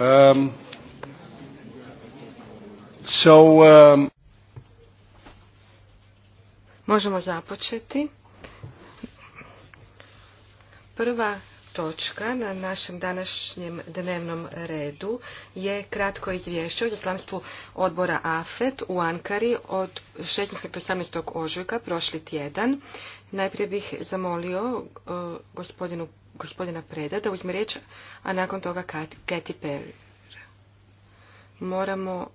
Um, so, um, Možemo započeti. Prva točka na našem današnjem dnevnom redu je kratko izvješće o zaslanstvu odbora AFET u Ankari od 16. do 18. ožujka prošli tjedan. Najprije bih zamolio uh, gospodinu gospodina Preda da uzme riječ, a nakon toga Katy Perry. Moramo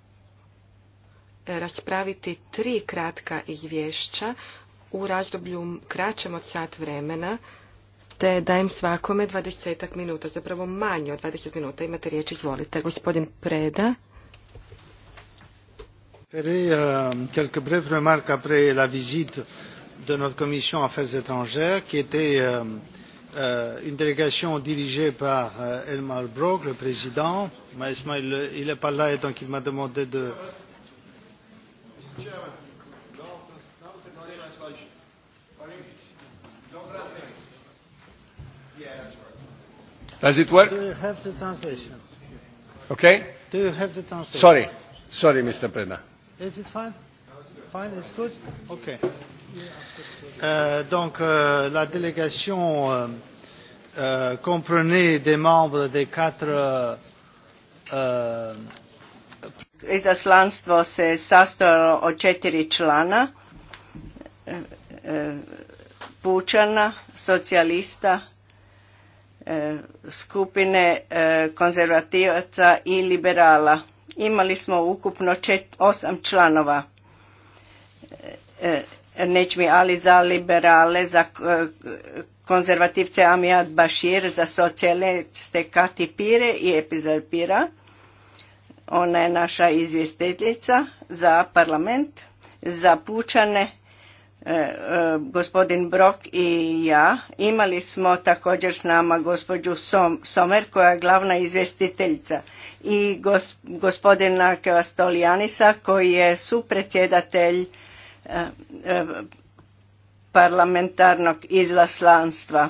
e, raspraviti tri kratka izvješća u razdoblju kraćem od sat vremena, te dajem svakome dvadesetak minuta, zapravo manje od 20 minuta. Imate riječ, izvolite. Gospodin Preda. Euh, quelques brèves remarques après la visite de notre commission affaires étrangères qui était euh, Euh, une délégation dirigée par euh, elmar brok le président mais ismail il n'est pas là et donc il m'a demandé de Does it work? Do you have the translation? Okay. Do you have the translation? Sorry, sorry, Mr. Preda. Is it fine? Fine, it's good. Okay. Euh, donc, euh, la délégation euh, comprenait des membres des quatre. Izaslanstvo se sastojalo od četiri člana, e, e, pučana, socijalista, e, skupine konzervativaca i liberala. Imali smo ukupno osam članova E, neć mi ali za liberale, za e, konzervativce Amiad Bashir, za socijaliste Kati Pire i Epizar Pira. Ona je naša izvjestiteljica za parlament, za pučane, e, gospodin Brok i ja. Imali smo također s nama gospođu Somer koja je glavna izvjestiteljica i gospodina Kevastolijanisa koji je supredsjedatelj parlamentarnog izlaslanstva.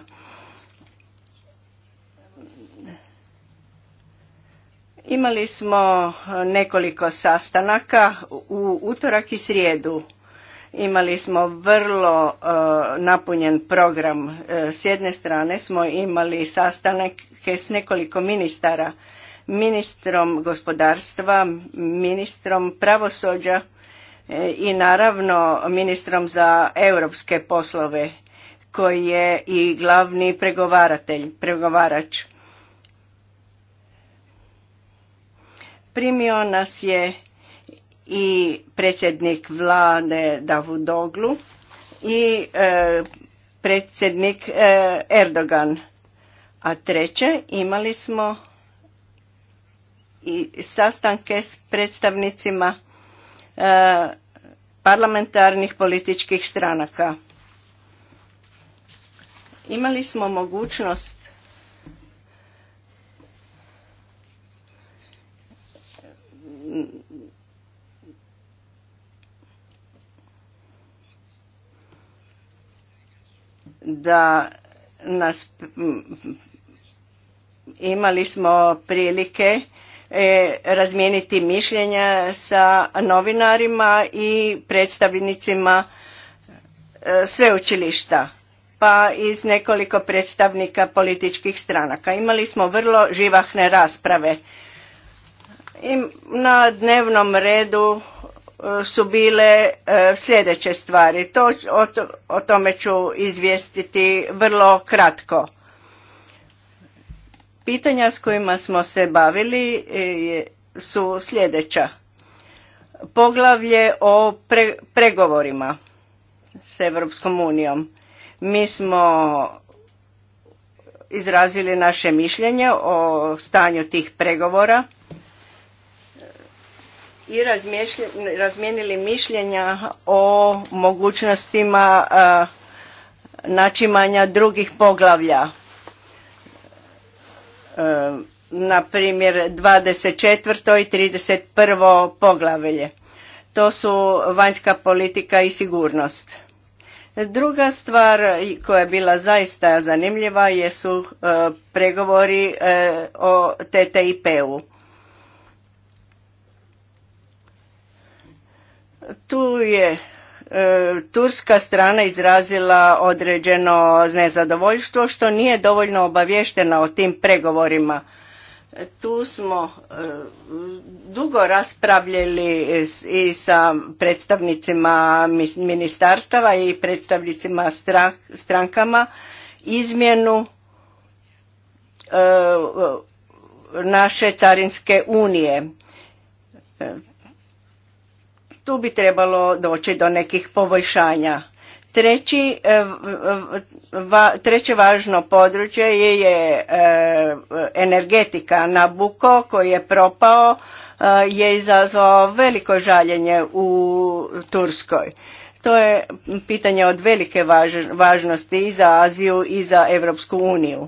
Imali smo nekoliko sastanaka u utorak i srijedu. Imali smo vrlo e, napunjen program. E, s jedne strane smo imali sastanke s nekoliko ministara, ministrom gospodarstva, ministrom pravosuđa E, i naravno ministrom za europske poslove koji je i glavni pregovaratelj, pregovarač. Primio nas je i predsjednik vlade Davudoglu i e, predsjednik e, Erdogan. A treće, imali smo i sastanke s predstavnicima E, parlamentarnih političkih stranaka. Imali smo mogućnost da nas imali smo prilike E, razmijeniti mišljenja sa novinarima i predstavnicima e, sveučilišta pa iz nekoliko predstavnika političkih stranaka. Imali smo vrlo živahne rasprave. I na dnevnom redu e, su bile sljedeće stvari. To, o, o tome ću izvijestiti vrlo kratko pitanja s kojima smo se bavili e, su sljedeća. Poglavlje o pregovorima s Europskom unijom. Mi smo izrazili naše mišljenje o stanju tih pregovora i razmijenili mišljenja o mogućnostima načimanja drugih poglavlja na primjer 24. i 31. poglavlje. To su vanjska politika i sigurnost. Druga stvar koja je bila zaista zanimljiva jesu e, pregovori e, o TTIP-u. Tu je E, turska strana izrazila određeno nezadovoljstvo što nije dovoljno obavještena o tim pregovorima. E, tu smo e, dugo raspravljali i sa predstavnicima ministarstava i predstavnicima strankama izmjenu naše carinske unije tu bi trebalo doći do nekih poboljšanja. Treći, e, treće važno područje je, je e, energetika. Nabuko koji je propao e, je izazvao veliko žaljenje u Turskoj. To je pitanje od velike važnosti i za Aziju i za Europsku uniju.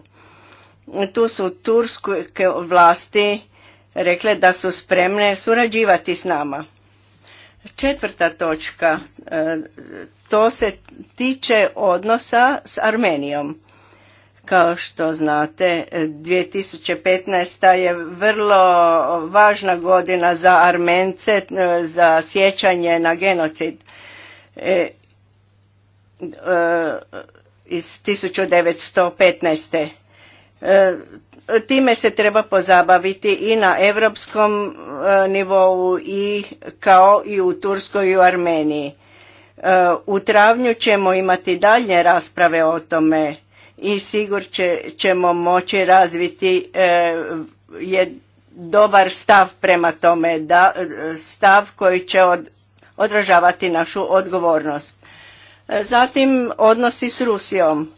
Tu su turske vlasti rekle da su spremne surađivati s nama. Četvrta točka, e, to se tiče odnosa s Armenijom. Kao što znate, 2015. je vrlo važna godina za Armence, e, za sjećanje na genocid e, iz 1915 time se treba pozabaviti i na europskom e, nivou i kao i u Turskoj i u Armeniji. E, u travnju ćemo imati dalje rasprave o tome i sigur će, ćemo moći razviti e, je dobar stav prema tome, da, stav koji će od, odražavati našu odgovornost. Zatim odnosi s Rusijom.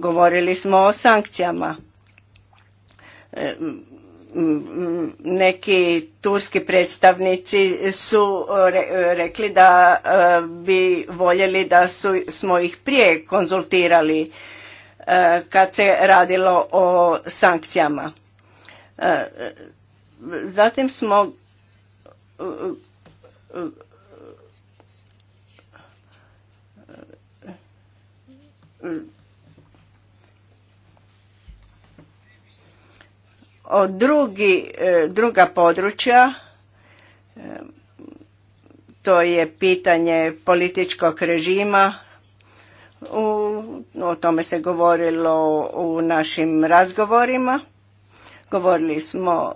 Govorili smo o sankcijama neki turski predstavnici su e, rekli da e, bi voljeli da su, smo ih prije konzultirali e, kad se radilo o sankcijama. Zatim smo o drugi, e, druga područja, e, to je pitanje političkog režima, u, o tome se govorilo u našim razgovorima. Govorili smo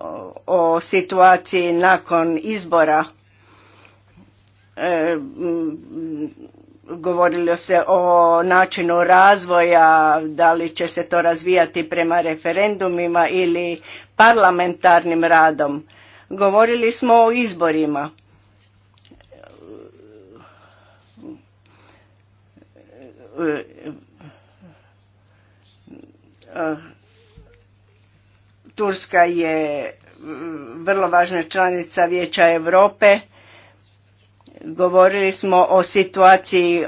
o situaciji nakon izbora. E, govorilo se o načinu razvoja, da li će se to razvijati prema referendumima ili parlamentarnim radom. Govorili smo o izborima. Turska je vrlo važna članica Vijeća Europe Govorili smo o situaciji e,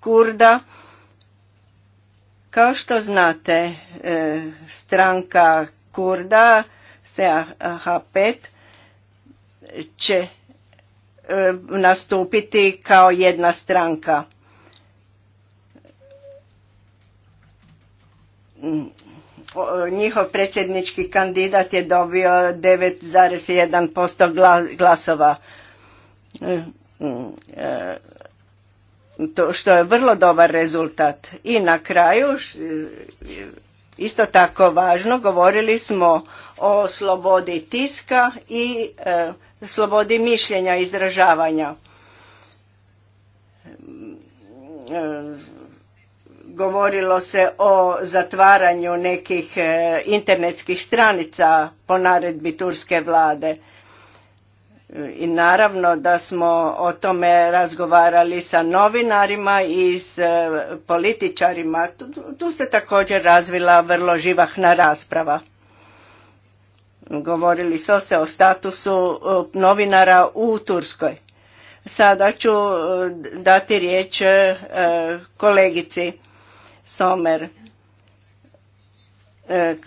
Kurda. Kao što znate, e, stranka Kurda, CH5, će e, nastupiti kao jedna stranka njihov predsjednički kandidat je dobio 9,1% glasova e, mm, e, to što je vrlo dobar rezultat i na kraju e, isto tako važno govorili smo o slobodi tiska i slobodi mišljenja i izražavanja Govorilo se o zatvaranju nekih e, internetskih stranica po naredbi turske vlade. I naravno da smo o tome razgovarali sa novinarima i s e, političarima. Tu se također razvila vrlo živahna rasprava. Govorili su se o statusu e, novinara u Turskoj. Sada ću dati riječ kolegici Somer, e,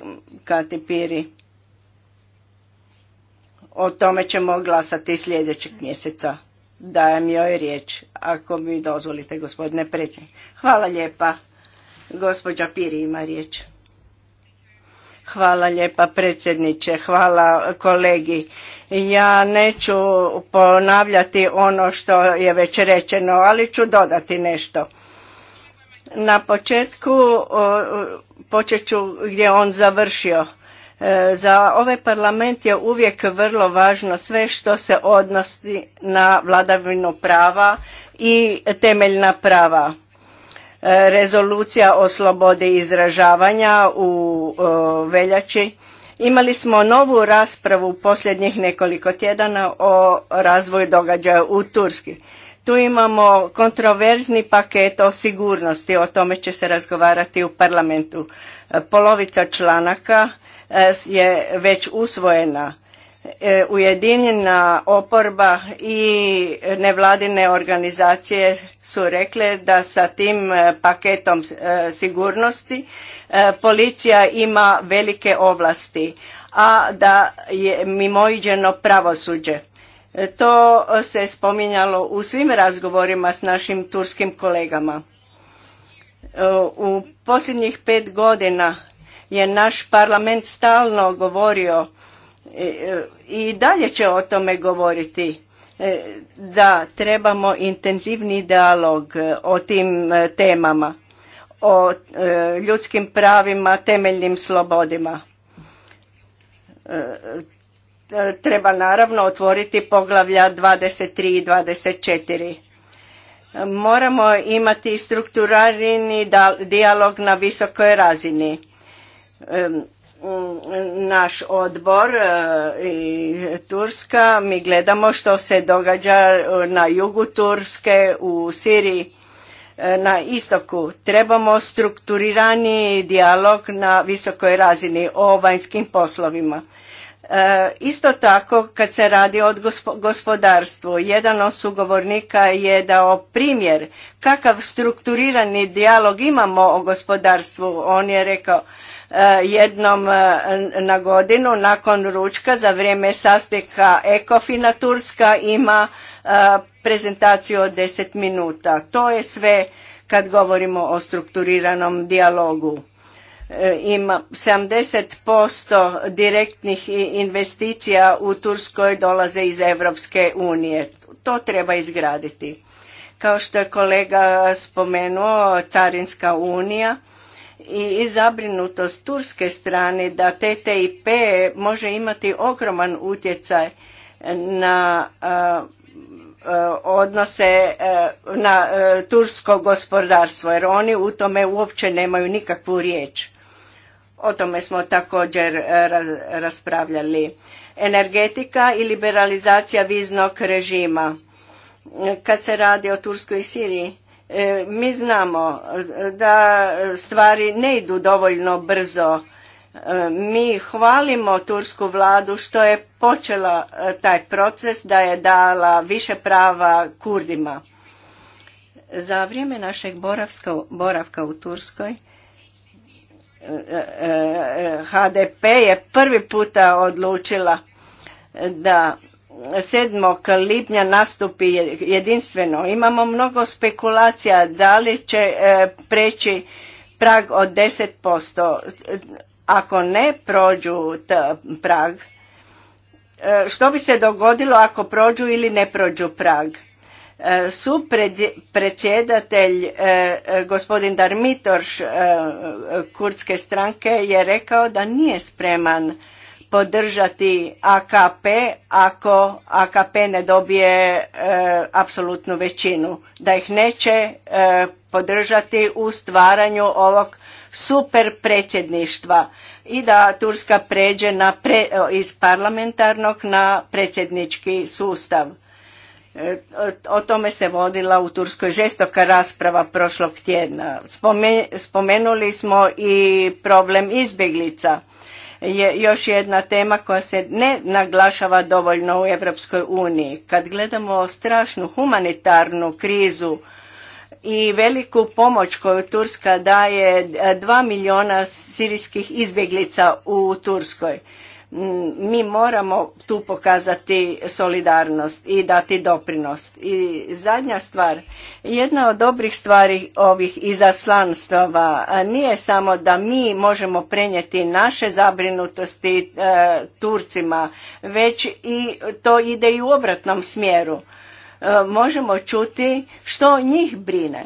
Kati Piri. O tome ćemo glasati sljedećeg mjeseca. Dajem joj riječ, ako mi dozvolite, gospodine predsjedniče. Hvala lijepa. Gospođa Piri ima riječ. Hvala lijepa predsjedniče, hvala kolegi. Ja neću ponavljati ono što je već rečeno, ali ću dodati nešto na početku počet ću gdje on završio. E, za ovaj parlament je uvijek vrlo važno sve što se odnosi na vladavinu prava i temeljna prava. E, rezolucija o slobodi izražavanja u veljači. Imali smo novu raspravu posljednjih nekoliko tjedana o razvoju događaja u Turski tu imamo kontroverzni paket o sigurnosti, o tome će se razgovarati u parlamentu. E, polovica članaka e, je već usvojena. E, ujedinjena oporba i nevladine organizacije su rekle da sa tim paketom sigurnosti policija ima velike ovlasti, a da je mimoiđeno pravosuđe to se spominjalo u svim razgovorima s našim turskim kolegama. E, u posljednjih pet godina je naš parlament stalno govorio e, e, i dalje će o tome govoriti da trebamo intenzivni dijalog o tim temama, o ljudskim pravima, temeljnim slobodima treba naravno otvoriti poglavlja 23 i 24. Moramo imati strukturirani dijalog na visokoj razini. Naš odbor e, i Turska, mi gledamo što se događa na jugu Turske, u Siriji, e, na istoku. Trebamo strukturirani dijalog na visokoj razini o vanjskim poslovima E, isto tako kad se radi o gospodarstvu, jedan od sugovornika je dao primjer kakav strukturirani dijalog imamo o gospodarstvu. On je rekao e, jednom e, na godinu nakon ručka za vrijeme sastika Ekofina Turska ima prezentaciju od 10 minuta. To je sve kad govorimo o strukturiranom dijalogu ima 70% direktnih investicija u Turskoj dolaze iz Europske unije. To treba izgraditi. Kao što je kolega spomenuo, Carinska unija i zabrinutost turske strane da TTIP može imati ogroman utjecaj na odnose na tursko gospodarstvo jer oni u tome uopće nemaju nikakvu riječ o tome smo također e, raspravljali. Energetika i liberalizacija viznog režima. Kad se radi o Turskoj Siriji, e, mi znamo e, da stvari ne idu dovoljno brzo. Mi hvalimo tursku vladu što je počela taj proces, da je dala više prava Kurdima. Za vrijeme našeg boravka u Turskoj HDP je prvi puta odlučila da 7. lipnja nastupi jedinstveno. Imamo mnogo spekulacija da li će e, preći prag od 10%. Ako ne prođu prag, e, što bi se dogodilo ako prođu ili ne prođu prag? E, su predsjedatelj e, e, gospodin Darmitorš kurdske stranke je rekao da nije spreman podržati AKP ako AKP ne dobije apsolutnu većinu, da ih neće podržati u stvaranju ovog super predsjedništva i da Turska pređe iz parlamentarnog na predsjednički sustav o tome se vodila u Turskoj žestoka rasprava prošlog tjedna. Spomenuli smo i problem izbjeglica. Je još jedna tema koja se ne naglašava dovoljno u Europskoj uniji. Kad gledamo strašnu humanitarnu krizu i veliku pomoć koju Turska daje dva milijuna sirijskih izbjeglica u Turskoj mi moramo tu pokazati solidarnost i dati doprinos. I zadnja stvar, jedna od dobrih stvari ovih izaslanstava nije samo da mi možemo prenijeti naše zabrinutosti e, Turcima, već i to ide i u obratnom smjeru. E, možemo čuti što njih brine.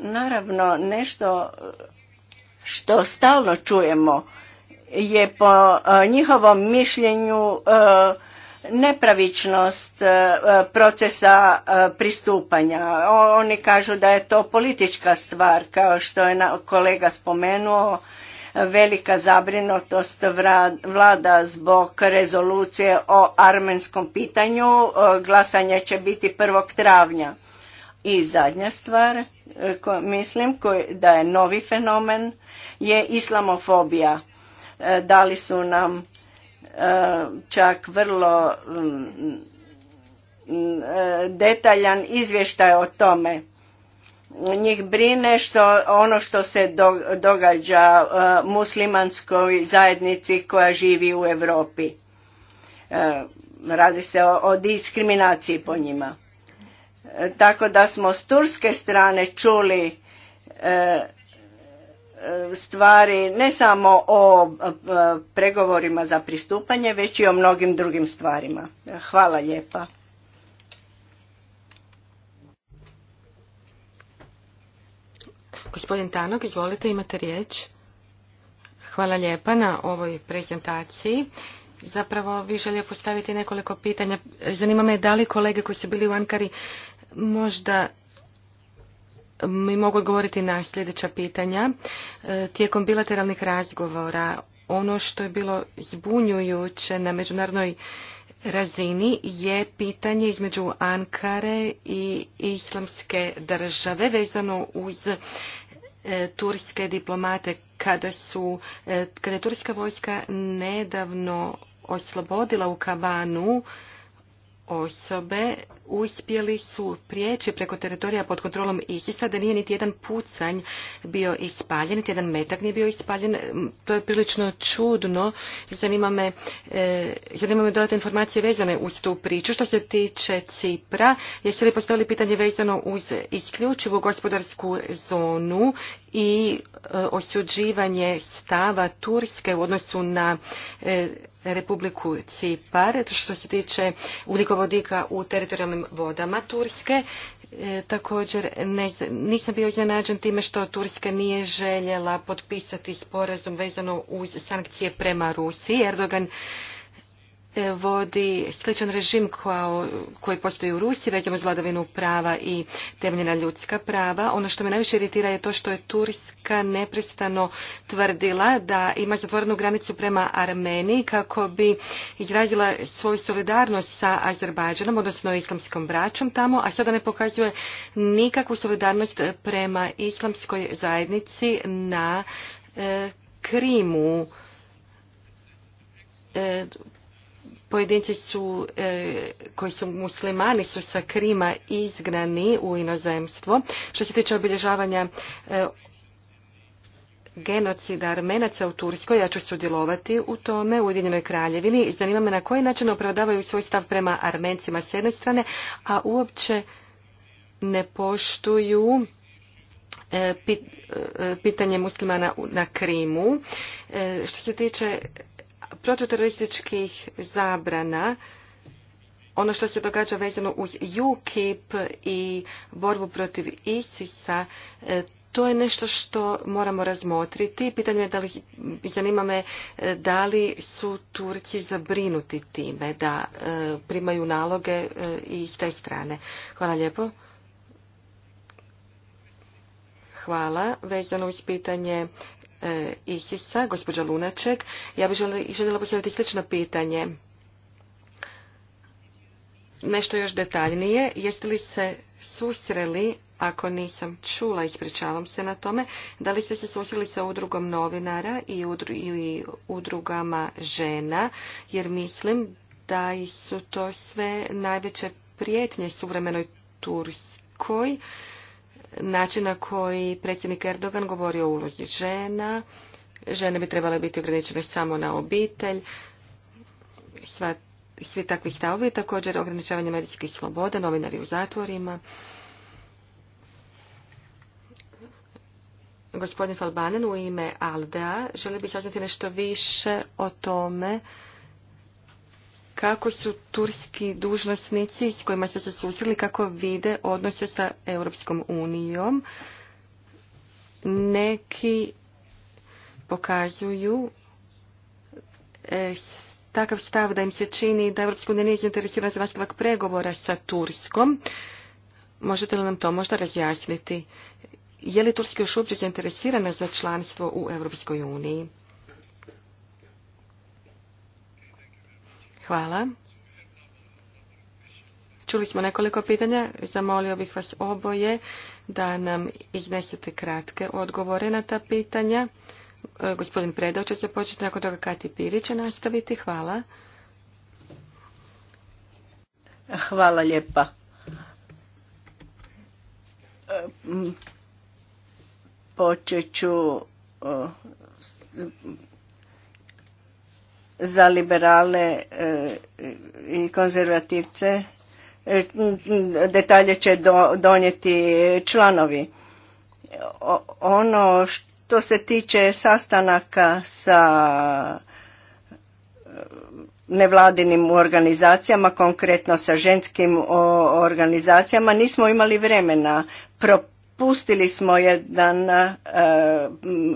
Naravno, nešto što stalno čujemo je po e, njihovom mišljenju e, nepravičnost e, procesa pristupanja. Oni kažu da je to politička stvar, kao što je kolega spomenuo, velika zabrinutost vlada zbog rezolucije o armenskom pitanju. Glasanje će biti 1. travnja. I zadnja stvar, mislim, da je novi fenomen, je islamofobija E, dali su nam e, čak vrlo mm, mm, e, detaljan izvještaj o tome. Njih brine što ono što se događa muslimanskoj zajednici koja živi u Europi. Radi se o diskriminaciji po njima. Tako da smo s turske strane čuli stvari ne samo o pregovorima za pristupanje, već i o mnogim drugim stvarima. Hvala lijepa. Gospodin Tanog, izvolite, imate riječ. Hvala lijepa na ovoj prezentaciji. Zapravo vi želio postaviti nekoliko pitanja. Zanima me da li kolege koji su bili u Ankari možda mi mogu odgovoriti na sljedeća pitanja. E, tijekom bilateralnih razgovora ono što je bilo zbunjujuće na međunarodnoj razini je pitanje između Ankare i islamske države vezano uz e, turske diplomate kada su e, kada je turska vojska nedavno oslobodila u Kabanu osobe uspjeli su prijeći preko teritorija pod kontrolom ISIS-a, da nije niti jedan pucanj bio ispaljen, niti jedan metak nije bio ispaljen. To je prilično čudno. E, zanima me, dodatne informacije vezane uz tu priču. Što se tiče Cipra, jeste li postavili pitanje vezano uz isključivu gospodarsku zonu i e, osuđivanje stava Turske u odnosu na e, Republiku Cipar što se tiče ugljikovodika u teritorijalnim vodama Turske. E, također nisam bio iznenađen time što Turska nije željela potpisati sporazum vezano uz sankcije prema Rusiji. Erdogan E, vodi sličan režim koji postoji u Rusiji, većamo uz vladavinu prava i temeljena ljudska prava. Ono što me najviše iritira je to što je Turska neprestano tvrdila da ima zatvorenu granicu prema Armeniji kako bi izrazila svoju solidarnost sa Azerbajdžanom, odnosno islamskom braćom tamo, a sada ne pokazuje nikakvu solidarnost prema islamskoj zajednici na e, Krimu. E, Pojedinci su, e, koji su muslimani su sa Krima izgrani u inozemstvo. Što se tiče obilježavanja e, genocida Armenaca u Turskoj, ja ću sudjelovati u tome u Ujedinjenoj kraljevini. Zanima me na koji način opravdavaju svoj stav prema Armencima s jedne strane, a uopće ne poštuju e, pitanje muslimana na Krimu. Što se tiče protuterorističkih zabrana, ono što se događa vezano uz UKIP i borbu protiv ISIS-a, e, to je nešto što moramo razmotriti. Pitanje je da li, zanima me, e, da li su Turci zabrinuti time da e, primaju naloge i s te strane. Hvala lijepo. Hvala. Vezano uz pitanje Eh, Isisa, Ihisa, gospođa Lunaček. Ja bih željela postaviti slično pitanje. Nešto još detaljnije. Jeste li se susreli, ako nisam čula, ispričavam se na tome, da li ste se susreli sa udrugom novinara i, i udrugama žena, jer mislim da su to sve najveće prijetnje suvremenoj Turskoj. Način na koji predsjednik Erdogan govori o ulozi žena. Žene bi trebale biti ograničene samo na obitelj. Sva, svi takvi stavovi, također ograničavanje medijskih sloboda, novinari u zatvorima. Gospodin Falbanen u ime Aldea želi bi saznati nešto više o tome kako su turski dužnosnici s kojima ste se susreli, kako vide odnose sa Europskom unijom. Neki pokazuju eh, takav stav da im se čini da Europska unija nije zainteresirana za nastavak pregovora sa Turskom. Možete li nam to možda razjasniti? Je li Turska još uopće zainteresirana za članstvo u Europskoj uniji? Hvala. Čuli smo nekoliko pitanja. Zamolio bih vas oboje da nam iznesete kratke odgovore na ta pitanja. E, gospodin Predao će se početi, nakon toga Kati Piri će nastaviti. Hvala. Hvala lijepa. E, počet ću e, za liberale e, i konzervativce. E, detalje će donijeti članovi. Ono što se tiče sastanaka sa e, nevladinim organizacijama, konkretno sa ženskim organizacijama, nismo imali vremena. Pro Pustili smo jedan e,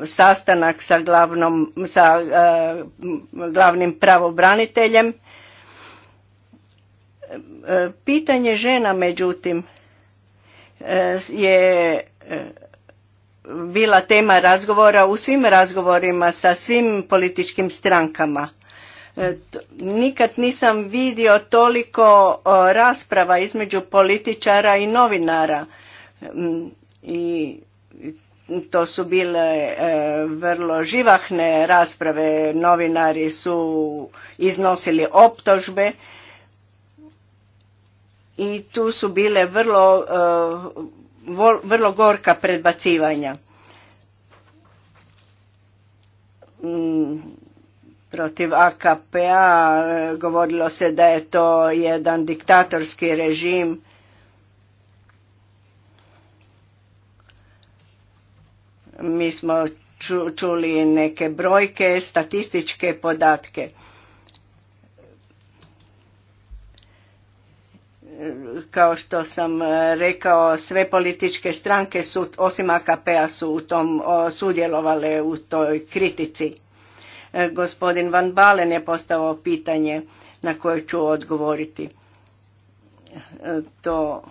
sastanak sa, glavnom, sa e, glavnim pravobraniteljem. E, pitanje žena, međutim, je bila tema razgovora u svim razgovorima sa svim političkim strankama. Nikad nisam vidio toliko rasprava između političara i novinara. I to su bile e, vrlo živahne rasprave, novinari su iznosili optožbe i tu su bile vrlo, e, vrlo gorka predbacivanja mm, protiv AKP-a e, govorilo se da je to jedan diktatorski režim Mi smo čuli neke brojke, statističke podatke. Kao što sam rekao, sve političke stranke su, osim AKP-a su u tom sudjelovale u toj kritici. E, gospodin Van Balen je postavio pitanje na koje ću odgovoriti. E, to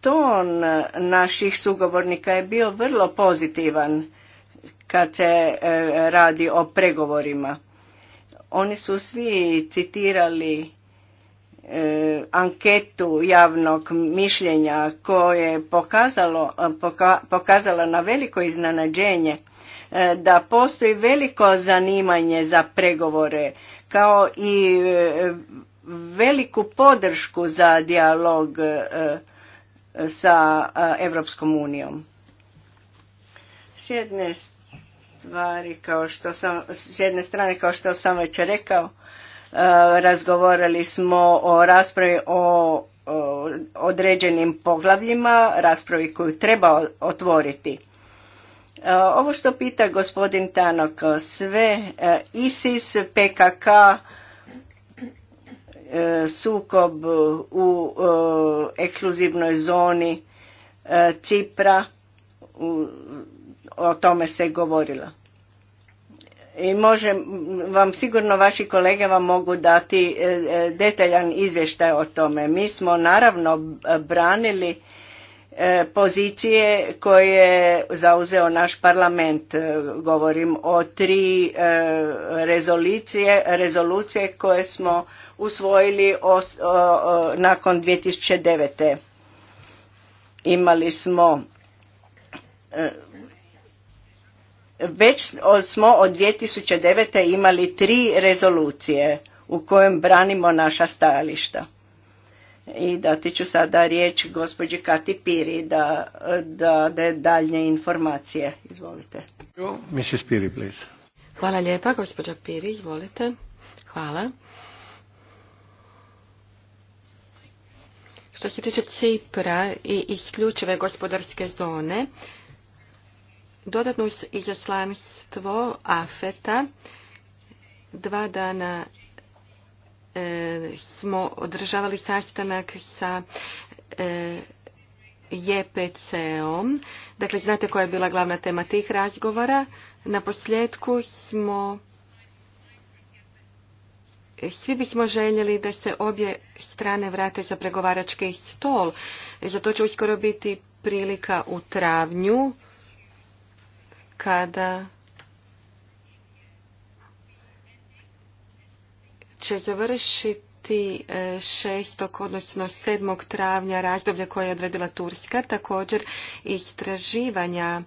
ton naših sugovornika je bio vrlo pozitivan kad se e, radi o pregovorima. Oni su svi citirali e, anketu javnog mišljenja koje je pokazalo, e, pokazala na veliko iznenađenje da postoji veliko zanimanje za pregovore kao i veliku podršku za dijalog e, e, sa Europskom unijom. S jedne stvari kao što sam, s jedne strane kao što sam već rekao, e, razgovorili smo o raspravi o, o određenim poglavljima, raspravi koju treba otvoriti. Ovo što pita gospodin Tanok, sve ISIS, PKK, sukob u e, ekskluzivnoj zoni e, Cipra, o tome se govorilo. I može, vam sigurno vaši kolege vam mogu dati e, detaljan izvještaj o tome. Mi smo naravno branili pozicije koje je zauzeo naš parlament. Govorim o tri rezolucije, rezolucije koje smo usvojili os, o, o, nakon 2009. Imali smo e, već smo od 2009. imali tri rezolucije u kojem branimo naša stajališta. I dati ću sada riječ gospođi Kati Piri da da, da daljnje informacije. Izvolite. Mrs. Piri, please. Hvala lijepa, gospođa Piri, izvolite. Hvala. Što se tiče Cipra i isključive gospodarske zone, dodatno izaslanstvo AFETA dva dana e, smo održavali sastanak sa e, JPC-om. Dakle, znate koja je bila glavna tema tih razgovora. Na posljedku smo svi bismo željeli da se obje strane vrate za pregovarački stol. E, za to će uskoro biti prilika u travnju kada će završiti e, šestog, odnosno sedmog travnja razdoblja koje je odredila Turska, također istraživanja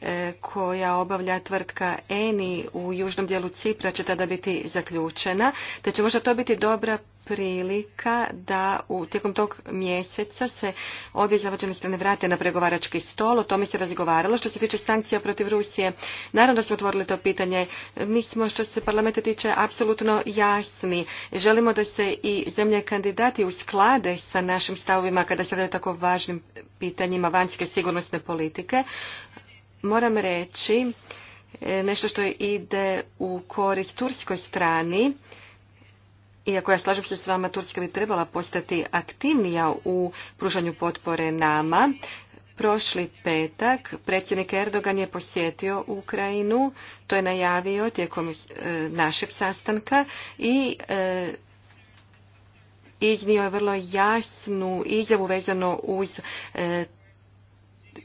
E, koja obavlja tvrtka Eni u južnom dijelu Cipra će tada biti zaključena, te će možda to biti dobra prilika da u tijekom tog mjeseca se obje zavađene strane vrate na pregovarački stol. O tome se razgovaralo. Što se tiče sankcija protiv Rusije, naravno da smo otvorili to pitanje. Mi smo, što se parlamenta tiče, apsolutno jasni. Želimo da se i zemlje kandidati usklade sa našim stavovima kada se radi tako važnim pitanjima vanjske sigurnosne politike moram reći e, nešto što ide u korist turskoj strani. Iako ja slažem se s vama, Turska bi trebala postati aktivnija u pružanju potpore nama. Prošli petak predsjednik Erdogan je posjetio Ukrajinu, to je najavio tijekom e, našeg sastanka i e, iznio je vrlo jasnu izjavu vezano uz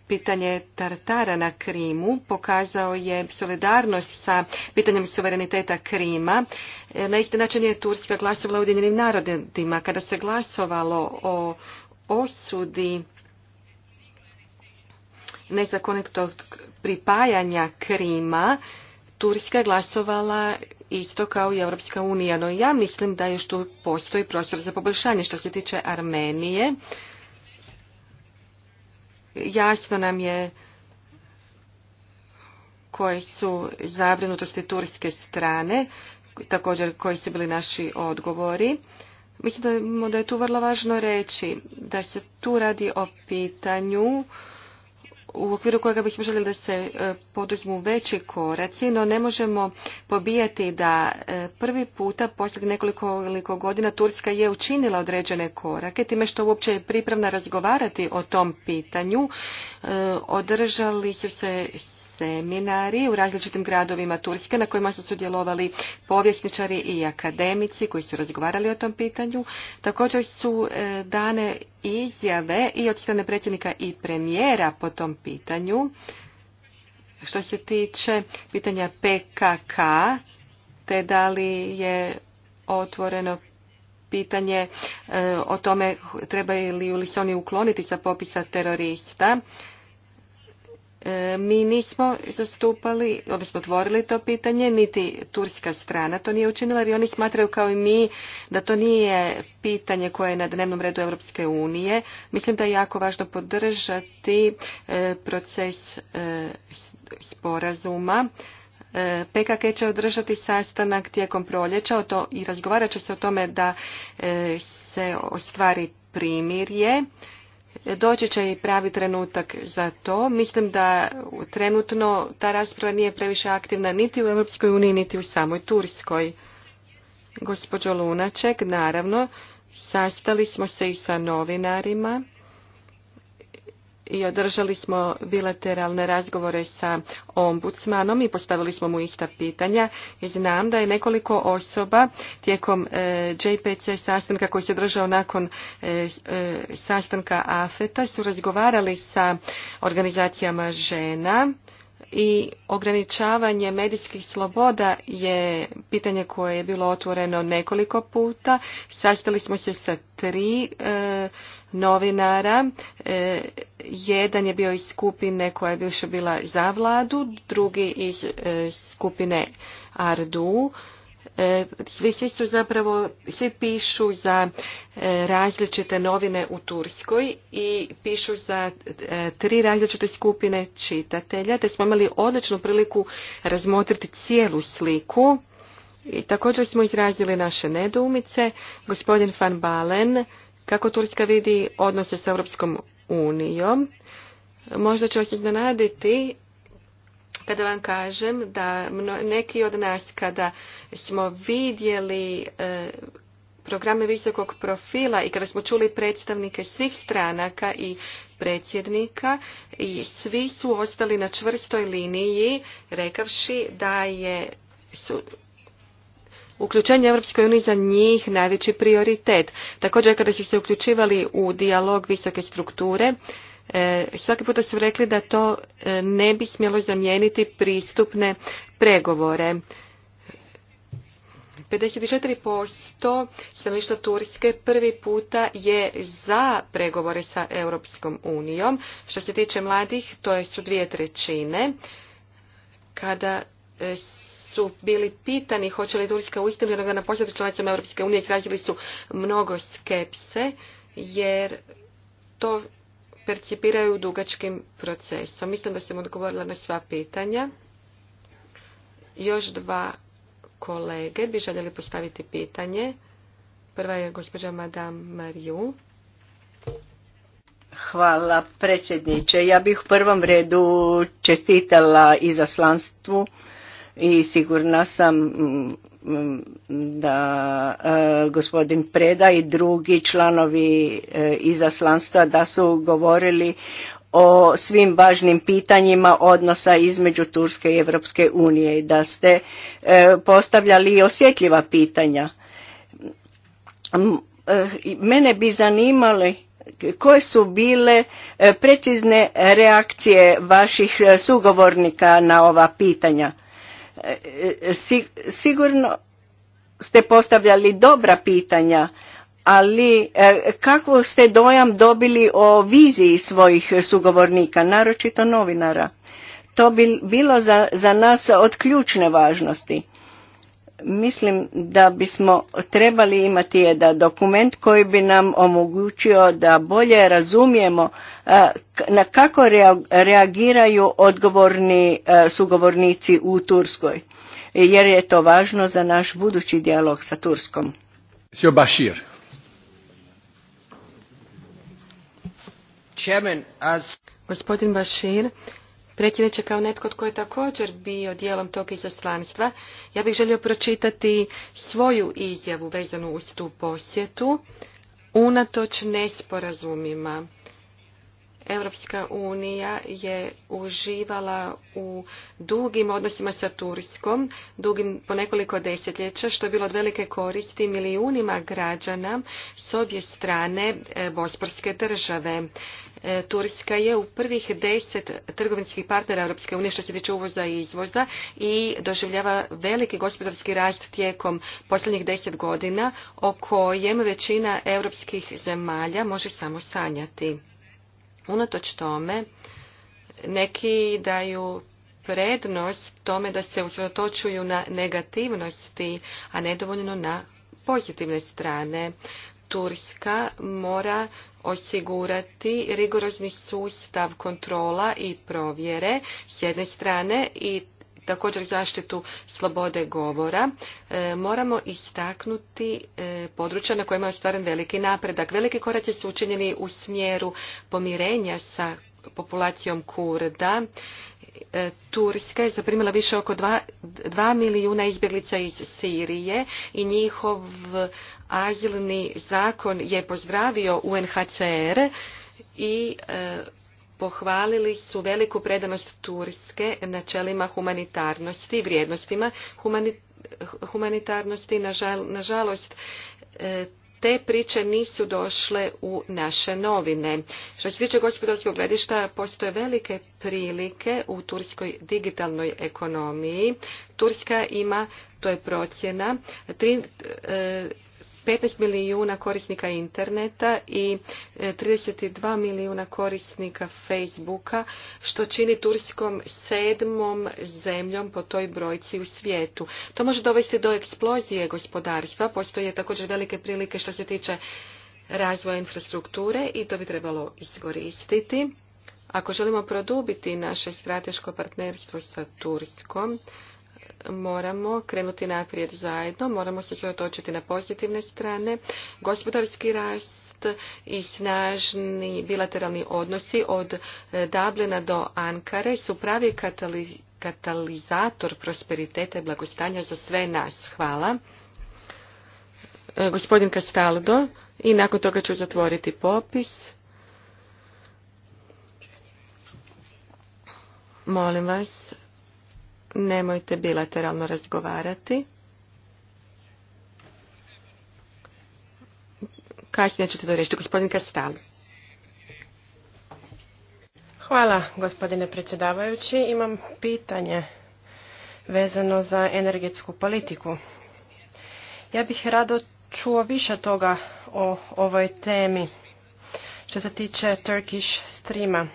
pitanje Tartara na Krimu pokazao je solidarnost sa pitanjem suvereniteta Krima. Na isti način je Turska glasovala u Ujedinjenim narodima. Kada se glasovalo o osudi nezakonitog pripajanja Krima, Turska je glasovala isto kao i Europska unija, no ja mislim da još tu postoji prostor za poboljšanje što se tiče Armenije. Jasno nam je koje su zabrinutosti turske strane, također koji su bili naši odgovori. Mislim da je tu vrlo važno reći da se tu radi o pitanju u okviru kojega bismo željeli da se e, poduzmu veći koraci, no ne možemo pobijati da e, prvi puta poslije nekoliko godina Turska je učinila određene korake, time što uopće je pripravna razgovarati o tom pitanju. E, održali su se seminari u različitim gradovima Turske na kojima su sudjelovali povjesničari i akademici koji su razgovarali o tom pitanju. Također su e, dane izjave i od strane predsjednika i premijera po tom pitanju. Što se tiče pitanja PKK, te da li je otvoreno pitanje e, o tome trebaju li se oni ukloniti sa popisa terorista. E, mi nismo zastupali, odnosno otvorili to pitanje, niti turska strana to nije učinila, jer oni smatraju kao i mi da to nije pitanje koje je na dnevnom redu Europske unije. Mislim da je jako važno podržati e, proces e, sporazuma. PKK će održati sastanak tijekom proljeća o to, i razgovarat će se o tome da se ostvari primirje Doći će i pravi trenutak za to. Mislim da trenutno ta rasprava nije previše aktivna niti u Europskoj uniji, niti u samoj Turskoj. Gospođo Lunaček, naravno, sastali smo se i sa novinarima i održali smo bilateralne razgovore sa ombudsmanom i postavili smo mu ista pitanja i znam da je nekoliko osoba tijekom e, JPC sastanka koji se održao nakon e, e, sastanka AFETA su razgovarali sa organizacijama žena i ograničavanje medijskih sloboda je pitanje koje je bilo otvoreno nekoliko puta. Sastali smo se sa tri e, novinara. E, jedan je bio iz skupine koja je više bila za vladu, drugi iz e, skupine Ardu svi e, su zapravo, svi pišu za e, različite novine u Turskoj i pišu za e, tri različite skupine čitatelja, te smo imali odličnu priliku razmotriti cijelu sliku. I također smo izrazili naše nedoumice. Gospodin Van Balen, kako Turska vidi odnose s Europskom unijom, možda će vas iznenaditi kada vam kažem da neki od nas kada smo vidjeli e, programe visokog profila i kada smo čuli predstavnike svih stranaka i predsjednika i svi su ostali na čvrstoj liniji rekavši da je su, uključenje Europskoj uniji za njih najveći prioritet. Također kada su se uključivali u dijalog visoke strukture, E, svaki puta su rekli da to e, ne bi smjelo zamijeniti pristupne pregovore. 54% stanovništva Turske prvi puta je za pregovore sa Europskom unijom. Što se tiče mladih, to su dvije trećine. Kada e, su bili pitani hoće li Turska uistinu jednog na postati članicom Europske unije, izrazili su mnogo skepse, jer to percipiraju dugačkim procesom. Mislim da sam odgovorila na sva pitanja. Još dva kolege bi željeli postaviti pitanje. Prva je gospođa Madame Mariju. Hvala predsjedniče. Ja bih u prvom redu čestitala izaslanstvu i sigurna sam mm, mm, da e, gospodin Preda i drugi članovi e, izaslanstva da su govorili o svim važnim pitanjima odnosa između Turske i Europske unije i da ste e, postavljali i osjetljiva pitanja. Mene bi zanimali koje su bile precizne reakcije vaših sugovornika na ova pitanja E, e, sigurno ste postavljali dobra pitanja, ali e, kako ste dojam dobili o viziji svojih sugovornika, naročito novinara? To bi bilo za, za nas od ključne važnosti Mislim da bismo trebali imati jedan dokument koji bi nam omogućio da bolje razumijemo e, na kako reagiraju odgovorni e, sugovornici u Turskoj, jer je to važno za naš budući dijalog sa Turskom. Gospodin Bašir, predsjedniče, kao netko tko je također bio dijelom tog izaslanstva, ja bih želio pročitati svoju izjavu vezanu uz tu posjetu, unatoč nesporazumima. Europska unija je uživala u dugim odnosima sa Turskom, dugim po nekoliko desetljeća, što je bilo od velike koristi milijunima građana s obje strane e, Bosporske države. E, Turska je u prvih deset trgovinskih partnera Europske unije što se tiče uvoza i izvoza i doživljava veliki gospodarski rast tijekom posljednjih deset godina o kojem većina europskih zemalja može samo sanjati. Unatoč tome, neki daju prednost tome da se usredotočuju na negativnosti, a nedovoljno na pozitivne strane. Turska mora osigurati rigorozni sustav kontrola i provjere s jedne strane i također zaštitu slobode govora, e, moramo istaknuti e, područja na kojima je ostvaren veliki napredak. Veliki koraci su učinjeni u smjeru pomirenja sa populacijom Kurda. E, Turska je zaprimila više oko 2 milijuna izbjeglica iz Sirije i njihov azilni zakon je pozdravio UNHCR i e, pohvalili su veliku predanost Turske načelima humanitarnosti i vrijednostima humanitarnosti. Nažalost, e, te priče nisu došle u naše novine. Što se tiče gospodarskog gledišta, postoje velike prilike u turskoj digitalnoj ekonomiji. Turska ima, to je procjena, e, 15 milijuna korisnika interneta i 32 e, milijuna korisnika Facebooka, što čini Turskom sedmom zemljom po toj brojci u svijetu. To može dovesti do eksplozije gospodarstva, postoje također velike prilike što se tiče razvoja infrastrukture i to bi trebalo iskoristiti. Ako želimo produbiti naše strateško partnerstvo sa Turskom, moramo krenuti naprijed zajedno, moramo se otočiti na pozitivne strane, gospodarski rast i snažni bilateralni odnosi od e, Dublina do Ankare su pravi katalizator prosperiteta i blagostanja za sve nas. Hvala. E, gospodin Castaldo i nakon toga ću zatvoriti popis. Molim vas nemojte bilateralno razgovarati. Kasnije ćete to Gospodin Kastal. Hvala, gospodine predsjedavajući. Imam pitanje vezano za energetsku politiku. Ja bih rado čuo više toga o ovoj temi što se tiče Turkish streama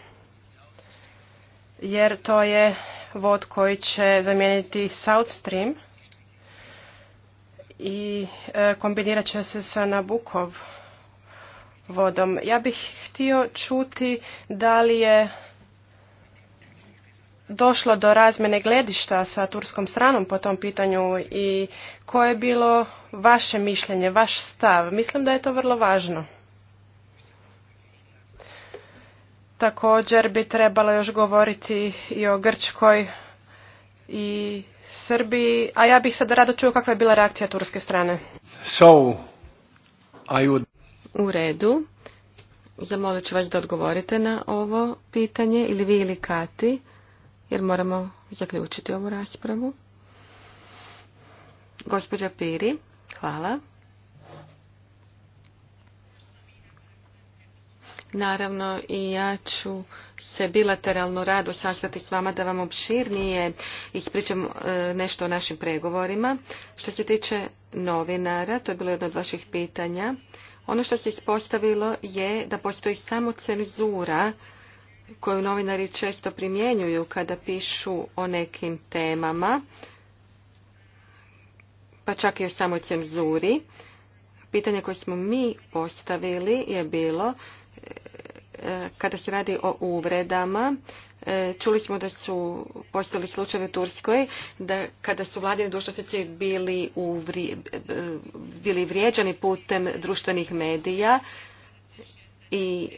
jer to je vod koji će zamijeniti South Stream i e, kombinirat će se sa Nabukov vodom. Ja bih htio čuti da li je došlo do razmjene gledišta sa turskom stranom po tom pitanju i koje je bilo vaše mišljenje, vaš stav. Mislim da je to vrlo važno. Također bi trebalo još govoriti i o Grčkoj i Srbiji, a ja bih sada rado čuo kakva je bila reakcija turske strane. So, U redu. Zamolit ću vas da odgovorite na ovo pitanje, ili vi ili Kati, jer moramo zaključiti ovu raspravu. Gospođa Piri, hvala. Naravno i ja ću se bilateralno rado sastati s vama da vam opširnije ispričam e, nešto o našim pregovorima. Što se tiče novinara, to je bilo jedno od vaših pitanja. Ono što se ispostavilo je da postoji samo cenzura koju novinari često primjenjuju kada pišu o nekim temama, pa čak i o samo cenzuri. Pitanje koje smo mi postavili je bilo kada se radi o uvredama, e, čuli smo da su postojali slučajevi u Turskoj, da kada su vladini dužnosnici bili, uvri, e, bili vrijeđani putem društvenih medija i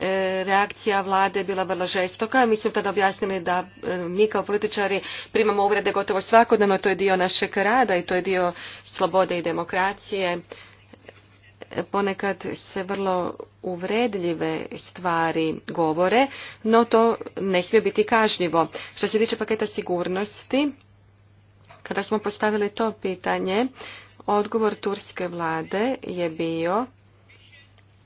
e, reakcija vlade je bila vrlo žestoka. Mi smo tada objasnili da mi kao političari primamo uvrede gotovo svakodnevno, to je dio našeg rada i to je dio slobode i demokracije ponekad se vrlo uvredljive stvari govore, no to ne smije biti kažnjivo. Što se tiče paketa sigurnosti, kada smo postavili to pitanje, odgovor turske vlade je bio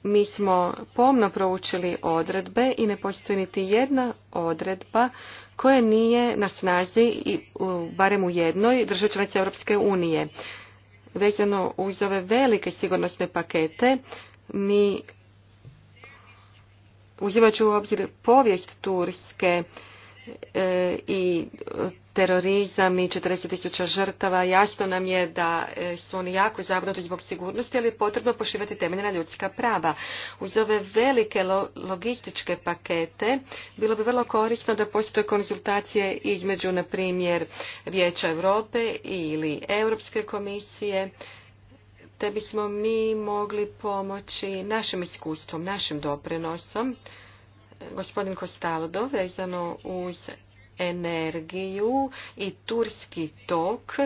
mi smo pomno proučili odredbe i ne postoji niti jedna odredba koja nije na snazi, barem u jednoj, državi članice Europske unije vezano uz ove velike sigurnosne pakete, mi uzimajući u obzir povijest Turske, E, i terorizam i 40 tisuća žrtava. Jasno nam je da e, su oni jako zabrinuti zbog sigurnosti, ali je potrebno poštivati temeljna ljudska prava. Uz ove velike logističke pakete bilo bi vrlo korisno da postoje konzultacije između, na primjer, Vijeća Europe ili Europske komisije, te bismo mi mogli pomoći našim iskustvom, našim doprinosom gospodin Kostaldo vezano uz energiju i turski tok.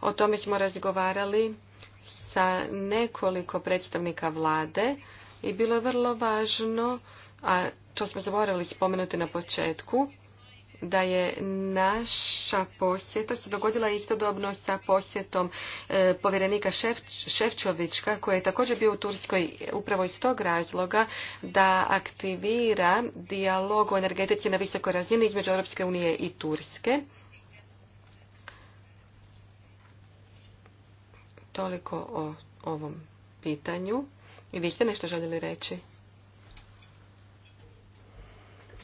O tome smo razgovarali sa nekoliko predstavnika vlade i bilo je vrlo važno, a to smo zaboravili spomenuti na početku, da je naša posjeta se dogodila istodobno sa posjetom e, povjerenika Ševčovička koji je također bio u Turskoj upravo iz tog razloga da aktivira dijalog o energetici na visokoj razini između Europske unije i Turske. Toliko o ovom pitanju. I vi ste nešto željeli reći?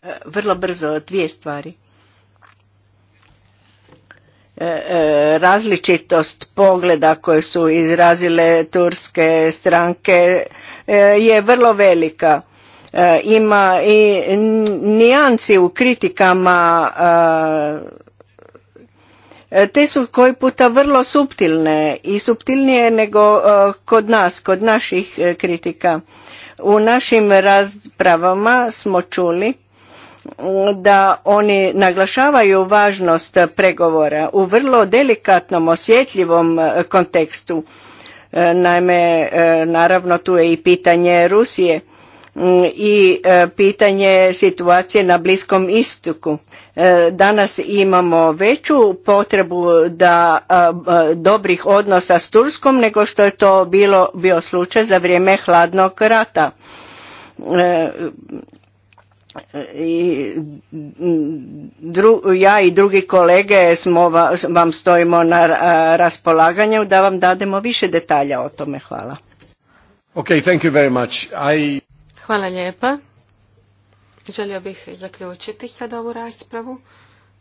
E, vrlo brzo, dvije stvari. E, e, različitost pogleda koje su izrazile turske stranke e, je vrlo velika. Ima i nijanci u kritikama te su koji puta vrlo suptilne i suptilnije nego kod nas, kod naših kritika. U našim raspravama smo čuli da oni naglašavaju važnost pregovora u vrlo delikatnom, osjetljivom e, kontekstu. E, naime, e, naravno tu je i pitanje Rusije i pitanje situacije na Bliskom istoku. Danas imamo veću potrebu da dobrih odnosa s Turskom nego što je to bilo bio slučaj za vrijeme hladnog rata i dru, ja i drugi kolege smo vam stojimo na raspolaganju da vam dademo više detalja o tome. Hvala. Okay, thank you very much. Hvala lijepa. Želio bih zaključiti sad ovu raspravu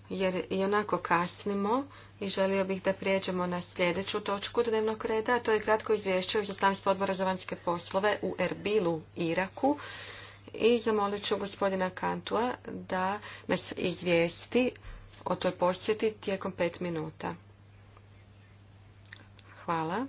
jer i onako kasnimo i želio bih da prijeđemo na sljedeću točku dnevnog reda, a to je kratko izvješće o izaslanstvu odbora za vanjske poslove u Erbilu, Iraku i zamolit ću gospodina Kantua da nas izvijesti o toj posjeti tijekom pet minuta. Hvala.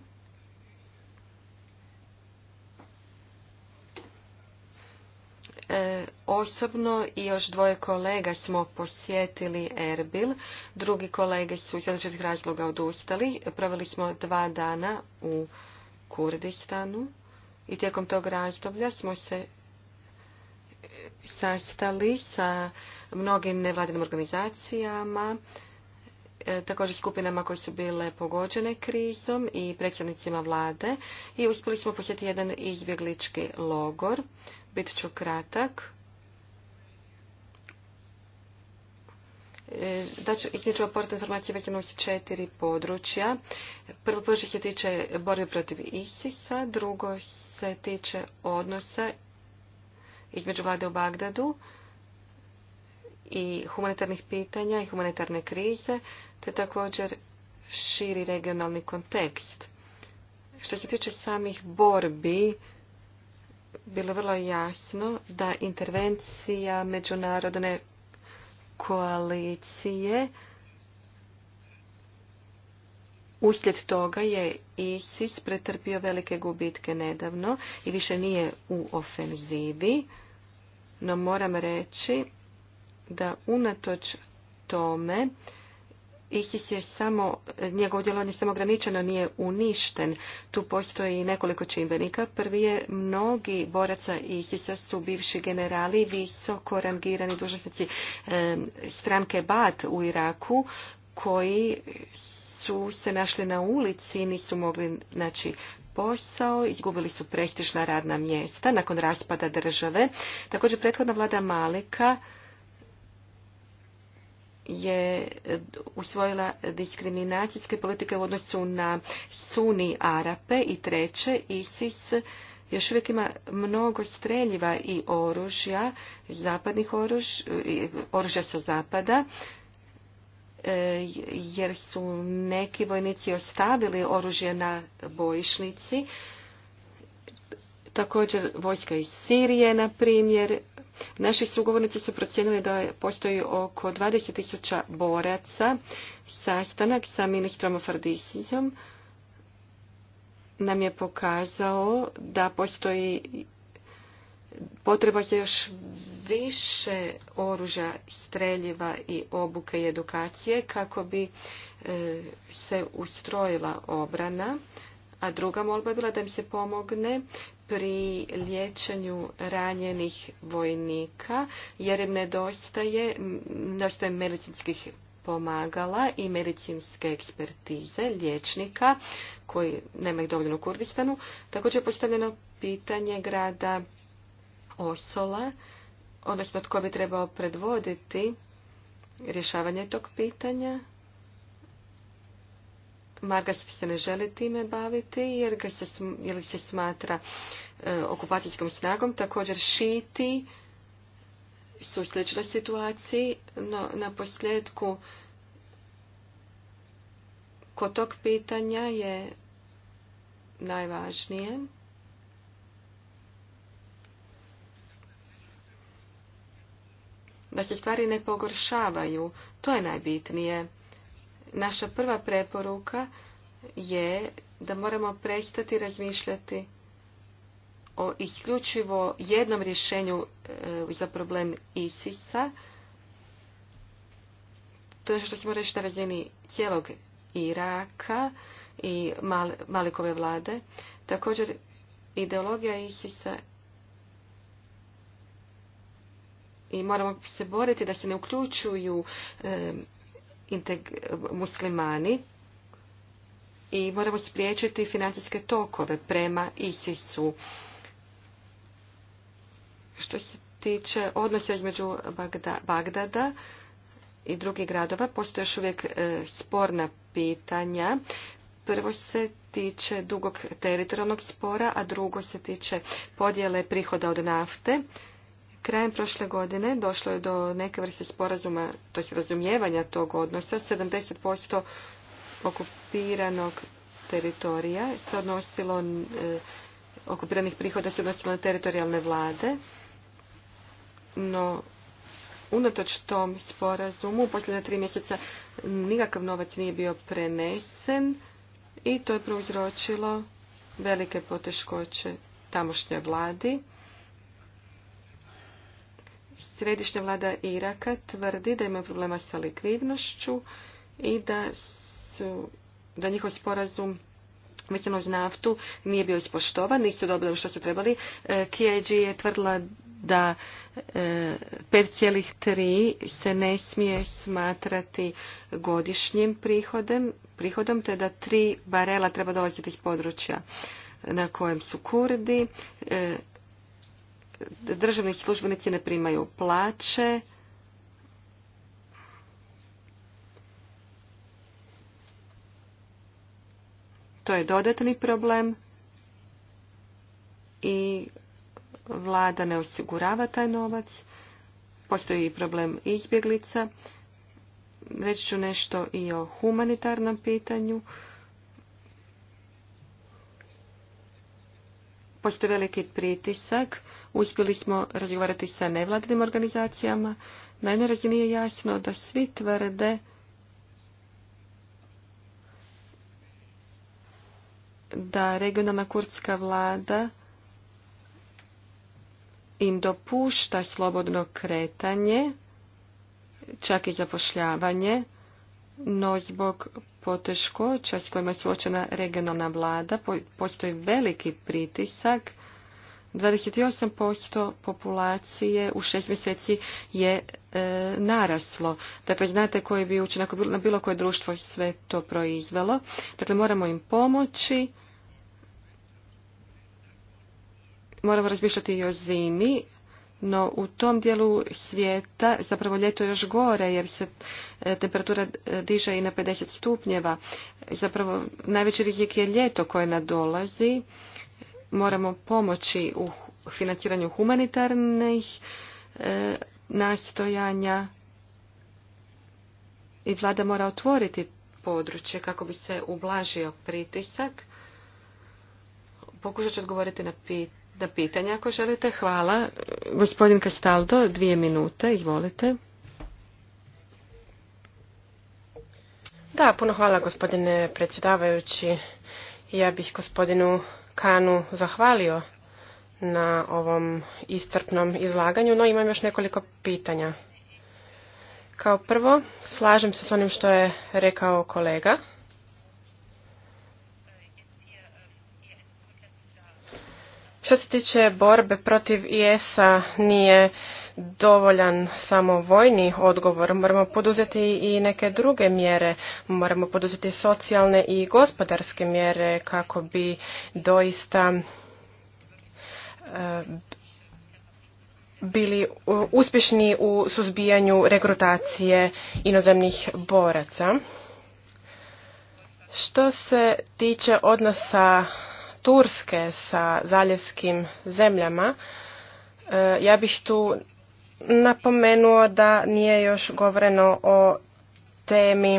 E, osobno i još dvoje kolega smo posjetili Erbil. Drugi kolege su iz različitih razloga odustali. Proveli smo dva dana u Kurdistanu i tijekom tog razdoblja smo se sastali sa mnogim nevladinim organizacijama, e, također skupinama koje su bile pogođene krizom i predsjednicima vlade i uspjeli smo posjetiti jedan izbjeglički logor. Bit ću kratak. E, da ću informacije vezano uz četiri područja. Prvo područje se tiče borbe protiv ISIS-a, drugo se tiče odnosa između vlade u Bagdadu i humanitarnih pitanja i humanitarne krize, te također širi regionalni kontekst. Što se tiče samih borbi, bilo je vrlo jasno da intervencija međunarodne koalicije Uslijed toga je ISIS pretrpio velike gubitke nedavno i više nije u ofenzivi, no moram reći da unatoč tome ISIS je samo, njegov djelovanje samo ograničeno, nije uništen. Tu postoji nekoliko čimbenika. Prvi je, mnogi boraca isis su bivši generali, visoko rangirani dužnosnici stranke BAT u Iraku, koji su se našli na ulici, nisu mogli naći posao, izgubili su prestižna radna mjesta nakon raspada države. Također, prethodna vlada Maleka je usvojila diskriminacijske politike u odnosu na Suni Arape i treće, ISIS još uvijek ima mnogo streljiva i oružja, zapadnih oružja, oružja sa zapada. E, jer su neki vojnici ostavili oružje na bojišnici. Također vojska iz Sirije, na primjer. Naši sugovornici su procijenili da postoji oko 20.000 boraca. Sastanak sa ministrom Fardisijom nam je pokazao da postoji Potreba je još više oružja, streljiva i obuke i edukacije kako bi e, se ustrojila obrana. A druga molba je bila da im se pomogne pri liječenju ranjenih vojnika jer im nedostaje, nedostaje medicinskih pomagala i medicinske ekspertize liječnika koji nema ih dovoljno u Kurdistanu. Također je postavljeno pitanje grada Osola, odnosno tko bi trebao predvoditi rješavanje tog pitanja. Margas se ne želi time baviti jer ga se, jer se smatra e, okupacijskom snagom. Također šiti su slične situaciji, no na posljedku kod tog pitanja je najvažnije da se stvari ne pogoršavaju. To je najbitnije. Naša prva preporuka je da moramo prestati razmišljati o isključivo jednom rješenju e, za problem Isisa. To je što smo reći na razini cijelog Iraka i Malikove vlade. Također, ideologija Isisa i moramo se boriti da se ne uključuju muslimani i moramo spriječiti financijske tokove prema ISIS-u. Što se tiče odnosa između Bagdada i drugih gradova, postoje još uvijek e, sporna pitanja. Prvo se tiče dugog teritorijalnog spora, a drugo se tiče podjele prihoda od nafte. Krajem prošle godine došlo je do neke vrste sporazuma, to razumijevanja tog odnosa. 70% okupiranog teritorija se odnosilo, eh, okupiranih prihoda se odnosilo na teritorijalne vlade, no unatoč tom sporazumu u posljednja tri mjeseca nikakav novac nije bio prenesen i to je prouzročilo velike poteškoće tamošnjoj vladi. Središnja vlada Iraka tvrdi da imaju problema sa likvidnošću i da, su, da njihov sporazum vezano uz naftu nije bio ispoštovan, nisu dobili ono što su trebali. E, KIG je tvrdila da 5,3 e, se ne smije smatrati godišnjim prihodem, prihodom, te da tri barela treba dolaziti iz područja na kojem su kurdi. E, državni službenici ne primaju plaće. To je dodatni problem i vlada ne osigurava taj novac. Postoji i problem izbjeglica. Reći ću nešto i o humanitarnom pitanju. postoji veliki pritisak. Uspjeli smo razgovarati sa nevladinim organizacijama. Na jednoj razini je jasno da svi tvrde da regionalna kurdska vlada im dopušta slobodno kretanje, čak i zapošljavanje, no zbog poteškoća s kojima je suočena regionalna vlada postoji veliki pritisak. 28% populacije u šest mjeseci je e, naraslo. Dakle, znate koji bi učinak na bilo koje društvo sve to proizvelo. Dakle, moramo im pomoći. Moramo razmišljati i o zimi. No u tom dijelu svijeta zapravo ljeto je još gore jer se e, temperatura diže i na 50 stupnjeva. Zapravo najveći rizik je ljeto koje nadolazi. Moramo pomoći u financiranju humanitarnih e, nastojanja i vlada mora otvoriti područje kako bi se ublažio pritisak. Pokušat ću odgovoriti na pitanje da pitanja ako želite. Hvala. Gospodin Kastaldo, dvije minute, izvolite. Da, puno hvala gospodine predsjedavajući. Ja bih gospodinu Kanu zahvalio na ovom iscrpnom izlaganju, no imam još nekoliko pitanja. Kao prvo, slažem se s onim što je rekao kolega. Što se tiče borbe protiv IS-a nije dovoljan samo vojni odgovor, moramo poduzeti i neke druge mjere, moramo poduzeti socijalne i gospodarske mjere kako bi doista eh, bili uspješni u suzbijanju rekrutacije inozemnih boraca. Što se tiče odnosa Turske sa zaljevskim zemljama, e, ja bih tu napomenuo da nije još govoreno o temi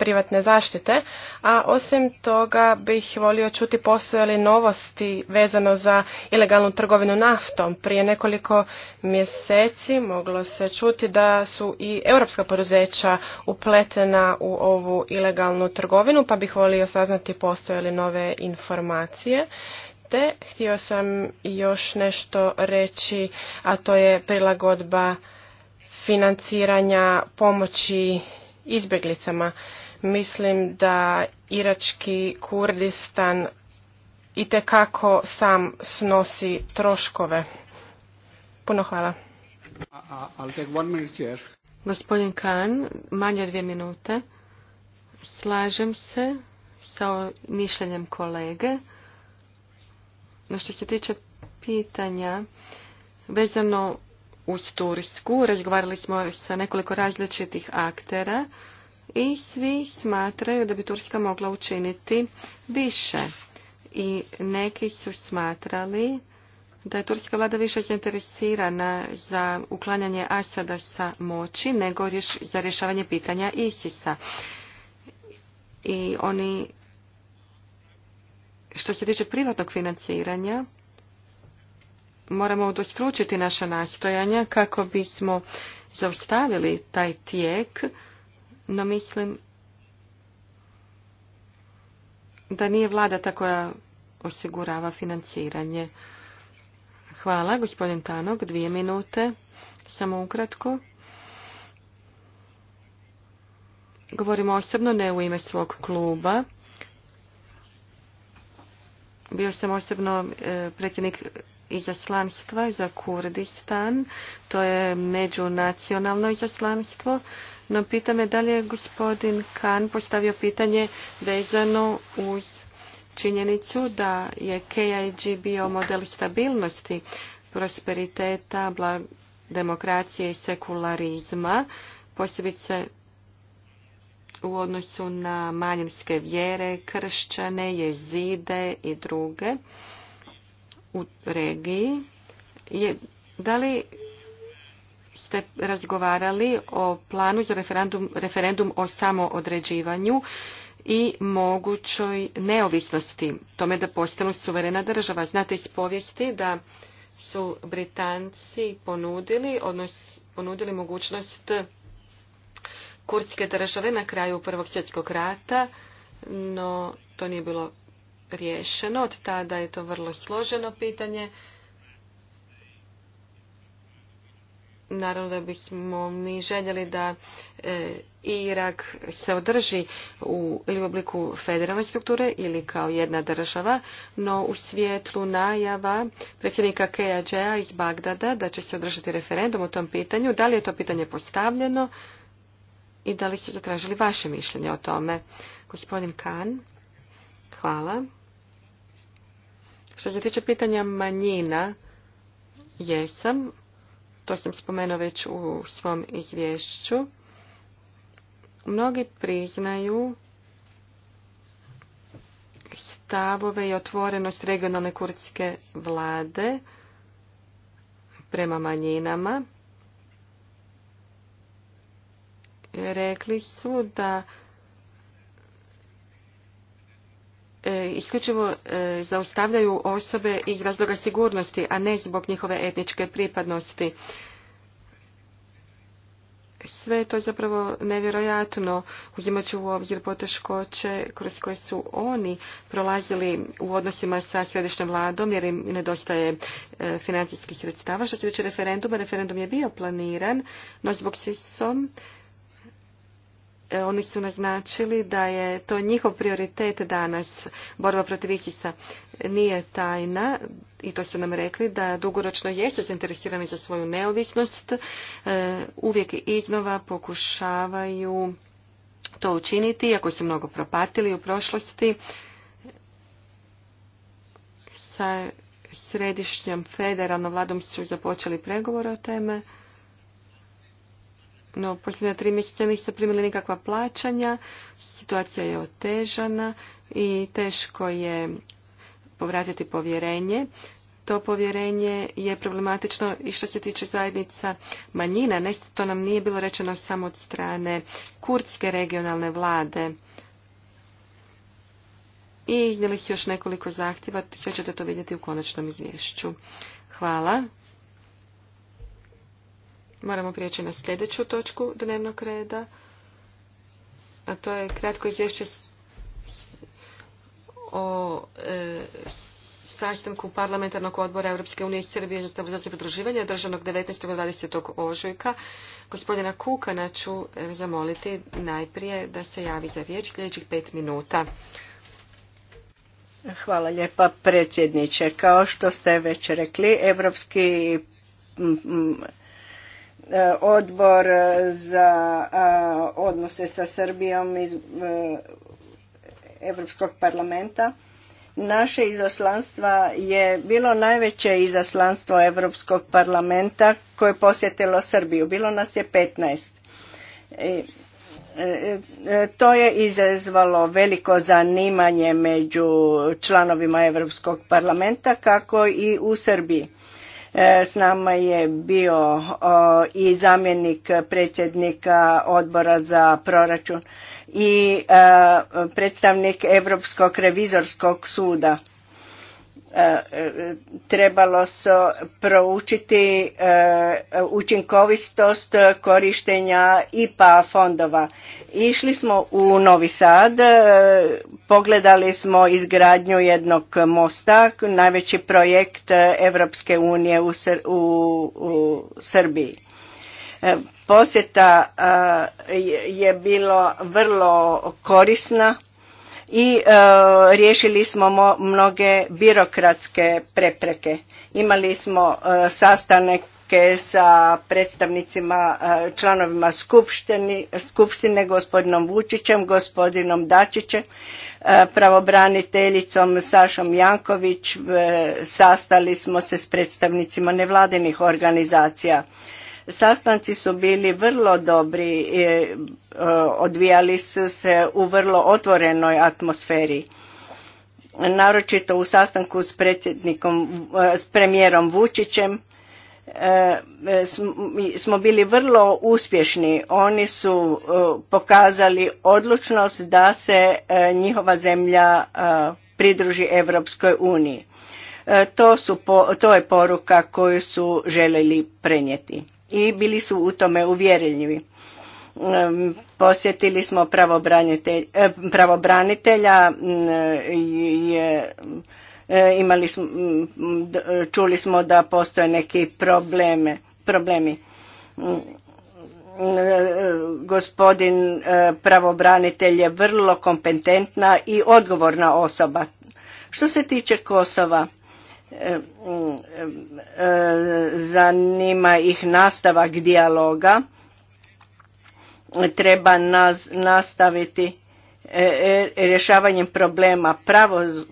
privatne zaštite, a osim toga bih volio čuti postoje li novosti vezano za ilegalnu trgovinu naftom. Prije nekoliko mjeseci moglo se čuti da su i europska poduzeća upletena u ovu ilegalnu trgovinu, pa bih volio saznati postoje li nove informacije te htio sam još nešto reći, a to je prilagodba financiranja pomoći izbjeglicama. Mislim da irački Kurdistan kako sam snosi troškove. Puno hvala. Gospodin Kan, manje dvije minute. Slažem se sa mišljenjem kolege. No što se tiče pitanja vezano uz Tursku, razgovarali smo sa nekoliko različitih aktera i svi smatraju da bi Turska mogla učiniti više. I neki su smatrali da je turska vlada više zainteresirana za uklanjanje Asada sa moći nego za rješavanje pitanja Isisa. I oni, što se tiče privatnog financiranja, moramo udostručiti naša nastojanja kako bismo zaustavili taj tijek no mislim da nije vlada ta koja osigurava financiranje. Hvala, gospodin Tanog, dvije minute, samo ukratko. Govorim osobno, ne u ime svog kluba. Bio sam osobno e, predsjednik izaslanstva za Kurdistan. To je međunacionalno izaslanstvo. No pita me da li je gospodin Kan postavio pitanje vezano uz činjenicu da je KIG bio model stabilnosti, prosperiteta, demokracije i sekularizma, posebice u odnosu na manjinske vjere, kršćane, jezide i druge u regiji. da li ste razgovarali o planu za referendum, o samoodređivanju i mogućoj neovisnosti, tome da postanu suverena država. Znate iz povijesti da su Britanci ponudili, odnos, ponudili mogućnost kurdske države na kraju Prvog svjetskog rata, no to nije bilo riješeno. Od tada je to vrlo složeno pitanje naravno da bismo mi željeli da e, Irak se održi u, ili u obliku federalne strukture ili kao jedna država, no u svijetlu najava predsjednika KJAD-a iz Bagdada da će se održati referendum o tom pitanju, da li je to pitanje postavljeno i da li su zatražili vaše mišljenje o tome. Gospodin Kan, hvala. Što se tiče pitanja manjina, jesam to sam spomenuo već u svom izvješću, mnogi priznaju stavove i otvorenost regionalne kurdske vlade prema manjinama. Rekli su da E, isključivo e, zaustavljaju osobe iz razloga sigurnosti, a ne zbog njihove etničke pripadnosti. Sve je to zapravo nevjerojatno, uzimajući u obzir poteškoće kroz koje su oni prolazili u odnosima sa središnjom vladom, jer im nedostaje e, financijskih sredstava. Što se tiče referenduma, referendum je bio planiran, no zbog sisom E, oni su naznačili da je to njihov prioritet danas, borba protiv Isisa, Nije tajna, i to su nam rekli, da dugoročno jesu zainteresirani za svoju neovisnost, e, uvijek iznova pokušavaju to učiniti, iako su mnogo propatili u prošlosti sa središnjom federalnom vladom su započeli pregovore o teme no posljednja tri mjeseca niste primili nikakva plaćanja, situacija je otežana i teško je povratiti povjerenje. To povjerenje je problematično i što se tiče zajednica manjina, ne, to nam nije bilo rečeno samo od strane kurdske regionalne vlade. I iznijeli još nekoliko zahtjeva, sve ćete to vidjeti u konačnom izvješću. Hvala. Moramo prijeći na sljedeću točku dnevnog reda, a to je kratko izvješće o e, sastanku parlamentarnog odbora Europske unije i Srbije za stabilizaciju pridruživanja održanog 19. i 20. ožujka. Gospodina Kukana ću e, zamoliti najprije da se javi za riječ sljedećih pet minuta. Hvala lijepa predsjedniče. Kao što ste već rekli, Europski E, odbor e, za odnose sa Srbijom iz Europskog parlamenta. Naše izaslanstva je bilo najveće izaslanstvo Europskog parlamenta koje je posjetilo Srbiju. Bilo nas je 15. E, to je izazvalo veliko zanimanje među članovima Europskog parlamenta kako i u Srbiji. E, s nama je bio i zamjenik predsjednika odbora za proračun i e, predstavnik Europskog revizorskog suda E, e, trebalo se proučiti e, učinkovitost korištenja IPA fondova. Išli smo u Novi Sad, pogledali smo izgradnju jednog mosta, najveći projekt Evropske unije u, u, u Srbiji. Posjeta je bilo vrlo korisna i e, riješili smo mnoge birokratske prepreke. Imali smo e, sastanke sa predstavnicima, e, članovima skupštine, gospodinom Vučićem, gospodinom Dačićem, pravobraniteljicom Sašom Janković, sastali smo se s predstavnicima nevladinih organizacija Sastanci su bili vrlo dobri, e, odvijali su se u vrlo otvorenoj atmosferi. Naročito u sastanku s predsjednikom, e, s premijerom Vučićem e, smo bili vrlo uspješni. Oni su pokazali odlučnost da se njihova zemlja pridruži Europskoj uniji. To, su, to je poruka koju su željeli prenijeti i bili su u tome uvjerljivi. Posjetili smo e, pravobranitelja, i e, imali smo, čuli smo da postoje neki probleme, problemi. E, gospodin pravobranitelj je vrlo kompetentna i odgovorna osoba. Što se tiče Kosova, E, e, zanima ih nastavak dijaloga treba nastaviti e, rješavanjem problema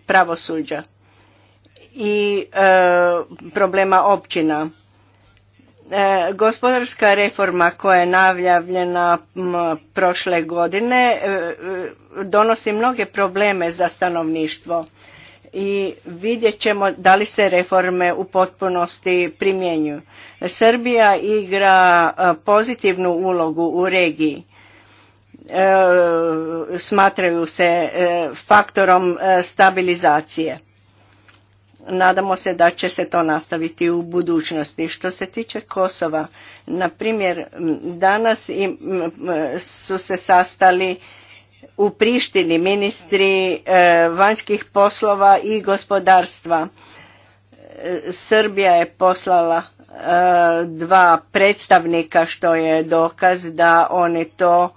pravosuđa i problema općina gospodarska reforma koja je najavljena prošle godine donosi mnoge probleme za stanovništvo i vidjet ćemo da li se reforme u potpunosti primjenjuju. Srbija igra e, pozitivnu ulogu u regiji. E, smatraju se e, faktorom stabilizacije. Nadamo se da će se to nastaviti u budućnosti. Što se tiče Kosova, na primjer, danas su se sastali u Prištini ministri e, vanjskih poslova i gospodarstva. E, Srbija je poslala e, dva predstavnika što je dokaz da oni to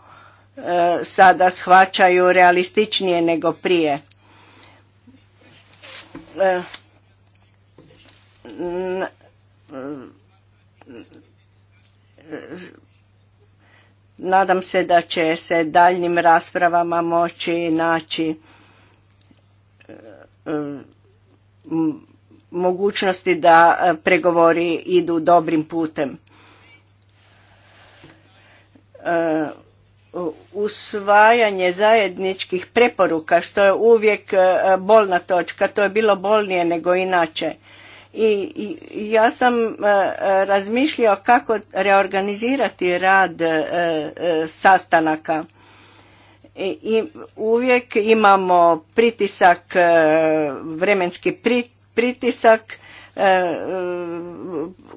sada shvaćaju realističnije nego prije. Nadam se da će se daljnim raspravama moći naći e, e, mogućnosti da pregovori idu dobrim putem. E, usvajanje zajedničkih preporuka, što je uvijek bolna točka, to je bilo bolnije nego inače. I, ja sam e, e, razmišljao kako reorganizirati rad e, sastanaka. I, uvijek imamo pritisak, vremenski pritisak,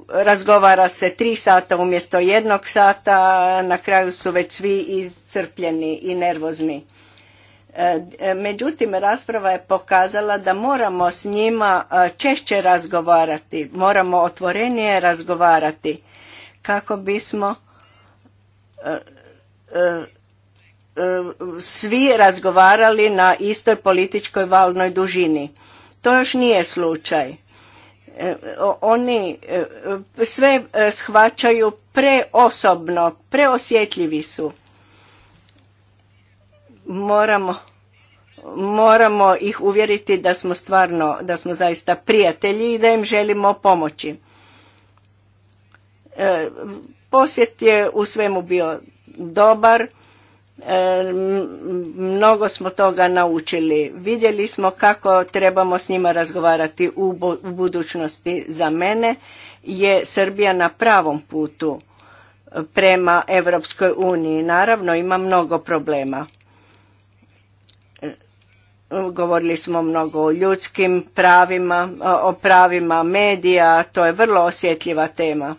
razgovara se tri sata umjesto jednog sata, na kraju su već svi iscrpljeni i nervozni E, međutim, rasprava je pokazala da moramo s njima e, češće razgovarati, moramo otvorenije razgovarati kako bismo e, svi razgovarali na istoj političkoj valnoj dužini. To još nije slučaj. Oni sve shvaćaju preosobno, preosjetljivi su moramo moramo ih uvjeriti da smo stvarno, da smo zaista prijatelji i da im želimo pomoći. E, posjet je u svemu bio dobar, e, mnogo smo toga naučili. Vidjeli smo kako trebamo s njima razgovarati u, u budućnosti. Za mene je Srbija na pravom putu prema Europskoj uniji. Naravno ima mnogo problema Govorili smo mnogo o ljudskim pravima, o pravima medija, to je vrlo osjetljiva tema.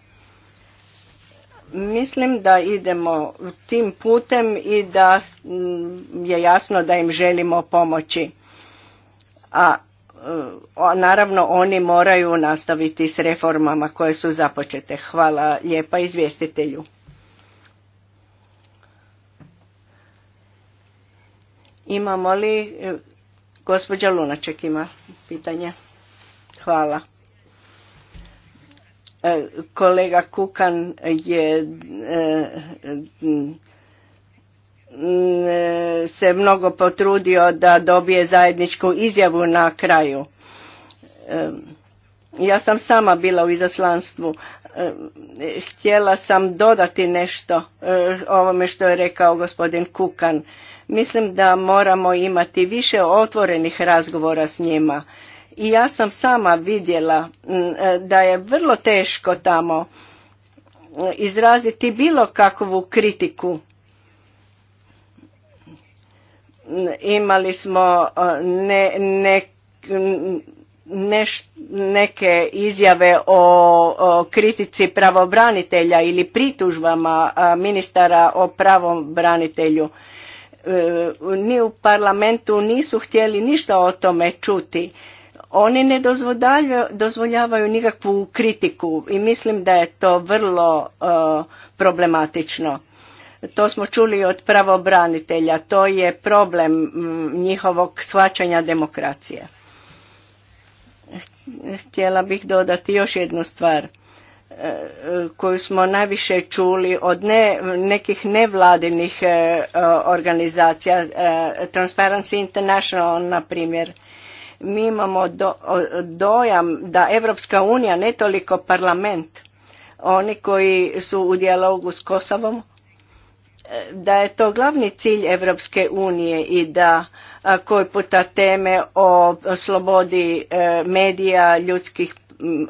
Mislim da idemo tim putem i da mm, je jasno da im želimo pomoći. A e, naravno oni moraju nastaviti s reformama koje su započete. Hvala lijepa izvjestitelju. Imamo li e, Gospođa Lunaček ima pitanje. Hvala. E, kolega Kukan je e, e, se mnogo potrudio da dobije zajedničku izjavu na kraju. Ja sam sama bila u izaslanstvu. Htjela sam dodati nešto ovome što je rekao gospodin Kukan. Mislim da moramo imati više otvorenih razgovora s njima. I ja sam sama vidjela mm, e, da je vrlo teško tamo mm, izraziti bilo kakvu kritiku. Mm, imali smo e, ne, ne, neke izjave o, o kritici pravobranitelja ili pritužbama e, ministara o branitelju. E, ni u parlamentu nisu htjeli ništa o tome čuti. Oni ne dozvoljavaju nikakvu kritiku i mislim da je to vrlo e, problematično. To smo čuli od pravobranitelja, to je problem njihovog shvaćanja demokracije. Htjela bih dodati još jednu stvar koju smo najviše čuli od ne, nekih nevladinih e, organizacija, e, Transparency International na primjer, mi imamo dojam da Evropska unija, ne toliko parlament, oni koji su u dijalogu s Kosovom, e, da je to glavni cilj Evropske unije i da koji puta teme o slobodi medija, ljudskih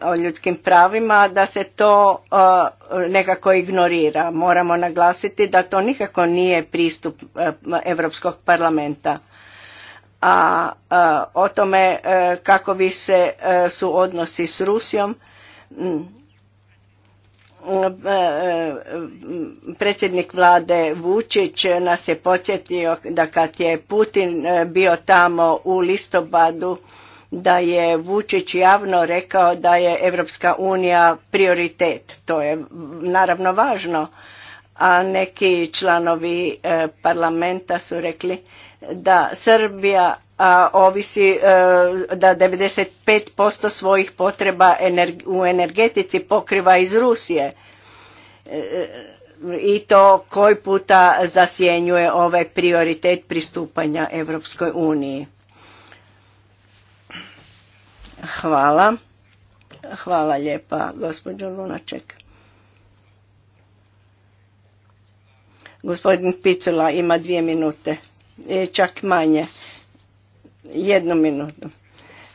o ljudskim pravima, da se to nekako ignorira. Moramo naglasiti da to nikako nije pristup Europskog parlamenta. A o tome e, kako bi se e, su odnosi s Rusijom, e, predsjednik vlade Vučić nas je podsjetio da kad je Putin bio tamo u listobadu da je Vučić javno rekao da je Europska unija prioritet. To je naravno važno, a neki članovi e, parlamenta su rekli da Srbija ovisi e, da 95% svojih potreba u energetici pokriva iz Rusije e, i to koji puta zasjenjuje ovaj prioritet pristupanja Europskoj uniji. Hvala. Hvala lijepa, gospođo Lunaček. Gospodin Picula ima dvije minute, e, čak manje, jednu minutu.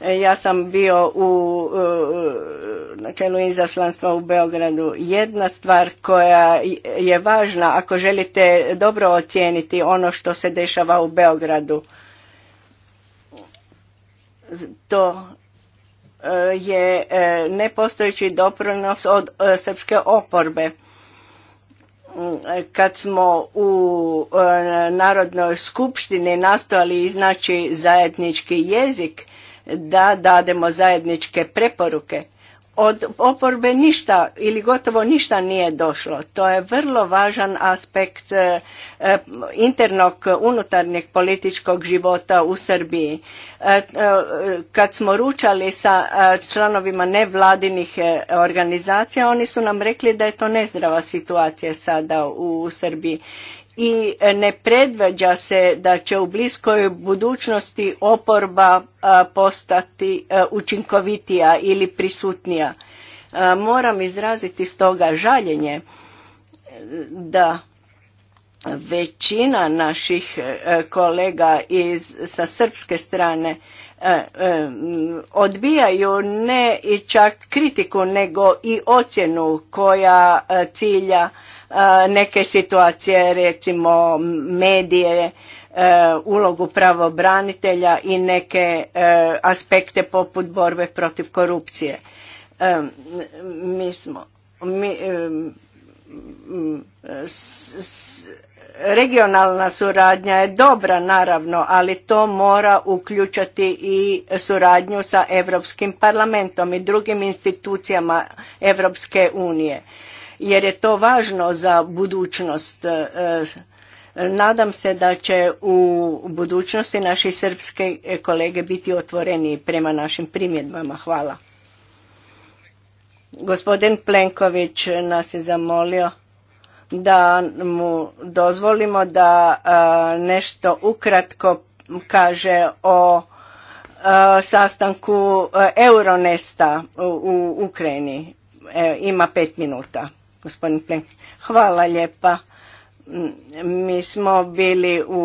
E, ja sam bio u e, načelu izaslanstva u Beogradu. Jedna stvar koja je važna ako želite dobro ocijeniti ono što se dešava u Beogradu, to Eh, je eh, nepostojeći doprinos od eh, srpske oporbe. Mm, kad smo u Narodnoj skupštini nastojali iznaći zajednički jezik, da dademo zajedničke preporuke, od oporbe ništa ili gotovo ništa nije došlo. To je vrlo važan aspekt e, e, internog unutarnjeg političkog života u Srbiji. E, kad smo ručali sa članovima nevladinih organizacija, oni su nam rekli da je to nezdrava situacija sada u Srbiji i ne predvađa se da će u bliskoj budućnosti oporba postati učinkovitija ili prisutnija. Moram izraziti stoga žaljenje e, da većina naših e, kolega iz, sa srpske strane e, odbijaju ne i čak kritiku nego i ocjenu koja cilja E, neke situacije, recimo medije, e, ulogu pravobranitelja i neke e, aspekte poput borbe protiv korupcije. Mi smo mi, regionalna suradnja je dobra naravno, ali to mora uključati i suradnju sa Europskim parlamentom i drugim institucijama Europske unije jer je to važno za budućnost. E, e, nadam se da će u budućnosti naši srpske kolege biti otvoreni prema našim primjedbama. Hvala. Gospodin Plenković nas je zamolio da mu dozvolimo da e, nešto ukratko kaže o sastanku Euronesta u Ukrajini. Ima pet minuta gospodin Hvala lijepa. Mi smo bili u,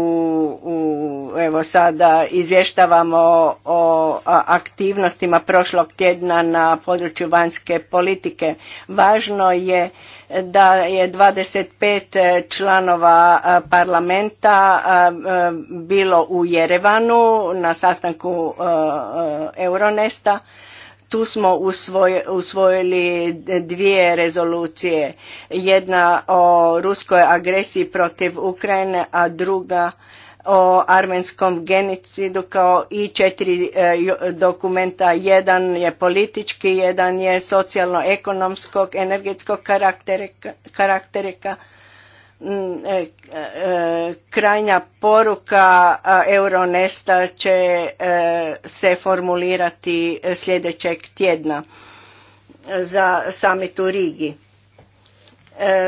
u evo sada izvještavamo o, o aktivnostima prošlog tjedna na području vanjske politike. Važno je da je 25 članova parlamenta bilo u Jerevanu na sastanku Euronesta tu smo usvojili dvije rezolucije, jedna o ruskoj agresiji protiv Ukrajine, a druga o armenskom genocidu kao i četiri e, dokumenta. Jedan je politički, jedan je socijalno-ekonomskog, energetskog karakterika E, e, krajnja poruka Euronesta će e, se formulirati sljedećeg tjedna za summit u Rigi.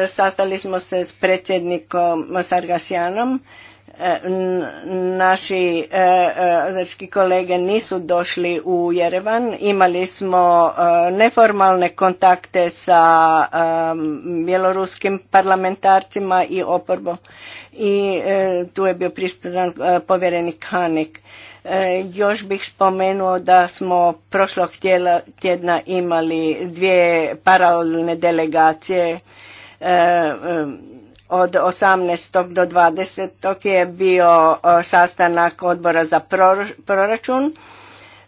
Sastali smo se s predsjednikom Sargasjanom E, naši e, e, azerski kolege nisu došli u Jerevan. Imali smo neformalne kontakte sa bjeloruskim parlamentarcima i oporbom i tu je bio pristupan povjerenik Hanik. Još bih spomenuo da smo prošlog tjedna imali dvije paralelne delegacije od 18. do 20. je bio e, sastanak odbora za proračun.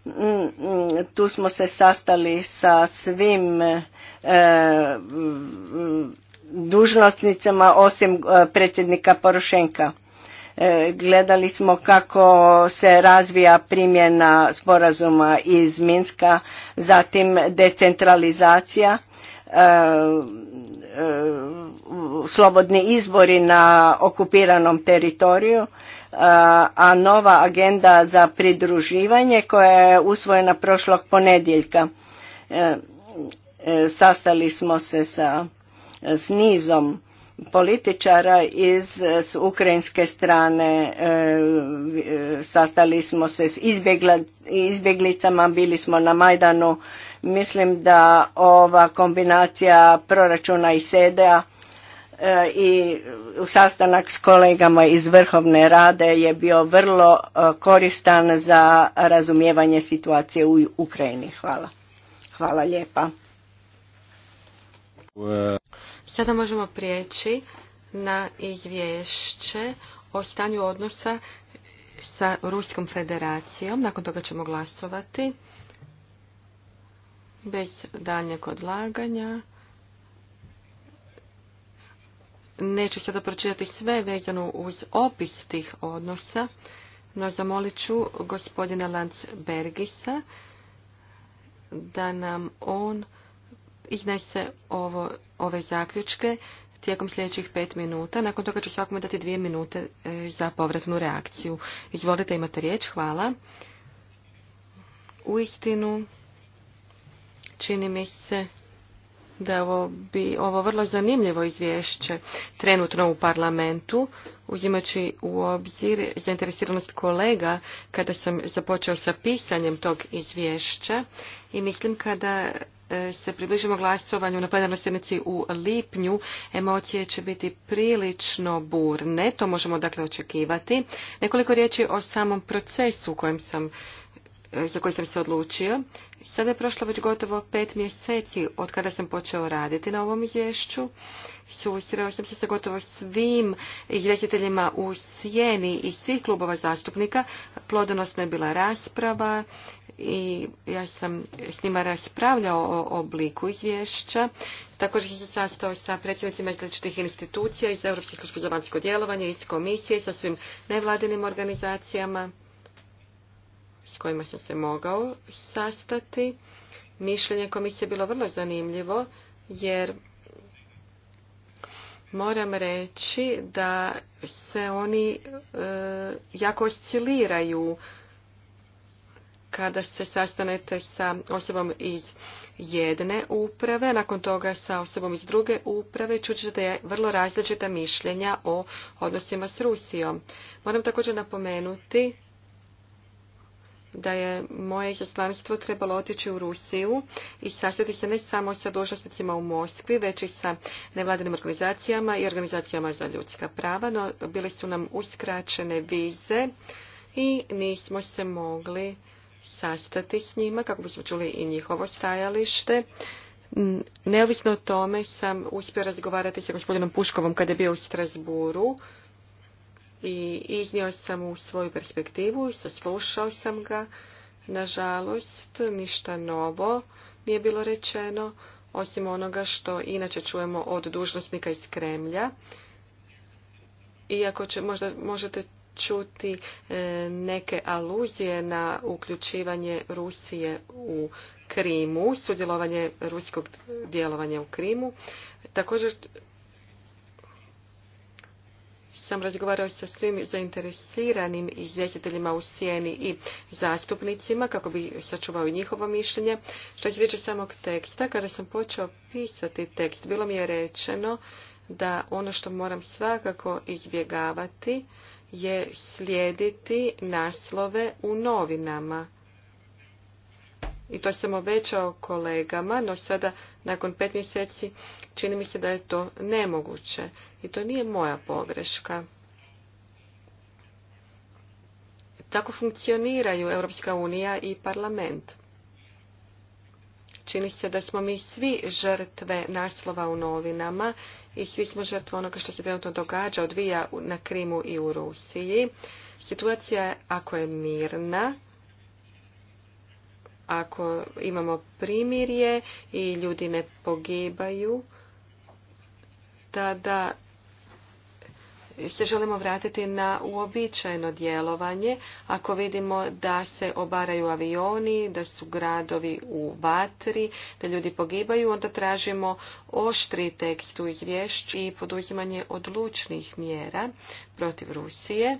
Mm, mm, tu smo se sastali sa svim e, mm, dužnostnicama osim e, predsjednika Porošenka. gledali smo kako se razvija primjena sporazuma iz Minska, zatim decentralizacija. E, slobodni izbori na okupiranom teritoriju, e, a nova agenda za pridruživanje koja je usvojena prošlog ponedjeljka. E, sastali smo se sa s nizom političara iz ukrajinske strane, sastali smo se s izbjeglicama, bili smo na Majdanu Mislim da ova kombinacija proračuna i sedea e, i sastanak s kolegama iz Vrhovne rade je bio vrlo e, koristan za razumijevanje situacije u Ukrajini. Hvala. Hvala lijepa. Sada možemo prijeći na izvješće o stanju odnosa sa Ruskom federacijom. Nakon toga ćemo glasovati bez daljnjeg odlaganja. Neću sada pročitati sve vezano uz opis tih odnosa, no zamolit ću gospodina Landsbergisa da nam on iznese ovo, ove zaključke tijekom sljedećih pet minuta. Nakon toga ću svakome dati dvije minute e, za povratnu reakciju. Izvolite, imate riječ. Hvala. U istinu, Čini mi se da ovo bi ovo vrlo zanimljivo izvješće trenutno u parlamentu, uzimajući u obzir zainteresiranost kolega kada sam započeo sa pisanjem tog izvješća i mislim kada e, se približimo glasovanju na plenarnoj sjednici u lipnju, emocije će biti prilično burne, to možemo dakle očekivati. Nekoliko riječi o samom procesu u kojem sam E, za koji sam se odlučio. Sada je prošlo već gotovo pet mjeseci od kada sam počeo raditi na ovom izvješću. Susreo sam se sa gotovo svim izvjestiteljima u sjeni i svih klubova zastupnika. Plodonosna je bila rasprava i ja sam s njima raspravljao o obliku izvješća. Također sam se sastao sa predsjednicima različitih institucija iz Europske službe za vanjsko djelovanje, iz komisije, sa svim nevladinim organizacijama s kojima sam se mogao sastati. Mišljenje komisije je bilo vrlo zanimljivo jer moram reći da se oni e, jako osciliraju kada se sastanete sa osobom iz jedne uprave, nakon toga sa osobom iz druge uprave, da je vrlo različita mišljenja o odnosima s Rusijom. Moram također napomenuti da je moje izaslanstvo trebalo otići u Rusiju i sastati se ne samo sa dužnosnicima u Moskvi, već i sa nevladinim organizacijama i organizacijama za ljudska prava, no bile su nam uskraćene vize i nismo se mogli sastati s njima kako bismo čuli i njihovo stajalište. Neovisno o tome sam uspio razgovarati sa gospodinom Puškovom kada je bio u Strasburu i iznio sam u svoju perspektivu i saslušao sam ga. Nažalost, ništa novo nije bilo rečeno, osim onoga što inače čujemo od dužnosnika iz Kremlja. Iako će, možda možete čuti e, neke aluzije na uključivanje Rusije u Krimu, sudjelovanje ruskog djelovanja u Krimu. Također sam razgovarao sa svim zainteresiranim izvjestiteljima u sjeni i zastupnicima kako bi sačuvao i njihovo mišljenje. Što se tiče samog teksta, kada sam počeo pisati tekst, bilo mi je rečeno da ono što moram svakako izbjegavati je slijediti naslove u novinama i to sam obećao kolegama, no sada nakon pet mjeseci čini mi se da je to nemoguće i to nije moja pogreška. Tako funkcioniraju Europska unija i parlament. Čini se da smo mi svi žrtve naslova u novinama i svi smo žrtve onoga što se trenutno događa, odvija na Krimu i u Rusiji. Situacija, ako je mirna, ako imamo primirje i ljudi ne pogibaju, tada se želimo vratiti na uobičajeno djelovanje. Ako vidimo da se obaraju avioni, da su gradovi u vatri, da ljudi pogibaju, onda tražimo oštri tekst u izvješću i poduzimanje odlučnih mjera protiv Rusije.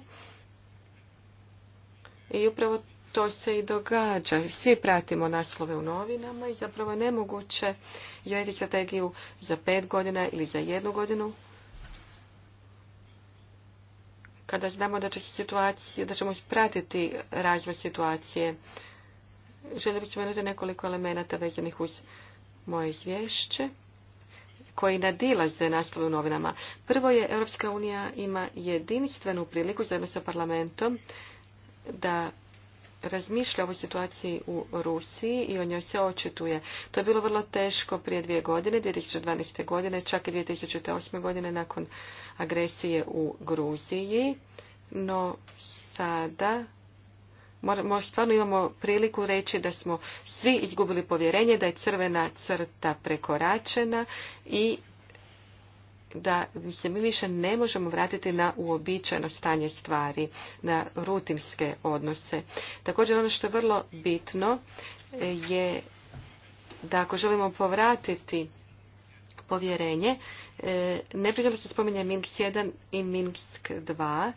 I upravo to se i događa. Svi pratimo naslove u novinama i zapravo je nemoguće izrediti strategiju za pet godina ili za jednu godinu. Kada znamo da, će situacije, da ćemo ispratiti razvoj situacije, želim spomenuti nekoliko elemenata vezanih uz moje izvješće koji nadilaze naslove u novinama. Prvo je Europska unija ima jedinstvenu priliku zajedno sa parlamentom da razmišlja o ovoj situaciji u Rusiji i o njoj se očituje. To je bilo vrlo teško prije dvije godine, 2012. godine, čak i 2008. godine nakon agresije u Gruziji. No sada Moramo, stvarno imamo priliku reći da smo svi izgubili povjerenje, da je crvena crta prekoračena i da se mi više ne možemo vratiti na uobičajeno stanje stvari, na rutinske odnose. Također ono što je vrlo bitno je da ako želimo povratiti povjerenje, ne da se spominje Minsk 1 i Minsk 2,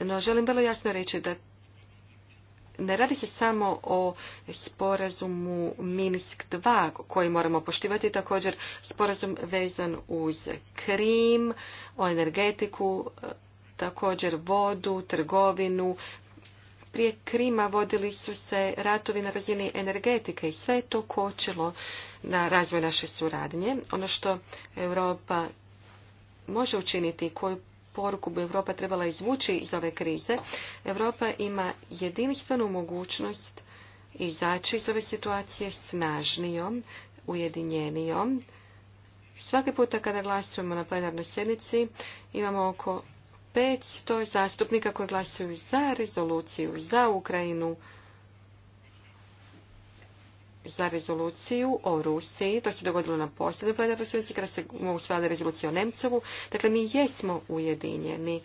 no želim vrlo jasno reći da ne radi se samo o sporazumu Minsk 2 koji moramo poštivati, također sporazum vezan uz Krim, o energetiku, također vodu, trgovinu. Prije Krima vodili su se ratovi na razini energetike i sve je to kočilo na razvoj naše suradnje. Ono što Europa može učiniti i koju poruku bi Europa trebala izvući iz ove krize. Europa ima jedinstvenu mogućnost izaći iz ove situacije snažnijom, ujedinjenijom. Svaki puta kada glasujemo na plenarnoj sjednici imamo oko 500 zastupnika koji glasuju za rezoluciju, za Ukrajinu, za rezoluciju o Rusiji. To se dogodilo na posljednjoj plenarnoj sjednici kada se usvajali rezoluciju o Nemcovu. Dakle, mi jesmo ujedinjeni.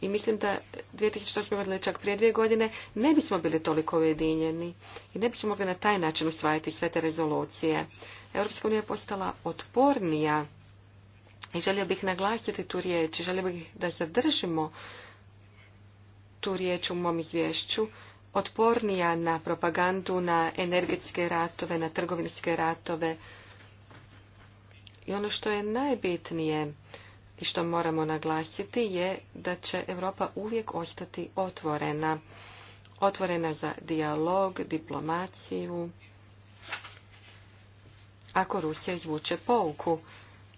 I mislim da 2008. godine, čak prije dvije godine, ne bismo bili toliko ujedinjeni i ne bismo mogli na taj način usvajati sve te rezolucije. Europska unija je postala otpornija i želio bih naglasiti tu riječ i želio bih da zadržimo tu riječ u mom izvješću otpornija na propagandu, na energetske ratove, na trgovinske ratove. I ono što je najbitnije i što moramo naglasiti je da će Europa uvijek ostati otvorena. Otvorena za dijalog, diplomaciju. Ako Rusija izvuče pouku,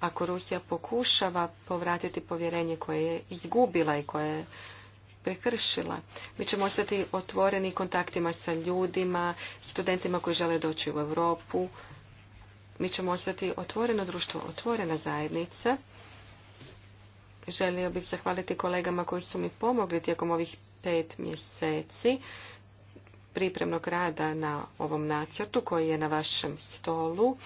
ako Rusija pokušava povratiti povjerenje koje je izgubila i koje je prekršila. Mi ćemo ostati otvoreni kontaktima sa ljudima, studentima koji žele doći u Europu. Mi ćemo ostati otvoreno društvo, otvorena zajednica. Želio bih zahvaliti kolegama koji su mi pomogli tijekom ovih pet mjeseci pripremnog rada na ovom nacrtu koji je na vašem stolu.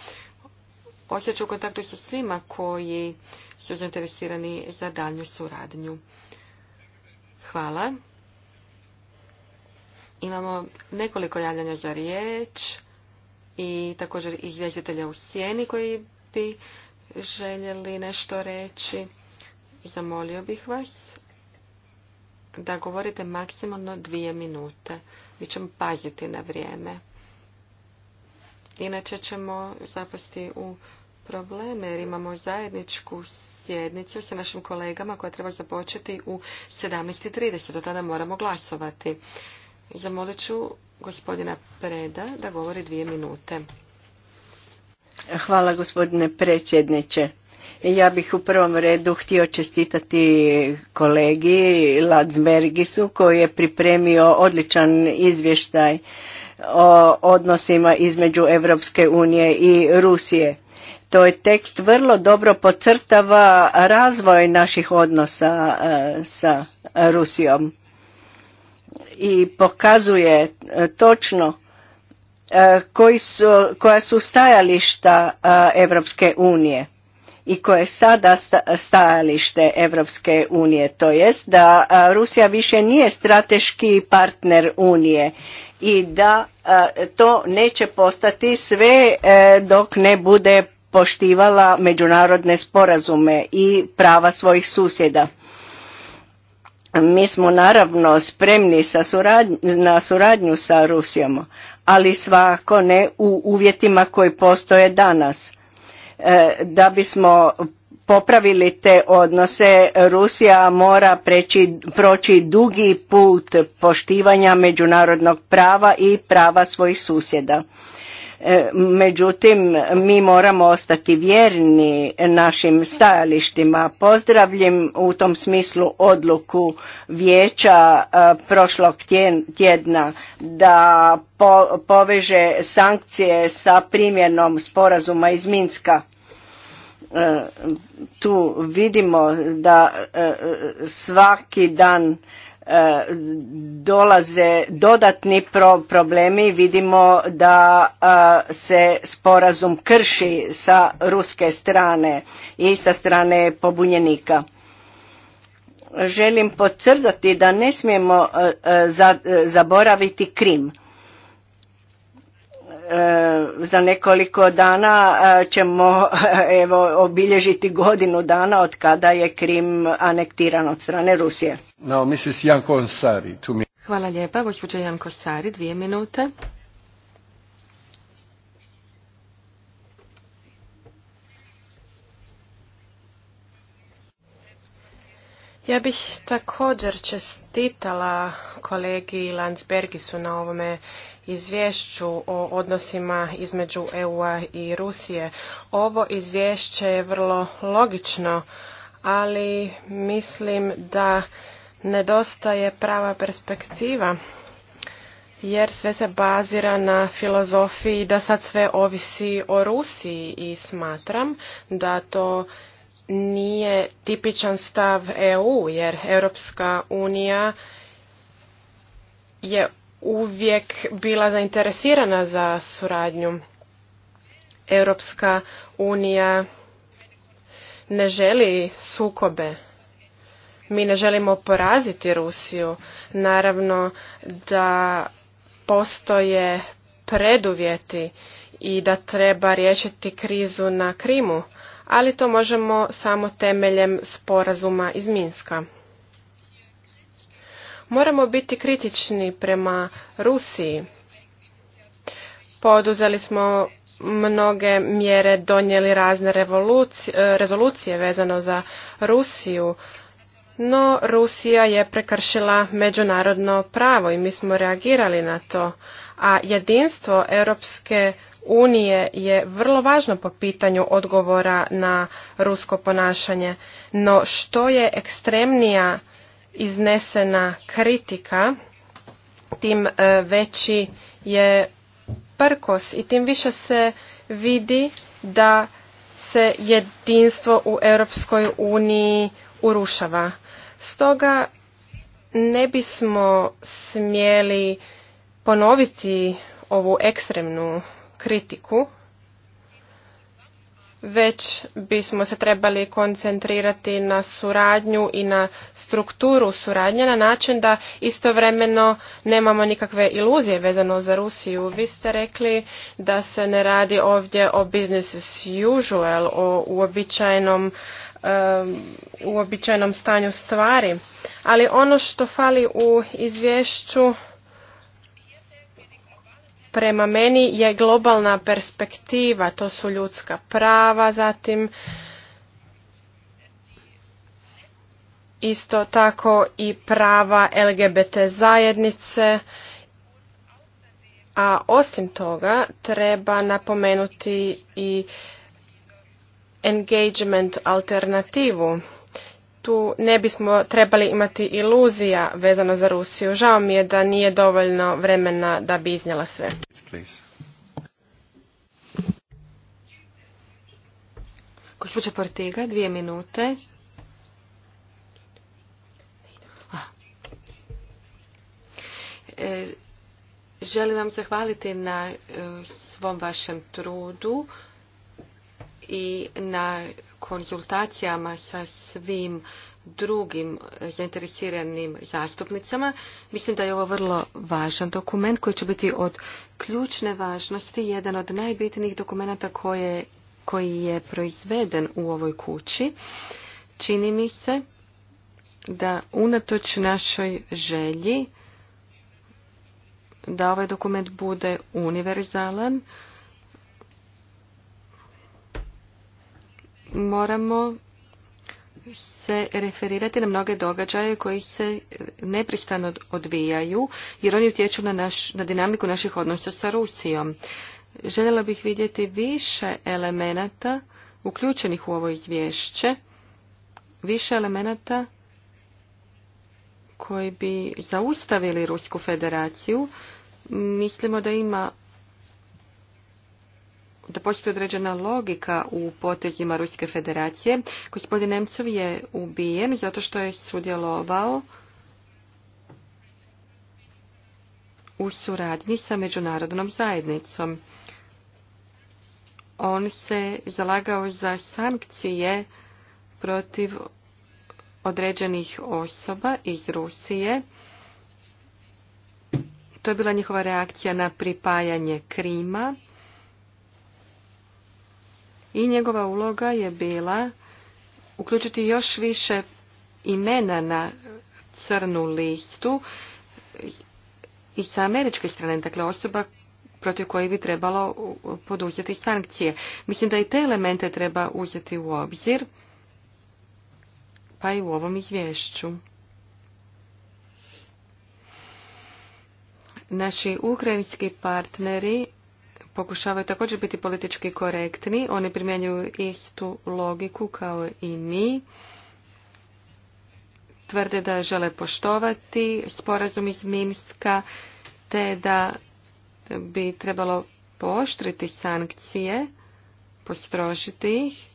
Osjeću u kontaktu sa svima koji su zainteresirani za daljnju suradnju. Hvala. Imamo nekoliko javljanja za riječ i također izvjestitelja u sjeni koji bi željeli nešto reći. Zamolio bih vas da govorite maksimalno dvije minute. Mi ćemo paziti na vrijeme. Inače ćemo zapasti u probleme jer imamo zajedničku sjednicu sa našim kolegama koja treba započeti u 17.30. Do tada moramo glasovati. Zamolit ću gospodina Preda da govori dvije minute. Hvala gospodine predsjedniče. Ja bih u prvom redu htio čestitati kolegi Ladsbergisu koji je pripremio odličan izvještaj o odnosima između Europske unije i Rusije to je tekst vrlo dobro pocrtava razvoj naših odnosa e, sa Rusijom i pokazuje e, točno e, koji su, koja su stajališta Evropske unije i koje je sada stajalište Evropske unije, to jest da Rusija više nije strateški partner unije i da to neće postati sve dok ne bude poštivala međunarodne sporazume i prava svojih susjeda. Mi smo naravno spremni sa na suradnju sa Rusijom, ali svako ne u uvjetima koji postoje danas. E, da bismo popravili te odnose, Rusija mora proći dugi put poštivanja međunarodnog prava i prava svojih susjeda. E, međutim, mi moramo ostati vjerni našim stajalištima. Pozdravljam u tom smislu odluku vijeća e, prošlog tjedna da poveže sankcije sa primjenom sporazuma iz Minska. E, tu vidimo da svaki dan dolaze dodatni problemi vidimo da se sporazum krši sa ruske strane i sa strane pobunjenika želim podcrtati da ne smijemo zaboraviti Krim E, za nekoliko dana e, ćemo e, evo, obilježiti godinu dana od kada je Krim anektiran od strane Rusije. No, Mrs. Janko Sari, Hvala lijepa, gospođa Janko Sari, dvije minute. Ja bih također čestitala kolegi Landsbergisu na ovome izvješću o odnosima između EU-a i Rusije. Ovo izvješće je vrlo logično, ali mislim da nedostaje prava perspektiva jer sve se bazira na filozofiji da sad sve ovisi o Rusiji i smatram da to nije tipičan stav EU jer Europska unija je uvijek bila zainteresirana za suradnju. Europska unija ne želi sukobe. Mi ne želimo poraziti Rusiju. Naravno da postoje preduvjeti i da treba riješiti krizu na Krimu, ali to možemo samo temeljem sporazuma iz Minska. Moramo biti kritični prema Rusiji. Poduzeli smo mnoge mjere, donijeli razne eh, rezolucije vezano za Rusiju, no Rusija je prekršila međunarodno pravo i mi smo reagirali na to, a jedinstvo Europske unije je vrlo važno po pitanju odgovora na rusko ponašanje, no što je ekstremnija iznesena kritika, tim e, veći je prkos i tim više se vidi da se jedinstvo u Europskoj uniji urušava. Stoga ne bismo smjeli ponoviti ovu ekstremnu kritiku već bismo se trebali koncentrirati na suradnju i na strukturu suradnje na način da istovremeno nemamo nikakve iluzije vezano za Rusiju. Vi ste rekli da se ne radi ovdje o business as usual, o uobičajenom uobičajenom stanju stvari. Ali ono što fali u izvješću prema meni je globalna perspektiva, to su ljudska prava, zatim isto tako i prava LGBT zajednice. A osim toga treba napomenuti i engagement alternativu tu ne bismo trebali imati iluzija vezano za Rusiju. Žao mi je da nije dovoljno vremena da bi iznjela sve. Gospođa Portiga, dvije minute. Ah. E, želim vam zahvaliti na e, svom vašem trudu i na konzultacijama sa svim drugim zainteresiranim zastupnicama. Mislim da je ovo vrlo važan dokument koji će biti od ključne važnosti, jedan od najbitnijih dokumenta koje, koji je proizveden u ovoj kući. Čini mi se da unatoč našoj želji da ovaj dokument bude univerzalan, moramo se referirati na mnoge događaje koji se nepristano odvijaju jer oni utječu na, na dinamiku naših odnosa sa Rusijom. Željela bih vidjeti više elemenata uključenih u ovo izvješće, više elemenata koji bi zaustavili Rusku federaciju. Mislimo da ima da postoji određena logika u potezima Ruske federacije. Gospodin Nemcov je ubijen zato što je sudjelovao u suradnji sa međunarodnom zajednicom. On se zalagao za sankcije protiv određenih osoba iz Rusije. To je bila njihova reakcija na pripajanje Krima i njegova uloga je bila uključiti još više imena na crnu listu i sa američke strane, dakle osoba protiv koje bi trebalo poduzeti sankcije. Mislim da i te elemente treba uzeti u obzir, pa i u ovom izvješću. Naši ukrajinski partneri pokušavaju također biti politički korektni. Oni primjenjuju istu logiku kao i mi. Tvrde da žele poštovati sporazum iz Minska, te da bi trebalo pooštriti sankcije, postrožiti ih.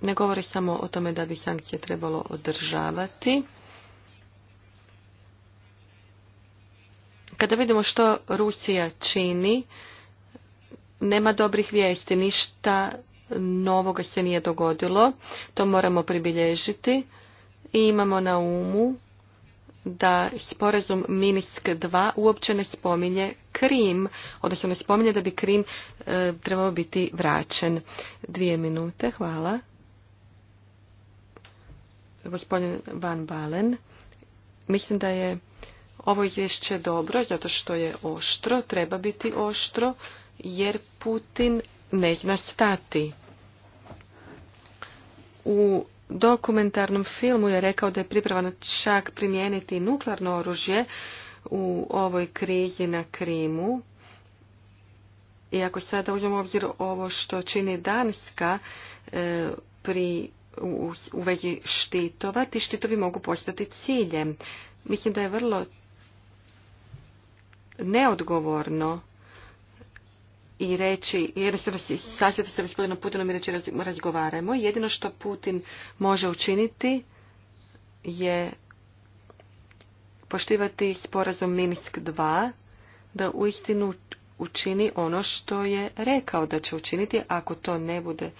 Ne govori samo o tome da bi sankcije trebalo održavati. Kada vidimo što Rusija čini, nema dobrih vijesti, ništa novoga se nije dogodilo, to moramo pribilježiti i imamo na umu da sporazum Minsk 2 uopće ne spominje Krim, odnosno ne spominje da bi Krim e, trebao biti vraćen. Dvije minute, hvala. Gospodin Van Balen, mislim da je ovo izvješće dobro zato što je oštro, treba biti oštro, jer Putin ne zna stati. U dokumentarnom filmu je rekao da je pripravan čak primijeniti nuklearno oružje u ovoj krizi na Krimu. I ako sada uzmemo obzir ovo što čini Danska e, pri, u, u vezi štitova, ti štitovi mogu postati ciljem. Mislim da je vrlo neodgovorno i reći, jer sasvjeti se gospodinom Putinom i reći razgovarajmo. Jedino što Putin može učiniti je poštivati sporazum Minsk 2, da uistinu učini ono što je rekao da će učiniti. Ako to ne bude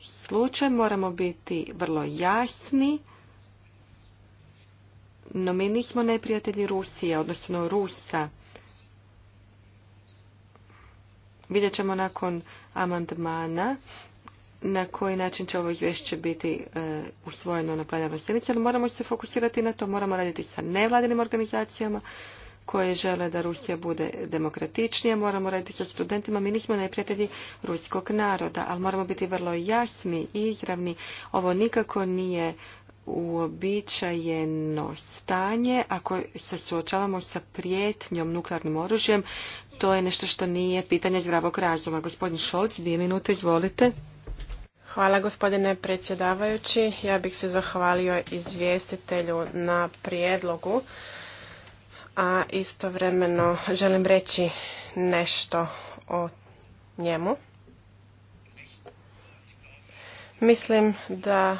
slučaj, moramo biti vrlo jasni. No mi nismo neprijatelji Rusije, odnosno Rusa. Vidjet ćemo nakon amandmana na koji način će ovo izvješće biti e, usvojeno na plenarnoj sjednici, ali moramo se fokusirati na to, moramo raditi sa nevladinim organizacijama koje žele da Rusija bude demokratičnija, moramo raditi sa studentima, mi nismo neprijatelji ruskog naroda, ali moramo biti vrlo jasni i izravni. Ovo nikako nije uobičajeno stanje, ako se suočavamo sa prijetnjom nuklearnim oružjem, to je nešto što nije pitanje zdravog razuma. Gospodin Šolc, dvije minute, izvolite. Hvala gospodine predsjedavajući. Ja bih se zahvalio izvjestitelju na prijedlogu, a istovremeno želim reći nešto o njemu. Mislim da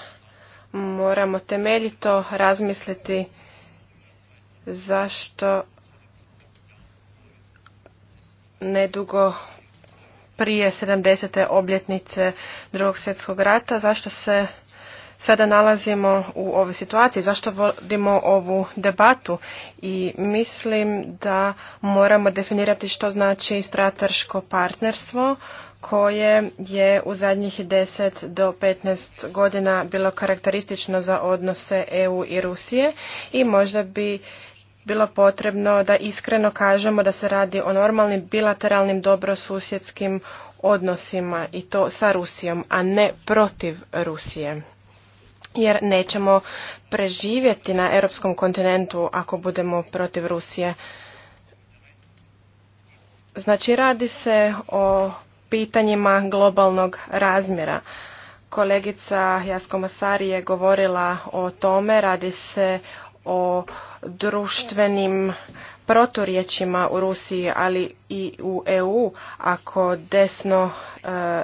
moramo temeljito razmisliti zašto nedugo prije 70. obljetnice drugog svjetskog rata, zašto se sada nalazimo u ovoj situaciji, zašto vodimo ovu debatu i mislim da moramo definirati što znači strateško partnerstvo, koje je u zadnjih 10 do 15 godina bilo karakteristično za odnose EU i Rusije i možda bi bilo potrebno da iskreno kažemo da se radi o normalnim bilateralnim dobrosusjedskim odnosima i to sa Rusijom, a ne protiv Rusije. Jer nećemo preživjeti na europskom kontinentu ako budemo protiv Rusije. Znači radi se o pitanjima globalnog razmjera. Kolegica Jasko Masari je govorila o tome, radi se o društvenim proturječima u Rusiji, ali i u EU, ako desno e,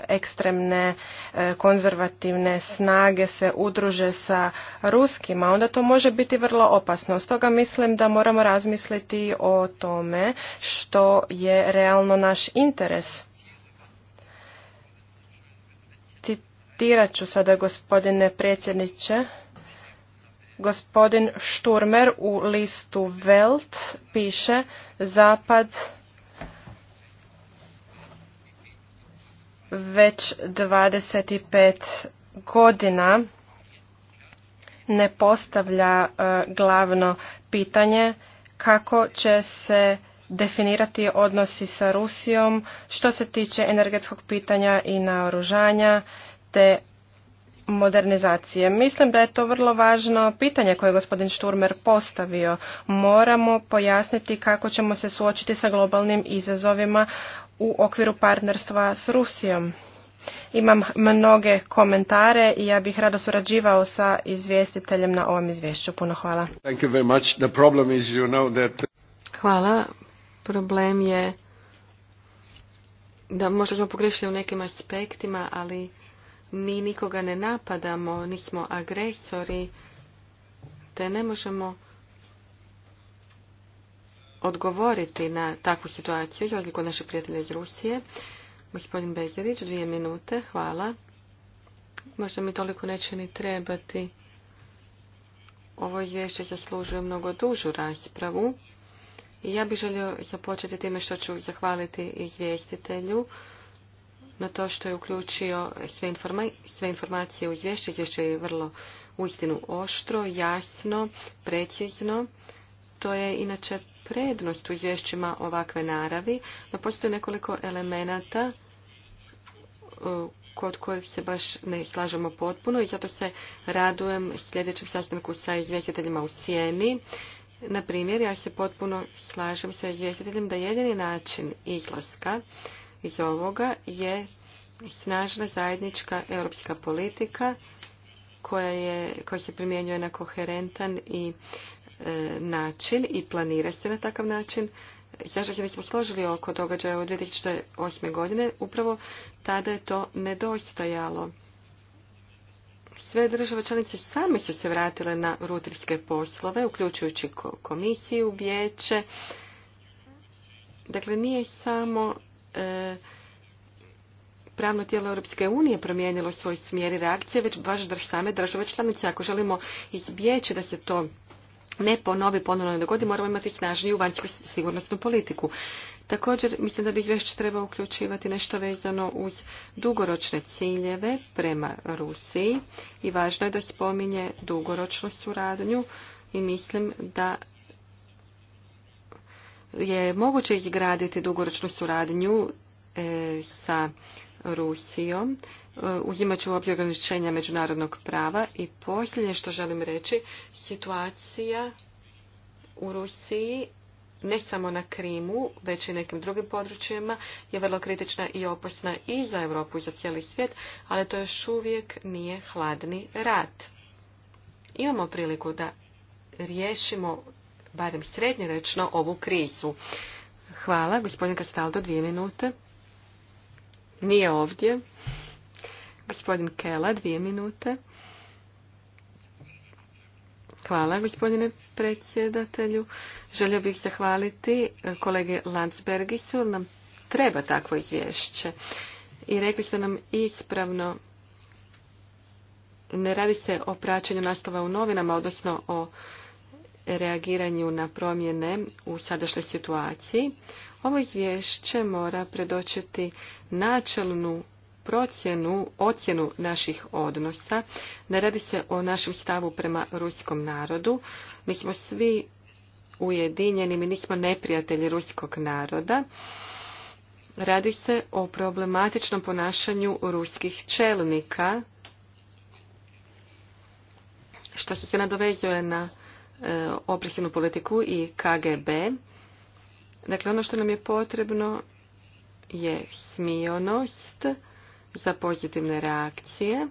ekstremne e, konzervativne snage se udruže sa ruskima, onda to može biti vrlo opasno. Stoga mislim da moramo razmisliti o tome što je realno naš interes Citirat ću sada gospodine predsjedniče. Gospodin Šturmer u listu Welt piše Zapad već 25 godina ne postavlja e, glavno pitanje kako će se definirati odnosi sa Rusijom što se tiče energetskog pitanja i naoružanja te modernizacije. Mislim da je to vrlo važno pitanje koje je gospodin Šturmer postavio. Moramo pojasniti kako ćemo se suočiti sa globalnim izazovima u okviru partnerstva s Rusijom. Imam mnoge komentare i ja bih rado surađivao sa izvjestiteljem na ovom izvješću. Puno hvala. problem Hvala. Problem je da možda smo pogrešili u nekim aspektima, ali mi nikoga ne napadamo, nismo agresori, te ne možemo odgovoriti na takvu situaciju, za razliku od naše prijatelje iz Rusije. Gospodin Bezević, dvije minute, hvala. Možda mi toliko neće ni trebati. Ovo izvješće zaslužuje mnogo dužu raspravu. I ja bih želio započeti time što ću zahvaliti izvjestitelju na to što je uključio sve, informacije u izvješće. Izvješće je vrlo uistinu oštro, jasno, precizno. To je inače prednost u izvješćima ovakve naravi, no postoje nekoliko elemenata e, kod kojih se baš ne slažemo potpuno i zato se radujem sljedećem sastanku sa izvjestiteljima u Sijeni. Na primjer, ja se potpuno slažem sa izvjestiteljem da jedini način izlaska iz ovoga je snažna zajednička europska politika koja, je, koja se primjenjuje na koherentan i e, način i planira se na takav način. Zašto se nismo složili oko događaja u 2008. godine? Upravo tada je to nedostajalo. Sve države članice same su se vratile na rutinske poslove, uključujući komisiju, vijeće. Dakle, nije samo E, pravno tijelo Europske unije promijenilo svoj smjer i reakcije, već baš da same države članice. Ako želimo izbjeći da se to ne ponovi, ponovno ne dogodi, moramo imati snažniju vanjsku sigurnosnu politiku. Također, mislim da bi već trebao uključivati nešto vezano uz dugoročne ciljeve prema Rusiji i važno je da spominje dugoročnu suradnju i mislim da je moguće izgraditi dugoročnu suradnju e, sa Rusijom, e, uzimajući u obzir ograničenja međunarodnog prava i posljednje što želim reći, situacija u Rusiji ne samo na Krimu, već i nekim drugim područjima, je vrlo kritična i opasna i za Europu i za cijeli svijet, ali to još uvijek nije hladni rat. Imamo priliku da riješimo barem srednjerečno, ovu krizu. Hvala. Gospodin Kastaldo, dvije minute. Nije ovdje. Gospodin Kela, dvije minute. Hvala, gospodine predsjedatelju. Želio bih zahvaliti e, kolege Landsbergisu. Nam treba takvo izvješće. I rekli ste nam ispravno, ne radi se o praćenju naslova u novinama, odnosno o reagiranju na promjene u sadašnjoj situaciji. Ovo izvješće mora predočiti načelnu procjenu, ocjenu naših odnosa. Ne radi se o našem stavu prema ruskom narodu. Mi smo svi ujedinjeni, mi nismo neprijatelji ruskog naroda. Radi se o problematičnom ponašanju ruskih čelnika, što se nadovezuje na E, opresivnu politiku i KGB. Dakle, ono što nam je potrebno je smionost za pozitivne reakcije,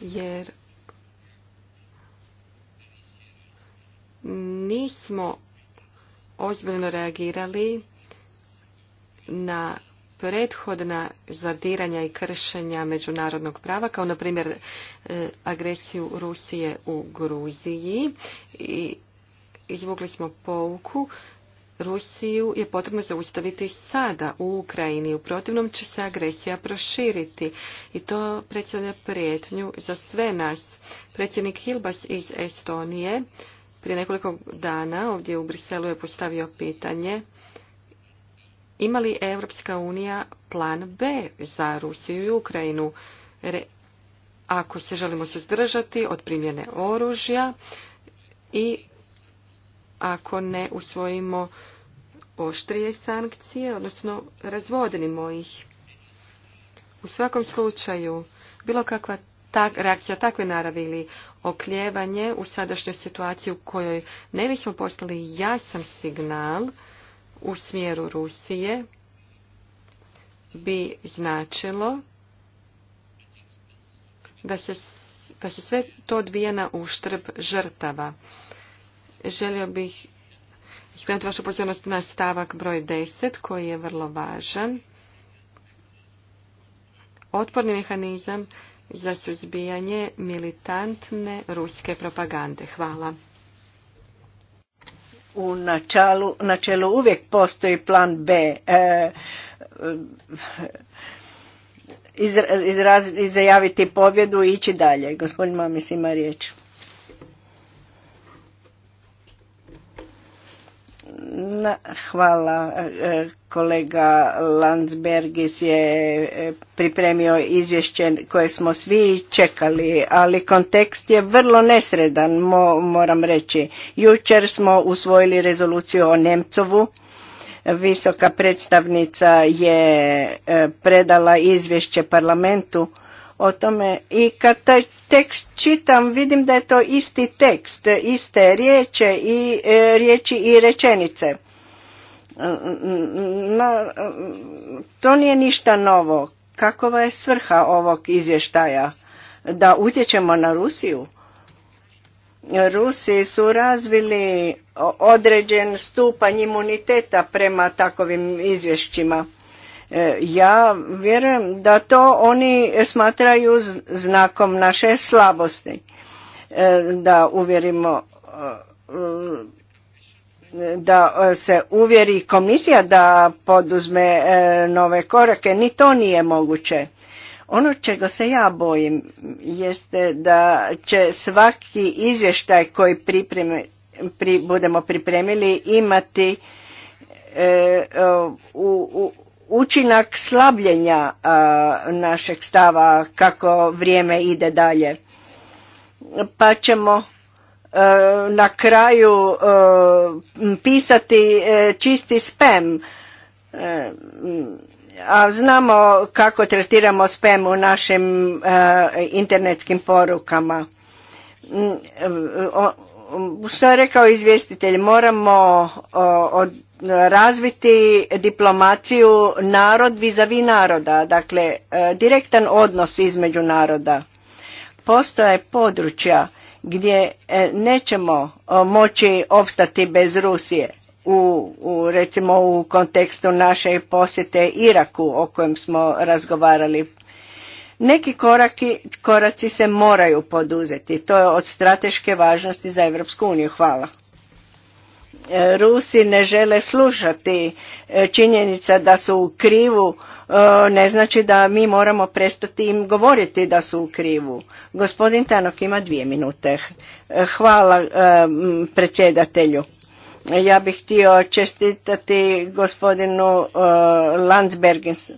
jer nismo ozbiljno reagirali na prethodna zadiranja i kršenja međunarodnog prava, kao na primjer e, agresiju Rusije u Gruziji. I izvukli smo pouku. Rusiju je potrebno zaustaviti sada u Ukrajini. U protivnom će se agresija proširiti i to predstavlja prijetnju za sve nas. Predsjednik Hilbas iz Estonije prije nekoliko dana ovdje u Briselu je postavio pitanje ima li Europska unija plan B za Rusiju i Ukrajinu? ako se želimo suzdržati od primjene oružja i ako ne usvojimo oštrije sankcije, odnosno razvodnimo ih. U svakom slučaju, bilo kakva tak, reakcija takve naravi ili okljevanje u sadašnjoj situaciji u kojoj ne bismo poslali jasan signal, u smjeru Rusije bi značilo da se, da se sve to odvija na uštrb žrtava. Želio bih skrenuti vašu pozornost na stavak broj 10 koji je vrlo važan. Otporni mehanizam za suzbijanje militantne ruske propagande. Hvala u načalu, načelu uvijek postoji plan B. E, e, izjaviti pobjedu i ići dalje. Gospodin Mamis ima riječ. Hvala. E, kolega Landsbergis je e, pripremio izvješće koje smo svi čekali, ali kontekst je vrlo nesredan, moram reći. Jučer smo usvojili rezoluciju o Nemcovu. Visoka predstavnica je e, predala izvješće parlamentu o tome i kad tekst čitam, vidim da je to isti tekst, iste riječe i e, riječi i rečenice. No, to nije ništa novo. Kakova je svrha ovog izvještaja? Da utječemo na Rusiju? Rusi su razvili određen stupanj imuniteta prema takovim izvješćima E, ja vjerujem da to oni smatraju znakom naše slabosti. E, da uvjerimo e, da se uvjeri komisija da poduzme nove korake, ni to nije moguće. Ono čega se ja bojim jeste da će svaki izvještaj koji pripremi, pri, budemo pripremili imati u, u učinak slabljenja našeg stava kako vrijeme ide dalje. Pa ćemo e, na kraju e, pisati e, čisti spam. A znamo kako tretiramo spam u našim internetskim porukama Um, što je rekao izvjestitelj, moramo razviti diplomaciju narod vizavi naroda, dakle e, direktan odnos između naroda. Postoje područja gdje e, nećemo moći opstati bez Rusije. U, u recimo u kontekstu naše posjete Iraku o kojem smo razgovarali neki koraci se moraju poduzeti. To je od strateške važnosti za Europsku uniju. Hvala. E, Rusi ne žele slušati e, činjenica da su u krivu e, ne znači da mi moramo prestati im govoriti da su u krivu. Gospodin Tanok ima dvije minute. Hvala predsjedatelju. Ja bih htio čestitati gospodinu Landsbergensu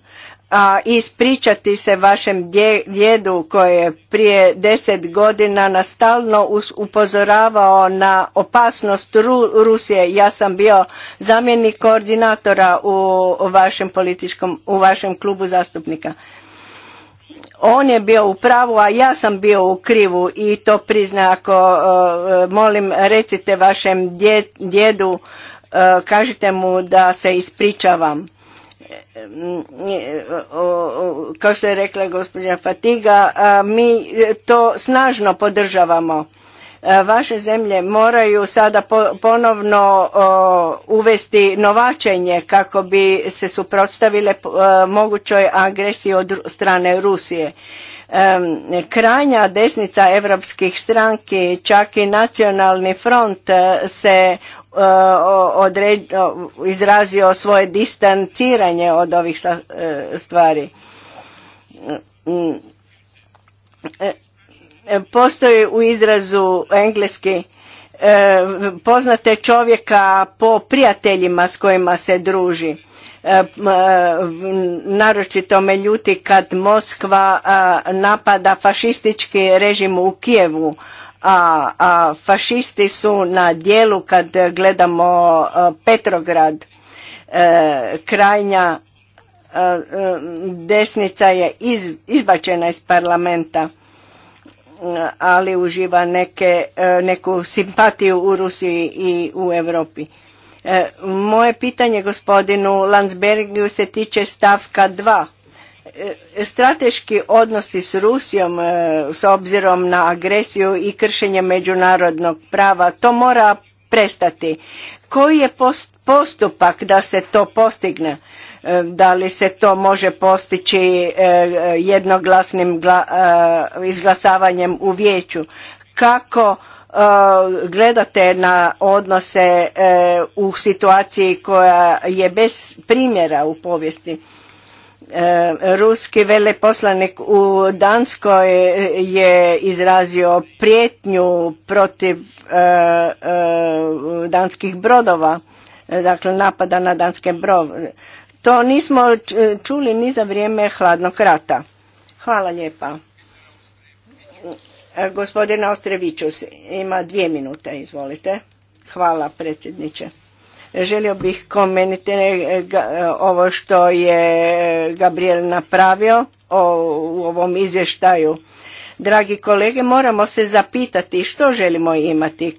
a ispričati se vašem djedu koji je prije deset godina nastalno upozoravao na opasnost Rusije. Ja sam bio zamjenik koordinatora u vašem političkom, u vašem klubu zastupnika. On je bio u pravu, a ja sam bio u krivu i to prizna ako e, molim recite vašem djedu, e, kažite mu da se ispričavam kao što je rekla gospođa Fatiga, mi to snažno podržavamo. Vaše zemlje moraju sada ponovno uvesti novačenje kako bi se suprotstavile mogućoj agresiji od strane Rusije. Krajnja desnica evropskih stranki, čak i nacionalni front e, se Eh, izrazio svoje distanciranje od ovih eh, stvari. Eh, postoji u izrazu engleski poznate čovjeka po prijateljima s kojima se druži. Naročito me ljuti kad Moskva napada fašistički režim u Kijevu a, a fašisti su na dijelu kad gledamo Petrograd e, krajnja e, e, desnica je izbačena iz parlamenta ali uživa neke, neku simpatiju u Rusiji i u Europi. moje pitanje gospodinu Landsbergu, se tiče stavka 2 E, strateški odnosi s Rusijom e, s obzirom na agresiju i kršenje međunarodnog prava, to mora prestati. Koji je postupak da se to postigne? E, da li se to može postići jednoglasnim izglasavanjem u vijeću? Kako gledate na odnose u situaciji koja je bez primjera u povijesti? E, ruski veleposlanik u Danskoj je izrazio prijetnju protiv e, e, danskih brodova, dakle napada na danske brodove. To nismo čuli ni za vrijeme hladnog rata. Hvala lijepa. Gospodin Ostreviću ima dvije minute, izvolite. Hvala predsjedniče. Želio bih komentirati e, e, ovo što je Gabriel napravio u ovom izvještaju. Dragi kolege, moramo se zapitati što želimo imati,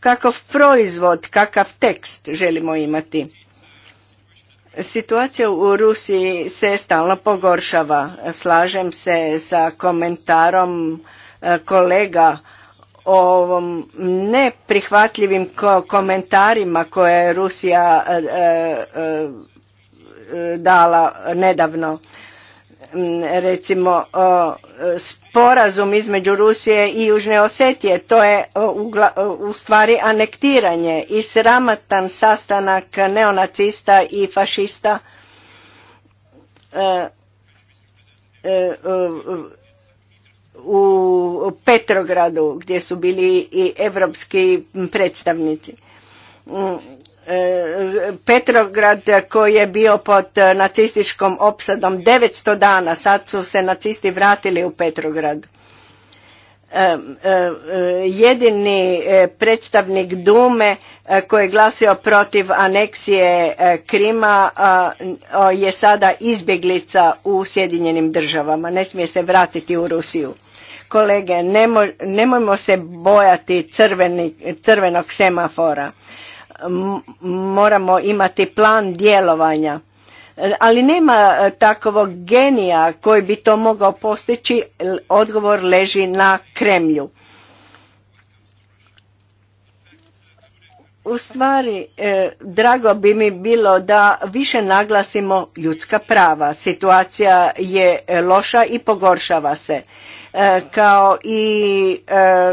kakav proizvod, kakav tekst želimo imati. Situacija u Rusiji se stalno pogoršava. Slažem se sa komentarom e, kolega ovom neprihvatljivim komentarima koje je Rusija e, e, e, dala nedavno mm, recimo sporazum između Rusije i Južne Osetije. To je u stvari anektiranje i sramatan sastanak neonacista i fašista u Petrogradu gdje su bili i evropski predstavnici. Mm, e, Petrograd koji je bio pod nacističkom opsadom 900 dana, sad su se nacisti vratili u Petrograd. E, e, jedini predstavnik Dume koji je glasio protiv aneksije Krima je sada izbjeglica u Sjedinjenim državama, ne smije se vratiti u Rusiju. Kolege, nemojmo se bojati crvenog semafora. Moramo imati plan djelovanja. Ali nema e, takvog genija koji bi to mogao postići, odgovor leži na Kremlju. U stvari, e, drago bi mi bilo da više naglasimo ljudska prava. Situacija je e, loša i pogoršava se. E, kao i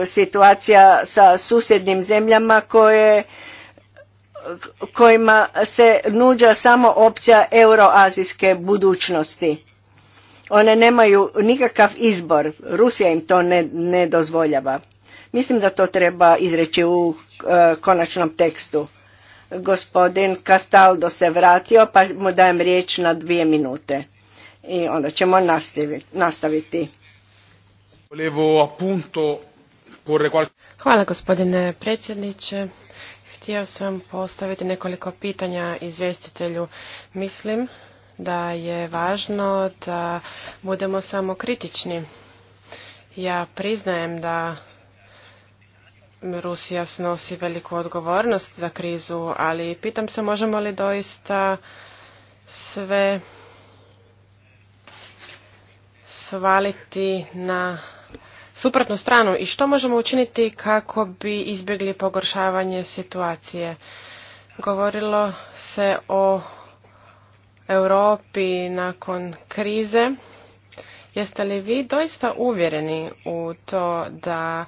e, situacija sa susjednim zemljama koje kojima se nuđa samo opcija euroazijske budućnosti. One nemaju nikakav izbor, Rusija im to ne, dozvoljava. Mislim da to treba izreći u e, konačnom tekstu. Gospodin Castaldo se vratio, pa mu dajem riječ na dvije minute i onda ćemo nastaviti. Hvala gospodine predsjedniče. Htio sam postaviti nekoliko pitanja izvjestitelju. Mislim da je važno da budemo samo kritični. Ja priznajem da Rusija snosi veliku odgovornost za krizu, ali pitam se možemo li doista sve svaliti na suprotnu stranu i što možemo učiniti kako bi izbjegli pogoršavanje situacije. Govorilo se o Europi nakon krize. Jeste li vi doista uvjereni u to da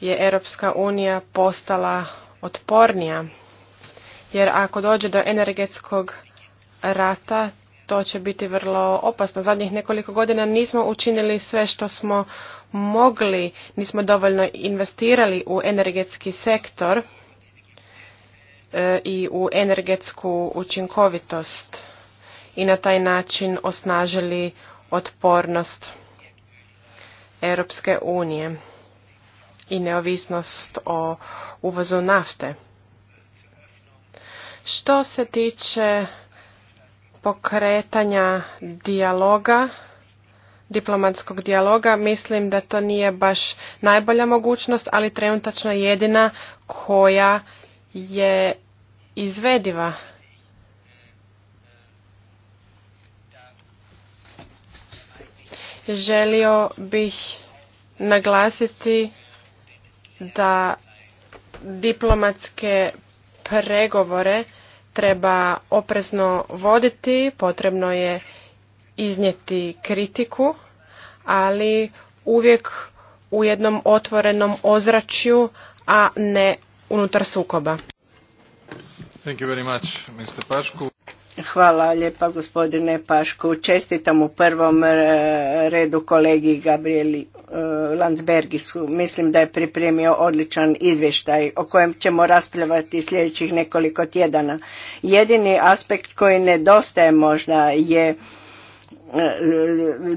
je Europska unija postala otpornija? Jer ako dođe do energetskog rata, to će biti vrlo opasno. Zadnjih nekoliko godina nismo učinili sve što smo mogli, nismo dovoljno investirali u energetski sektor e, i u energetsku učinkovitost i na taj način osnažili otpornost Europske unije i neovisnost o uvozu nafte. Što se tiče pokretanja dijaloga, diplomatskog dijaloga, mislim da to nije baš najbolja mogućnost, ali trenutačno jedina koja je izvediva. Želio bih naglasiti da diplomatske pregovore treba oprezno voditi, potrebno je iznijeti kritiku, ali uvijek u jednom otvorenom ozračju, a ne unutar sukoba. Thank you very much, Mr. Hvala lijepa gospodine Pašku. Čestitam u prvom e, redu kolegi Gabrieli e, Landsbergisu. Mislim da je pripremio odličan izvještaj o kojem ćemo raspravljati sljedećih nekoliko tjedana. Jedini aspekt koji nedostaje možda je e,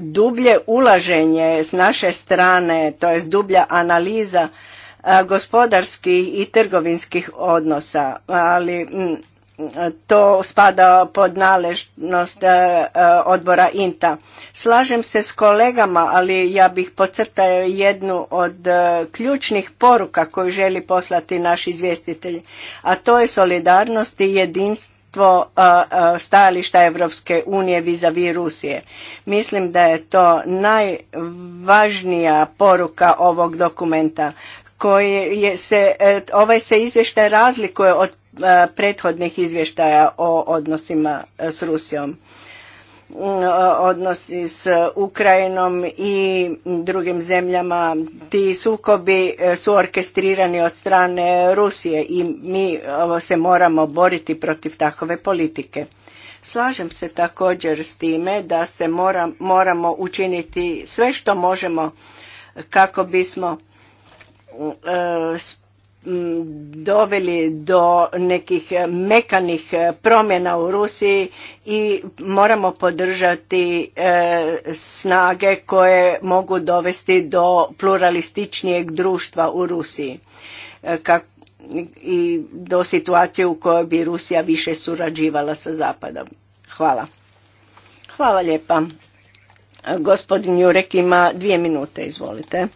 dublje ulaženje s naše strane, to jest dublja analiza gospodarskih i trgovinskih odnosa, ali to spada pod naležnost e, e, odbora INTA. Slažem se s kolegama, ali ja bih pocrtao jednu od e, ključnih poruka koju želi poslati naš izvjestitelj, a to je solidarnost i jedinstvo stajališta Evropske unije vis Rusije. Mislim da je to najvažnija poruka ovog dokumenta koji je se, e, ovaj se izvještaj razlikuje od e, prethodnih izvještaja o odnosima e, s Rusijom mm, odnosi s Ukrajinom i drugim zemljama. Ti sukobi su orkestrirani od strane Rusije i mi se moramo boriti protiv takove politike. Slažem se također s time da se moramo učiniti sve što možemo kako bismo E, doveli do nekih mekanih promjena u Rusiji i moramo podržati e, snage koje mogu dovesti do pluralističnijeg društva u Rusiji e, i do situacije u kojoj bi Rusija više surađivala sa Zapadom. Hvala. Hvala lijepa. Gospodin Jurek ima dvije minute, izvolite.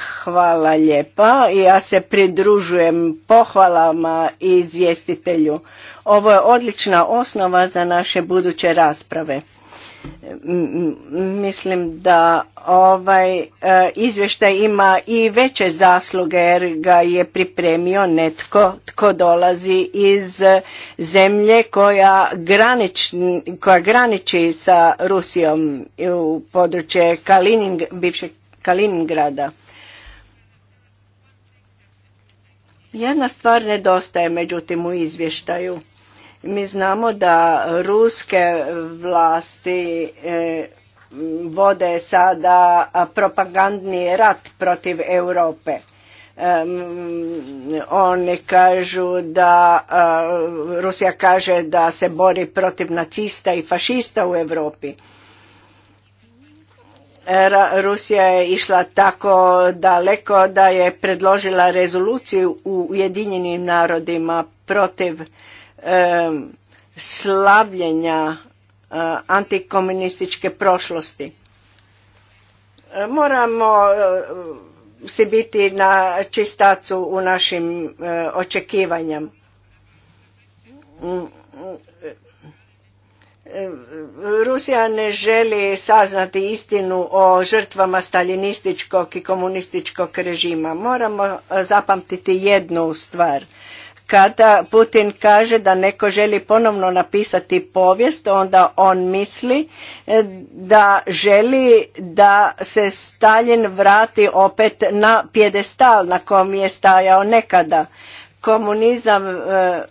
Hvala lijepa. Ja se pridružujem pohvalama i izvjestitelju. Ovo je odlična osnova za naše buduće rasprave. Mislim da ovaj e, izvještaj ima i veće zasluge jer ga je pripremio netko tko dolazi iz zemlje koja, graniči sa Rusijom u područje bivšeg Kaliningrada. Jedna stvar nedostaje međutim u izvještaju. Mi znamo da ruske vlasti e, vode sada propagandni rat protiv Europe. E, oni kažu da e, Rusija kaže da se bori protiv nacista i fašista u Europi. Rusija je išla tako daleko da je predložila rezoluciju u Ujedinjenim narodima protiv e, slavljenja antikomunističke prošlosti. E, moramo se biti na čistacu u našim e, očekivanjama Rusija ne želi saznati istinu o žrtvama staljinističkog i komunističkog režima. Moramo eh, zapamtiti jednu stvar. Kada Putin kaže da neko želi ponovno napisati povijest, onda on misli eh, da želi da se Stalin vrati opet na pjedestal na kom je stajao nekada. Komunizam eh,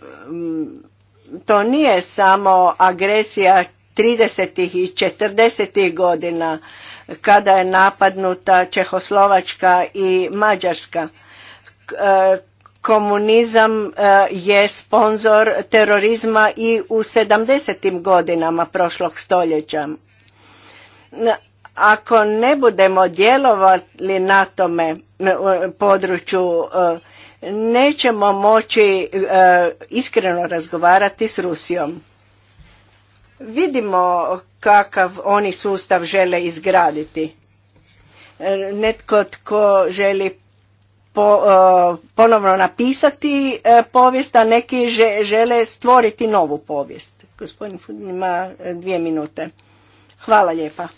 to nije samo agresija 30. i 40. godina kada je napadnuta Čehoslovačka i Mađarska. E, komunizam e, je sponzor terorizma i u 70. godinama prošlog stoljeća. Ako ne budemo djelovali na tome području e, nećemo moći e, iskreno razgovarati s Rusijom. Vidimo kakav oni sustav žele izgraditi. E, netko tko želi e, ponovno napisati povijest, a neki žele stvoriti novu povijest. Gospodin Fudin ima dvije minute. Hvala lijepa.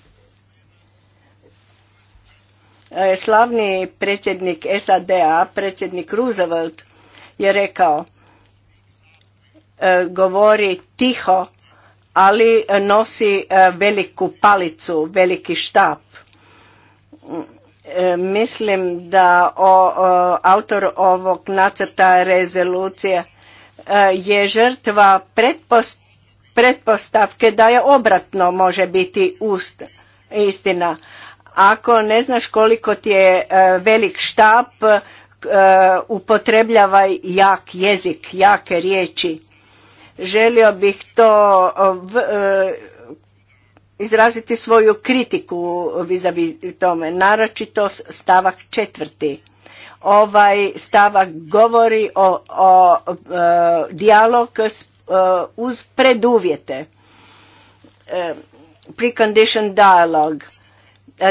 E, slavni predsjednik SAD-a, predsjednik Roosevelt je rekao, e, govori tiho, ali nosi e, veliku palicu, veliki štap. Mislim da o, autor ovog nacrta rezolucije je žrtva pretpostavke da je obratno može biti ust, istina ako ne znaš koliko ti je e, velik štap, e, upotrebljavaj jak jezik, jake riječi. Želio bih to e, izraziti svoju kritiku vizavi tome, naročito stavak četvrti. Ovaj stavak govori o, o dijalog uz preduvjete, precondition dialog.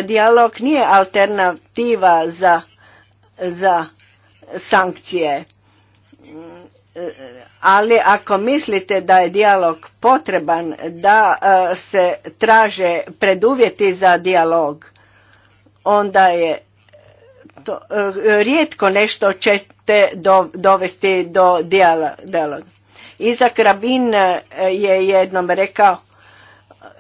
Dijalog nije alternativa za, za sankcije. Ali ako mislite da je dijalog potreban, da e, se traže preduvjeti za dijalog, onda je to, e, rijetko nešto ćete dovesti do dijaloga. Izak Rabin e, je jednom rekao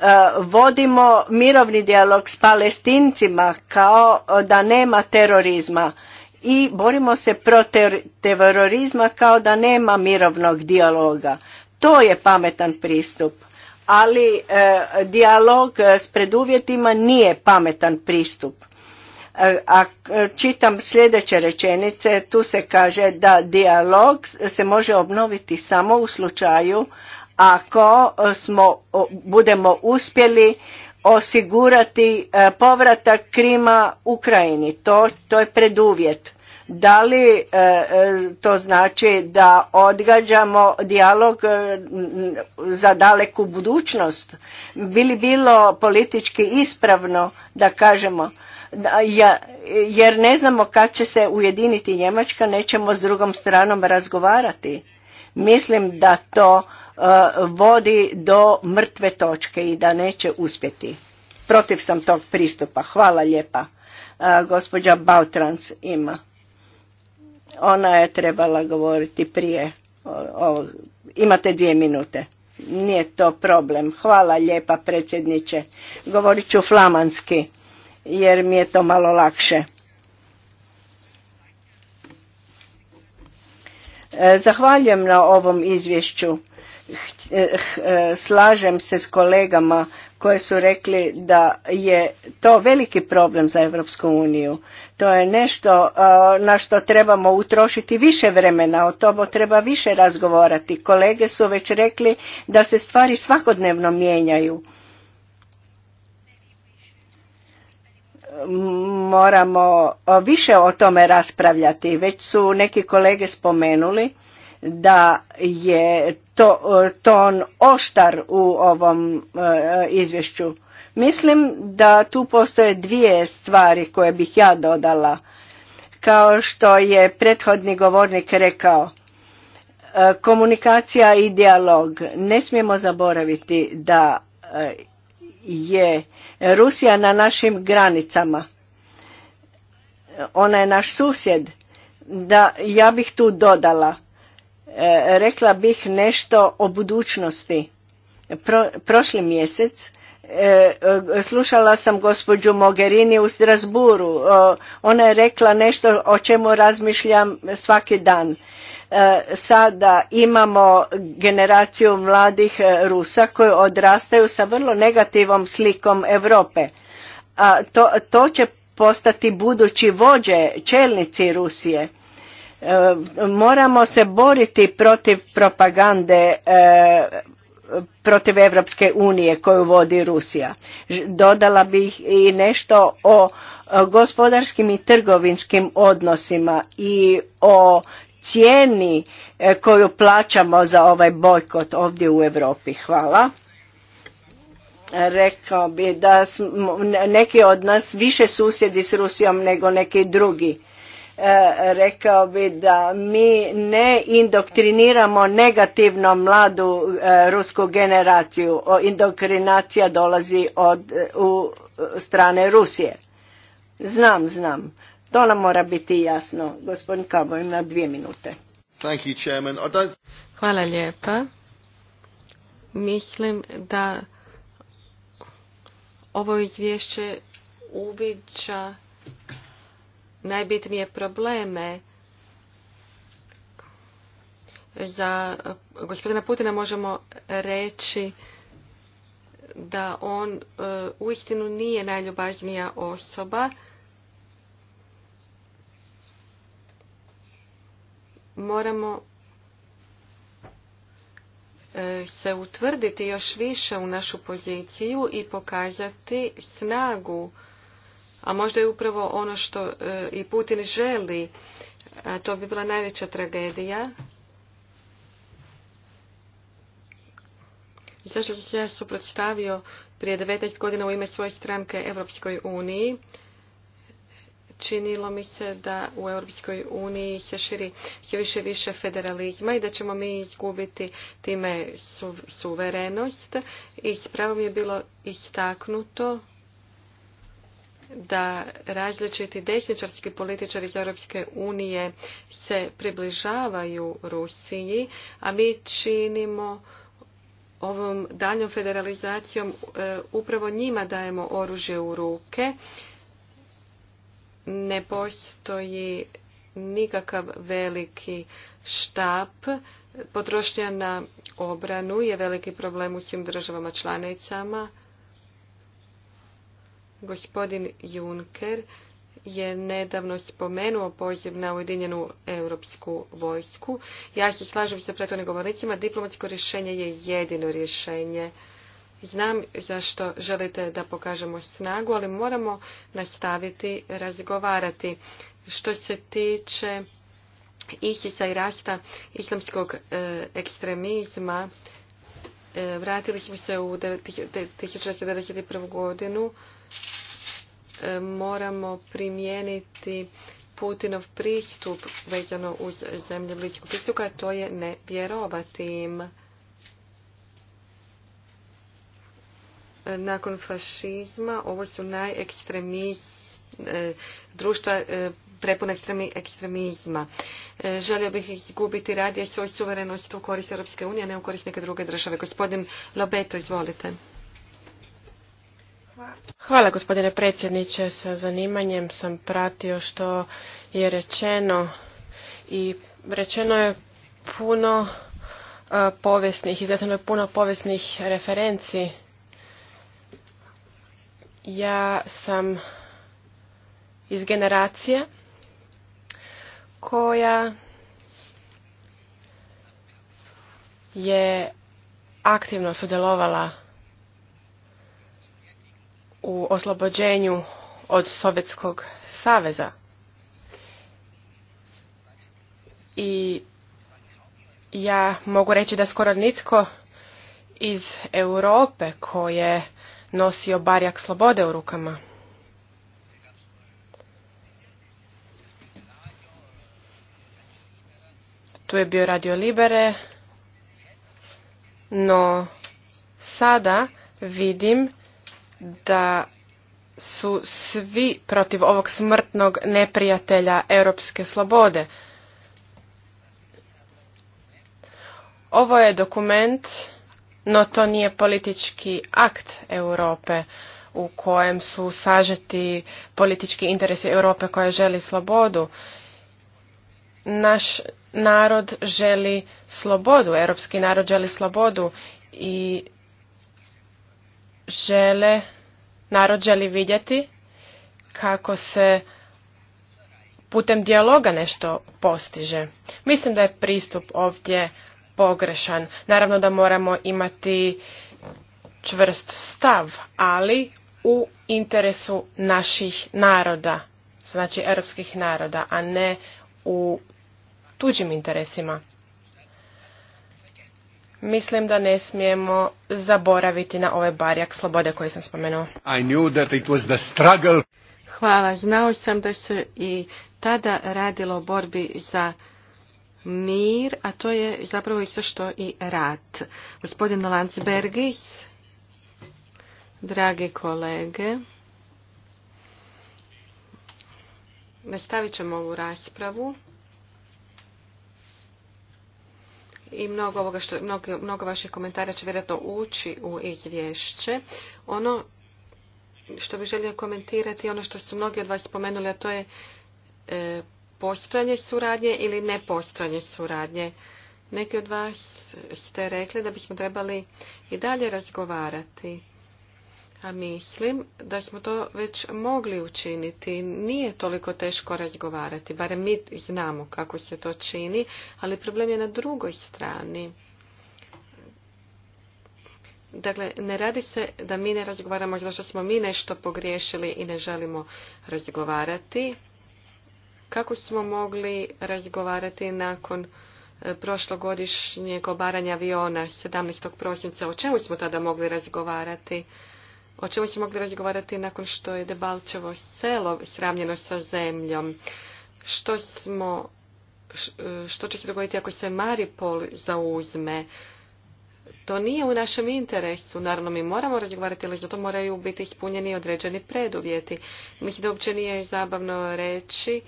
E, vodimo mirovni dijalog s palestincima kao da nema terorizma i borimo se protiv terorizma kao da nema mirovnog dijaloga. To je pametan pristup, ali e, dijalog s preduvjetima nije pametan pristup. E, a čitam sljedeće rečenice, tu se kaže da dijalog se može obnoviti samo u slučaju ako eh, smo, budemo uspjeli osigurati eh, povratak Krima Ukrajini. To, to je preduvjet. Da li eh, to znači da odgađamo dijalog za daleku budućnost? Bili bilo politički ispravno da kažemo ja, jer ne znamo kad će se ujediniti Njemačka, nećemo s drugom stranom razgovarati. Mislim da to E, vodi do mrtve točke i da neće uspjeti. Protiv sam tog pristupa. Hvala lijepa. E, gospođa Bautrans ima. Ona je trebala govoriti prije. imate dvije minute. Nije to problem. Hvala lijepa predsjedniče. Govorit ću flamanski jer mi je to malo lakše. E, zahvaljujem na ovom izvješću slažem se s kolegama koje su rekli da je to veliki problem za Europsku uniju. To je nešto uh, na što trebamo utrošiti više vremena, o tome treba više razgovarati. Kolege su već rekli da se stvari svakodnevno mijenjaju. Moramo uh, više o tome raspravljati. Već su neki kolege spomenuli da je to, ton oštar u ovom e, izvješću. Mislim da tu postoje dvije stvari koje bih ja dodala. Kao što je prethodni govornik rekao, e, komunikacija i dijalog. Ne smijemo zaboraviti da e, je Rusija na našim granicama. Ona je naš susjed. Da, ja bih tu dodala E, rekla bih nešto o budućnosti. prošli mjesec e, e, slušala sam gospođu Mogherini u Strasburu. Ona je rekla nešto o čemu razmišljam svaki dan. Sada imamo generaciju mladih Rusa koji odrastaju sa vrlo negativom slikom Europe. A to, to će postati budući vođe, čelnici Rusije E, moramo se boriti protiv propagande e, protiv Evropske unije koju vodi Rusija. Dodala bih i nešto o gospodarskim i trgovinskim odnosima i o cijeni e, koju plaćamo za ovaj bojkot ovdje u Europi. Hvala. Rekao bi da neki od nas više susjedi s Rusijom nego neki drugi E, rekao bi da mi ne indoktriniramo negativno mladu e, rusku generaciju. Indoktrinacija dolazi od e, u strane Rusije. Znam, znam. To nam mora biti jasno. Gospodin Kabo na dvije minute. Hvala lijepa. Mislim da ovo izvješće uviđa najbitnije probleme za gospodina Putina možemo reći da on e, uistinu nije najljubaznija osoba. Moramo e, se utvrditi još više u našu poziciju i pokazati snagu a možda je upravo ono što e, i Putin želi, e, to bi bila najveća tragedija. Zašto se ja suprotstavio prije 19 godina u ime svoje stranke Europskoj uniji? Činilo mi se da u Europskoj uniji se širi sve više više federalizma i da ćemo mi izgubiti time suverenost. I s pravom je bilo istaknuto da različiti desničarski političari iz Europske unije se približavaju Rusiji, a mi činimo ovom daljom federalizacijom e, upravo njima dajemo oružje u ruke. Ne postoji nikakav veliki štab. Potrošnja na obranu je veliki problem u svim državama članicama Gospodin Juncker je nedavno spomenuo poziv na Ujedinjenu europsku vojsku. Ja se slažem sa prethodnim govornicima, diplomatsko rješenje je jedino rješenje. Znam zašto želite da pokažemo snagu, ali moramo nastaviti razgovarati. Što se tiče Isisa i rasta islamskog e, ekstremizma, e, vratili smo se u 1991. godinu E, moramo primijeniti Putinov pristup vezano uz zemlje bliskog a to je ne vjerovati im. E, nakon fašizma ovo su najekstremizma e, društva prepuna ekstremizma. Želio bih izgubiti radije svoj suverenost u korist Europske unije, ne u korist neke druge države. Gospodin Lobeto, izvolite. Hvala gospodine predsjedniče, sa zanimanjem sam pratio što je rečeno i rečeno je puno e, povijesnih, izneseno je puno povijesnih referenci. Ja sam iz generacije koja je aktivno sudjelovala u oslobođenju od Sovjetskog saveza. I ja mogu reći da skoro nitko iz Europe je nosio barjak slobode u rukama. Tu je bio Radio Libere, no sada vidim da su svi protiv ovog smrtnog neprijatelja europske slobode. Ovo je dokument, no to nije politički akt Europe u kojem su sažeti politički interesi Europe koja želi slobodu. Naš narod želi slobodu, europski narod želi slobodu i žele, narod želi vidjeti kako se putem dijaloga nešto postiže. Mislim da je pristup ovdje pogrešan. Naravno da moramo imati čvrst stav, ali u interesu naših naroda, znači europskih naroda, a ne u tuđim interesima. Mislim da ne smijemo zaboraviti na ove ovaj barjak slobode koje sam spomenuo. Hvala, znao sam da se i tada radilo o borbi za mir, a to je zapravo isto što i rat. Gospodin Lansbergis, dragi kolege, nastavit ćemo ovu raspravu. i mnogo, ovoga što, mnogo, mnogo vaših komentara će vjerojatno ući u izvješće. Ono što bih želio komentirati, ono što su mnogi od vas spomenuli, a to je e, postojanje suradnje ili nepostojanje suradnje. Neki od vas ste rekli da bismo trebali i dalje razgovarati mislim da smo to već mogli učiniti. Nije toliko teško razgovarati, barem mi znamo kako se to čini, ali problem je na drugoj strani. Dakle, ne radi se da mi ne razgovaramo zato što smo mi nešto pogriješili i ne želimo razgovarati. Kako smo mogli razgovarati nakon e, prošlogodišnjeg obaranja aviona 17. prosinca? O čemu smo tada mogli razgovarati? o čemu ćemo mogli razgovarati nakon što je Debalčevo selo sravnjeno sa zemljom. Što, smo, e, što će se dogoditi ako se Maripol zauzme? To nije u našem interesu. Naravno, mi moramo razgovarati, ali zato moraju biti ispunjeni određeni preduvjeti. Mislim da uopće nije zabavno reći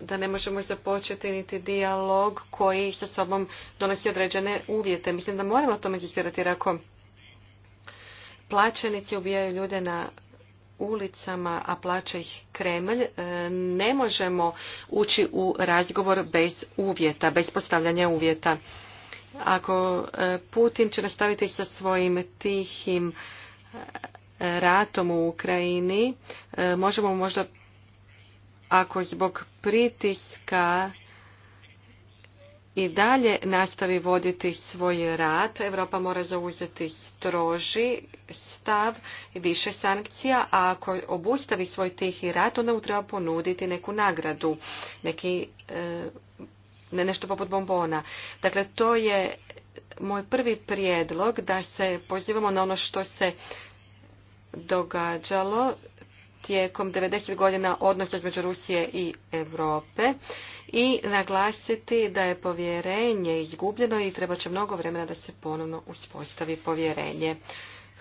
da ne možemo započeti niti dijalog koji sa sobom donosi određene uvjete. Mislim da moramo to tome jer ako plaćenici ubijaju ljude na ulicama, a plaća ih Kremlj, e, ne možemo ući u razgovor bez uvjeta, bez postavljanja uvjeta. Ako e, Putin će nastaviti sa svojim tihim e, ratom u Ukrajini, možemo možda, ako zbog pritiska i dalje nastavi voditi svoj rad. Europa mora zauzeti stroži stav, i više sankcija, a ako obustavi svoj tihi rat, onda mu treba ponuditi neku nagradu, neki, ne, nešto poput bombona. Dakle, to je moj prvi prijedlog da se pozivamo na ono što se događalo tijekom 90 godina odnosa između Rusije i Europe i naglasiti da je povjerenje izgubljeno i treba će mnogo vremena da se ponovno uspostavi povjerenje.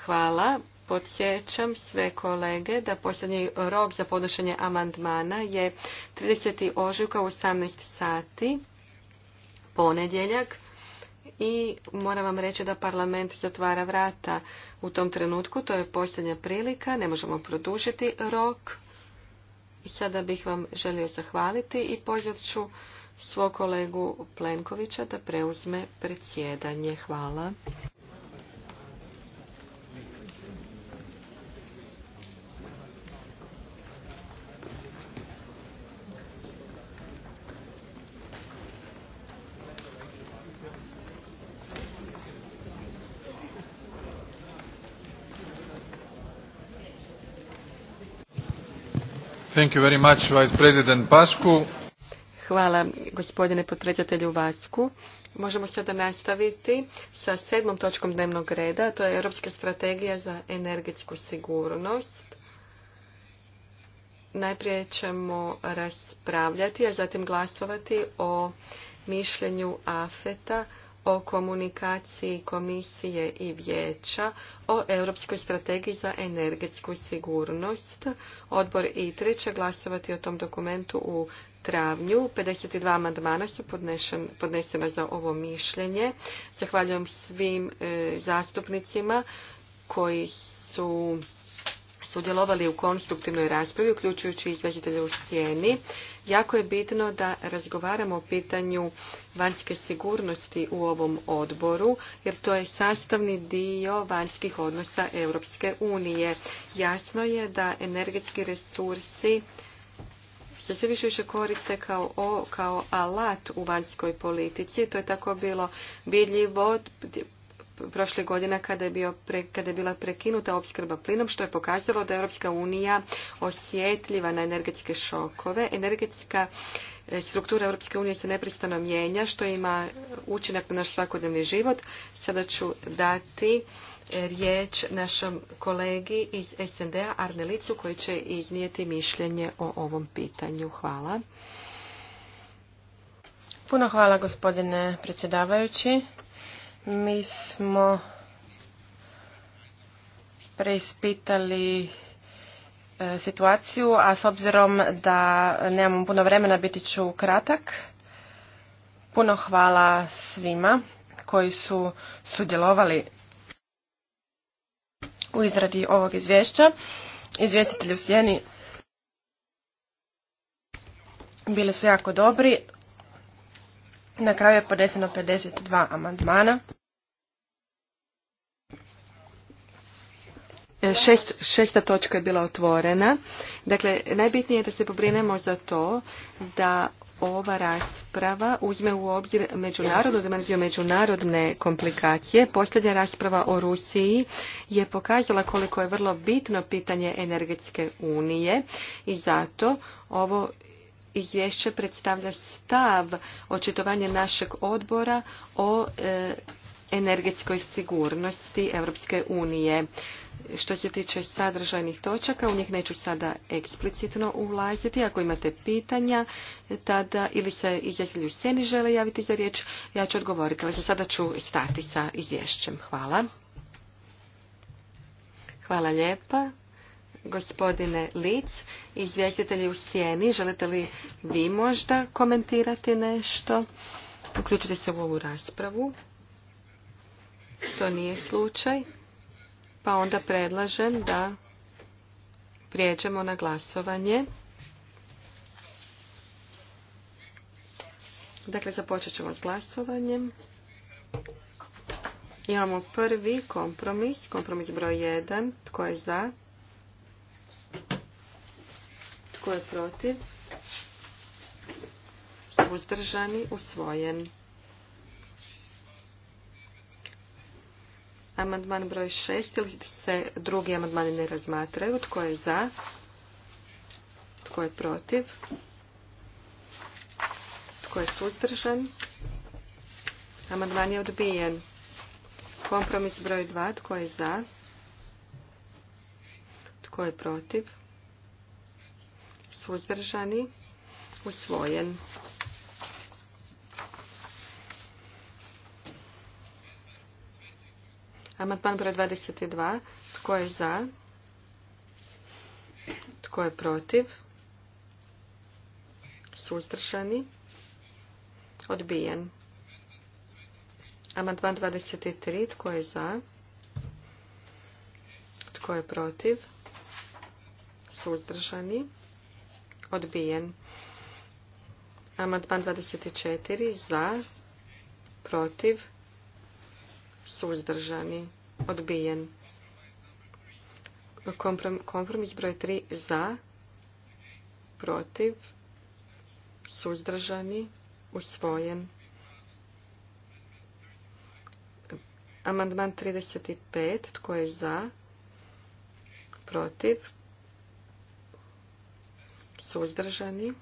Hvala. Podsjećam sve kolege da posljednji rok za podnošenje amandmana je 30. ožujka u 18 sati ponedjeljak i moram vam reći da parlament zatvara vrata u tom trenutku. To je posljednja prilika, ne možemo produžiti rok. Sada bih vam želio zahvaliti i pozvat ću svog kolegu Plenkovića da preuzme predsjedanje. Hvala. Hvala gospodine potpredsjedatelju Vasku. Možemo sada nastaviti sa sedmom točkom dnevnog reda, to je Europska strategija za energetsku sigurnost. Najprije ćemo raspravljati, a zatim glasovati o mišljenju AFETA o komunikaciji komisije i vijeća o Europskoj strategiji za energetsku sigurnost. Odbor ITRE će glasovati o tom dokumentu u travnju. 52 amandmana su podnešen, podnesena za ovo mišljenje. Zahvaljujem svim e, zastupnicima koji su sudjelovali u konstruktivnoj raspravi, uključujući izvjestitelje u sjeni. Jako je bitno da razgovaramo o pitanju vanjske sigurnosti u ovom odboru, jer to je sastavni dio vanjskih odnosa Europske unije. Jasno je da energetski resursi se sve više više koriste kao, kao alat u vanjskoj politici. To je tako bilo vidljivo prošle godine kada je, kada je bila prekinuta opskrba plinom, što je pokazalo da je Europska unija osjetljiva na energetske šokove. Energetska e, struktura Europske unije se nepristano mijenja, što ima učinak na naš svakodnevni život. Sada ću dati e, riječ našom kolegi iz SND-a Arnelicu koji će iznijeti mišljenje o ovom pitanju. Hvala. Puno hvala gospodine predsjedavajući. Mi smo preispitali e, situaciju, a s obzirom da nemamo puno vremena biti ću kratak. Puno hvala svima koji su sudjelovali u izradi ovog izvješća. Izvjestitelji u Sjeni bili su jako dobri. Na kraju je podneseno 52 amandmana. E, šesta točka je bila otvorena. Dakle, najbitnije je da se pobrinemo za to da ova rasprava uzme u obzir međunarodnu dimenziju međunarodne komplikacije. Posljednja rasprava o Rusiji je pokazala koliko je vrlo bitno pitanje energetske unije i zato ovo izvješće predstavlja stav očitovanja našeg odbora o e, energetskoj sigurnosti Europske unije. Što se tiče sadržajnih točaka, u njih neću sada eksplicitno ulaziti. Ako imate pitanja, tada ili se izjasnili u sjeni žele javiti za riječ, ja ću odgovoriti. Ali za sada ću stati sa izvješćem. Hvala. Hvala lijepa. Gospodine Lic, izvjestitelji u sjeni, želite li vi možda komentirati nešto? Uključite se u ovu raspravu. To nije slučaj. Pa onda predlažem da prijeđemo na glasovanje. Dakle, započet ćemo s glasovanjem. Imamo prvi kompromis, kompromis broj 1. Tko je za? Tko je protiv? Uzdržani, usvojen. Amandman broj šest. ili se drugi amandmani ne razmatraju. Tko je za? Tko je protiv? Tko je suzdržan? Amandman je odbijen. Kompromis broj dva. Tko je za? Tko je protiv? suzdržani, usvojen. Amandman broj 22. Tko je za? Tko je protiv? Suzdržani? Odbijen. Amandman 23. Tko je za? Tko je protiv? Suzdržani? odbijen. Amandman 24 za, protiv, suzdržani, odbijen. Kompromis broj 3 za, protiv, suzdržani, usvojen. Amandman 35, tko je za, protiv, suzdržani.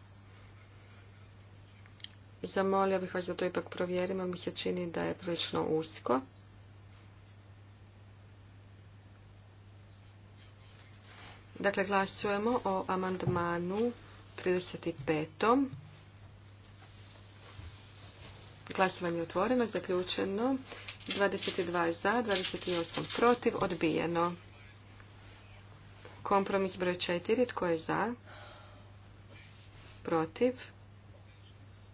Zamolio bih vas da to ipak provjerimo, mi se čini da je prilično usko. Dakle, glasujemo o amandmanu 35. Glasovanje je otvoreno, zaključeno. 22 za, 28 protiv, odbijeno. Kompromis broj 4, tko je za? protiv,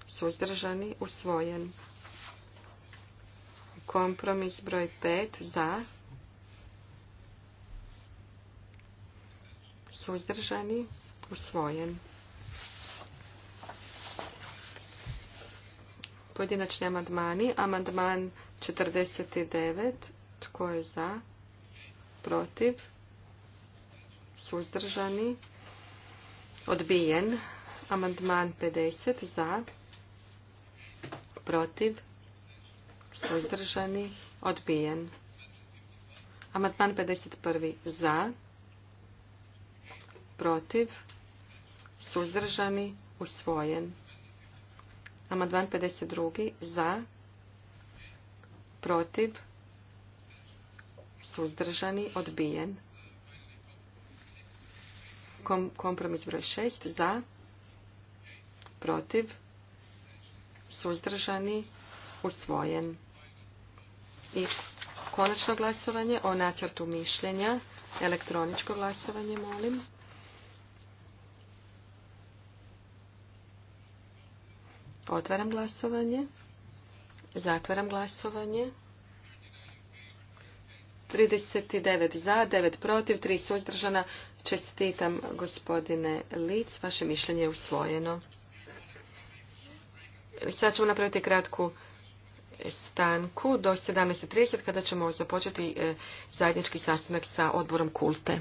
suzdržani, usvojen. Kompromis broj 5 za, suzdržani, usvojen. Pojedinačni amandmani. Amandman 49. Tko je za? Protiv? Suzdržani? Odbijen? Amandman 50 za, protiv, suzdržani, odbijen. Amandman 51 za, protiv, suzdržani, usvojen. Amandman 52 za, protiv, suzdržani, odbijen. Kompromis broj 6 za, protiv, suzdržani, usvojen. I konačno glasovanje o nacrtu mišljenja, elektroničko glasovanje, molim. Otvaram glasovanje. Zatvaram glasovanje. 39 za, 9 protiv, 3 suzdržana. Čestitam gospodine Lic, vaše mišljenje je usvojeno. Sad ćemo napraviti kratku stanku do 17.30 kada ćemo započeti eh, zajednički sastanak sa odborom Kulte.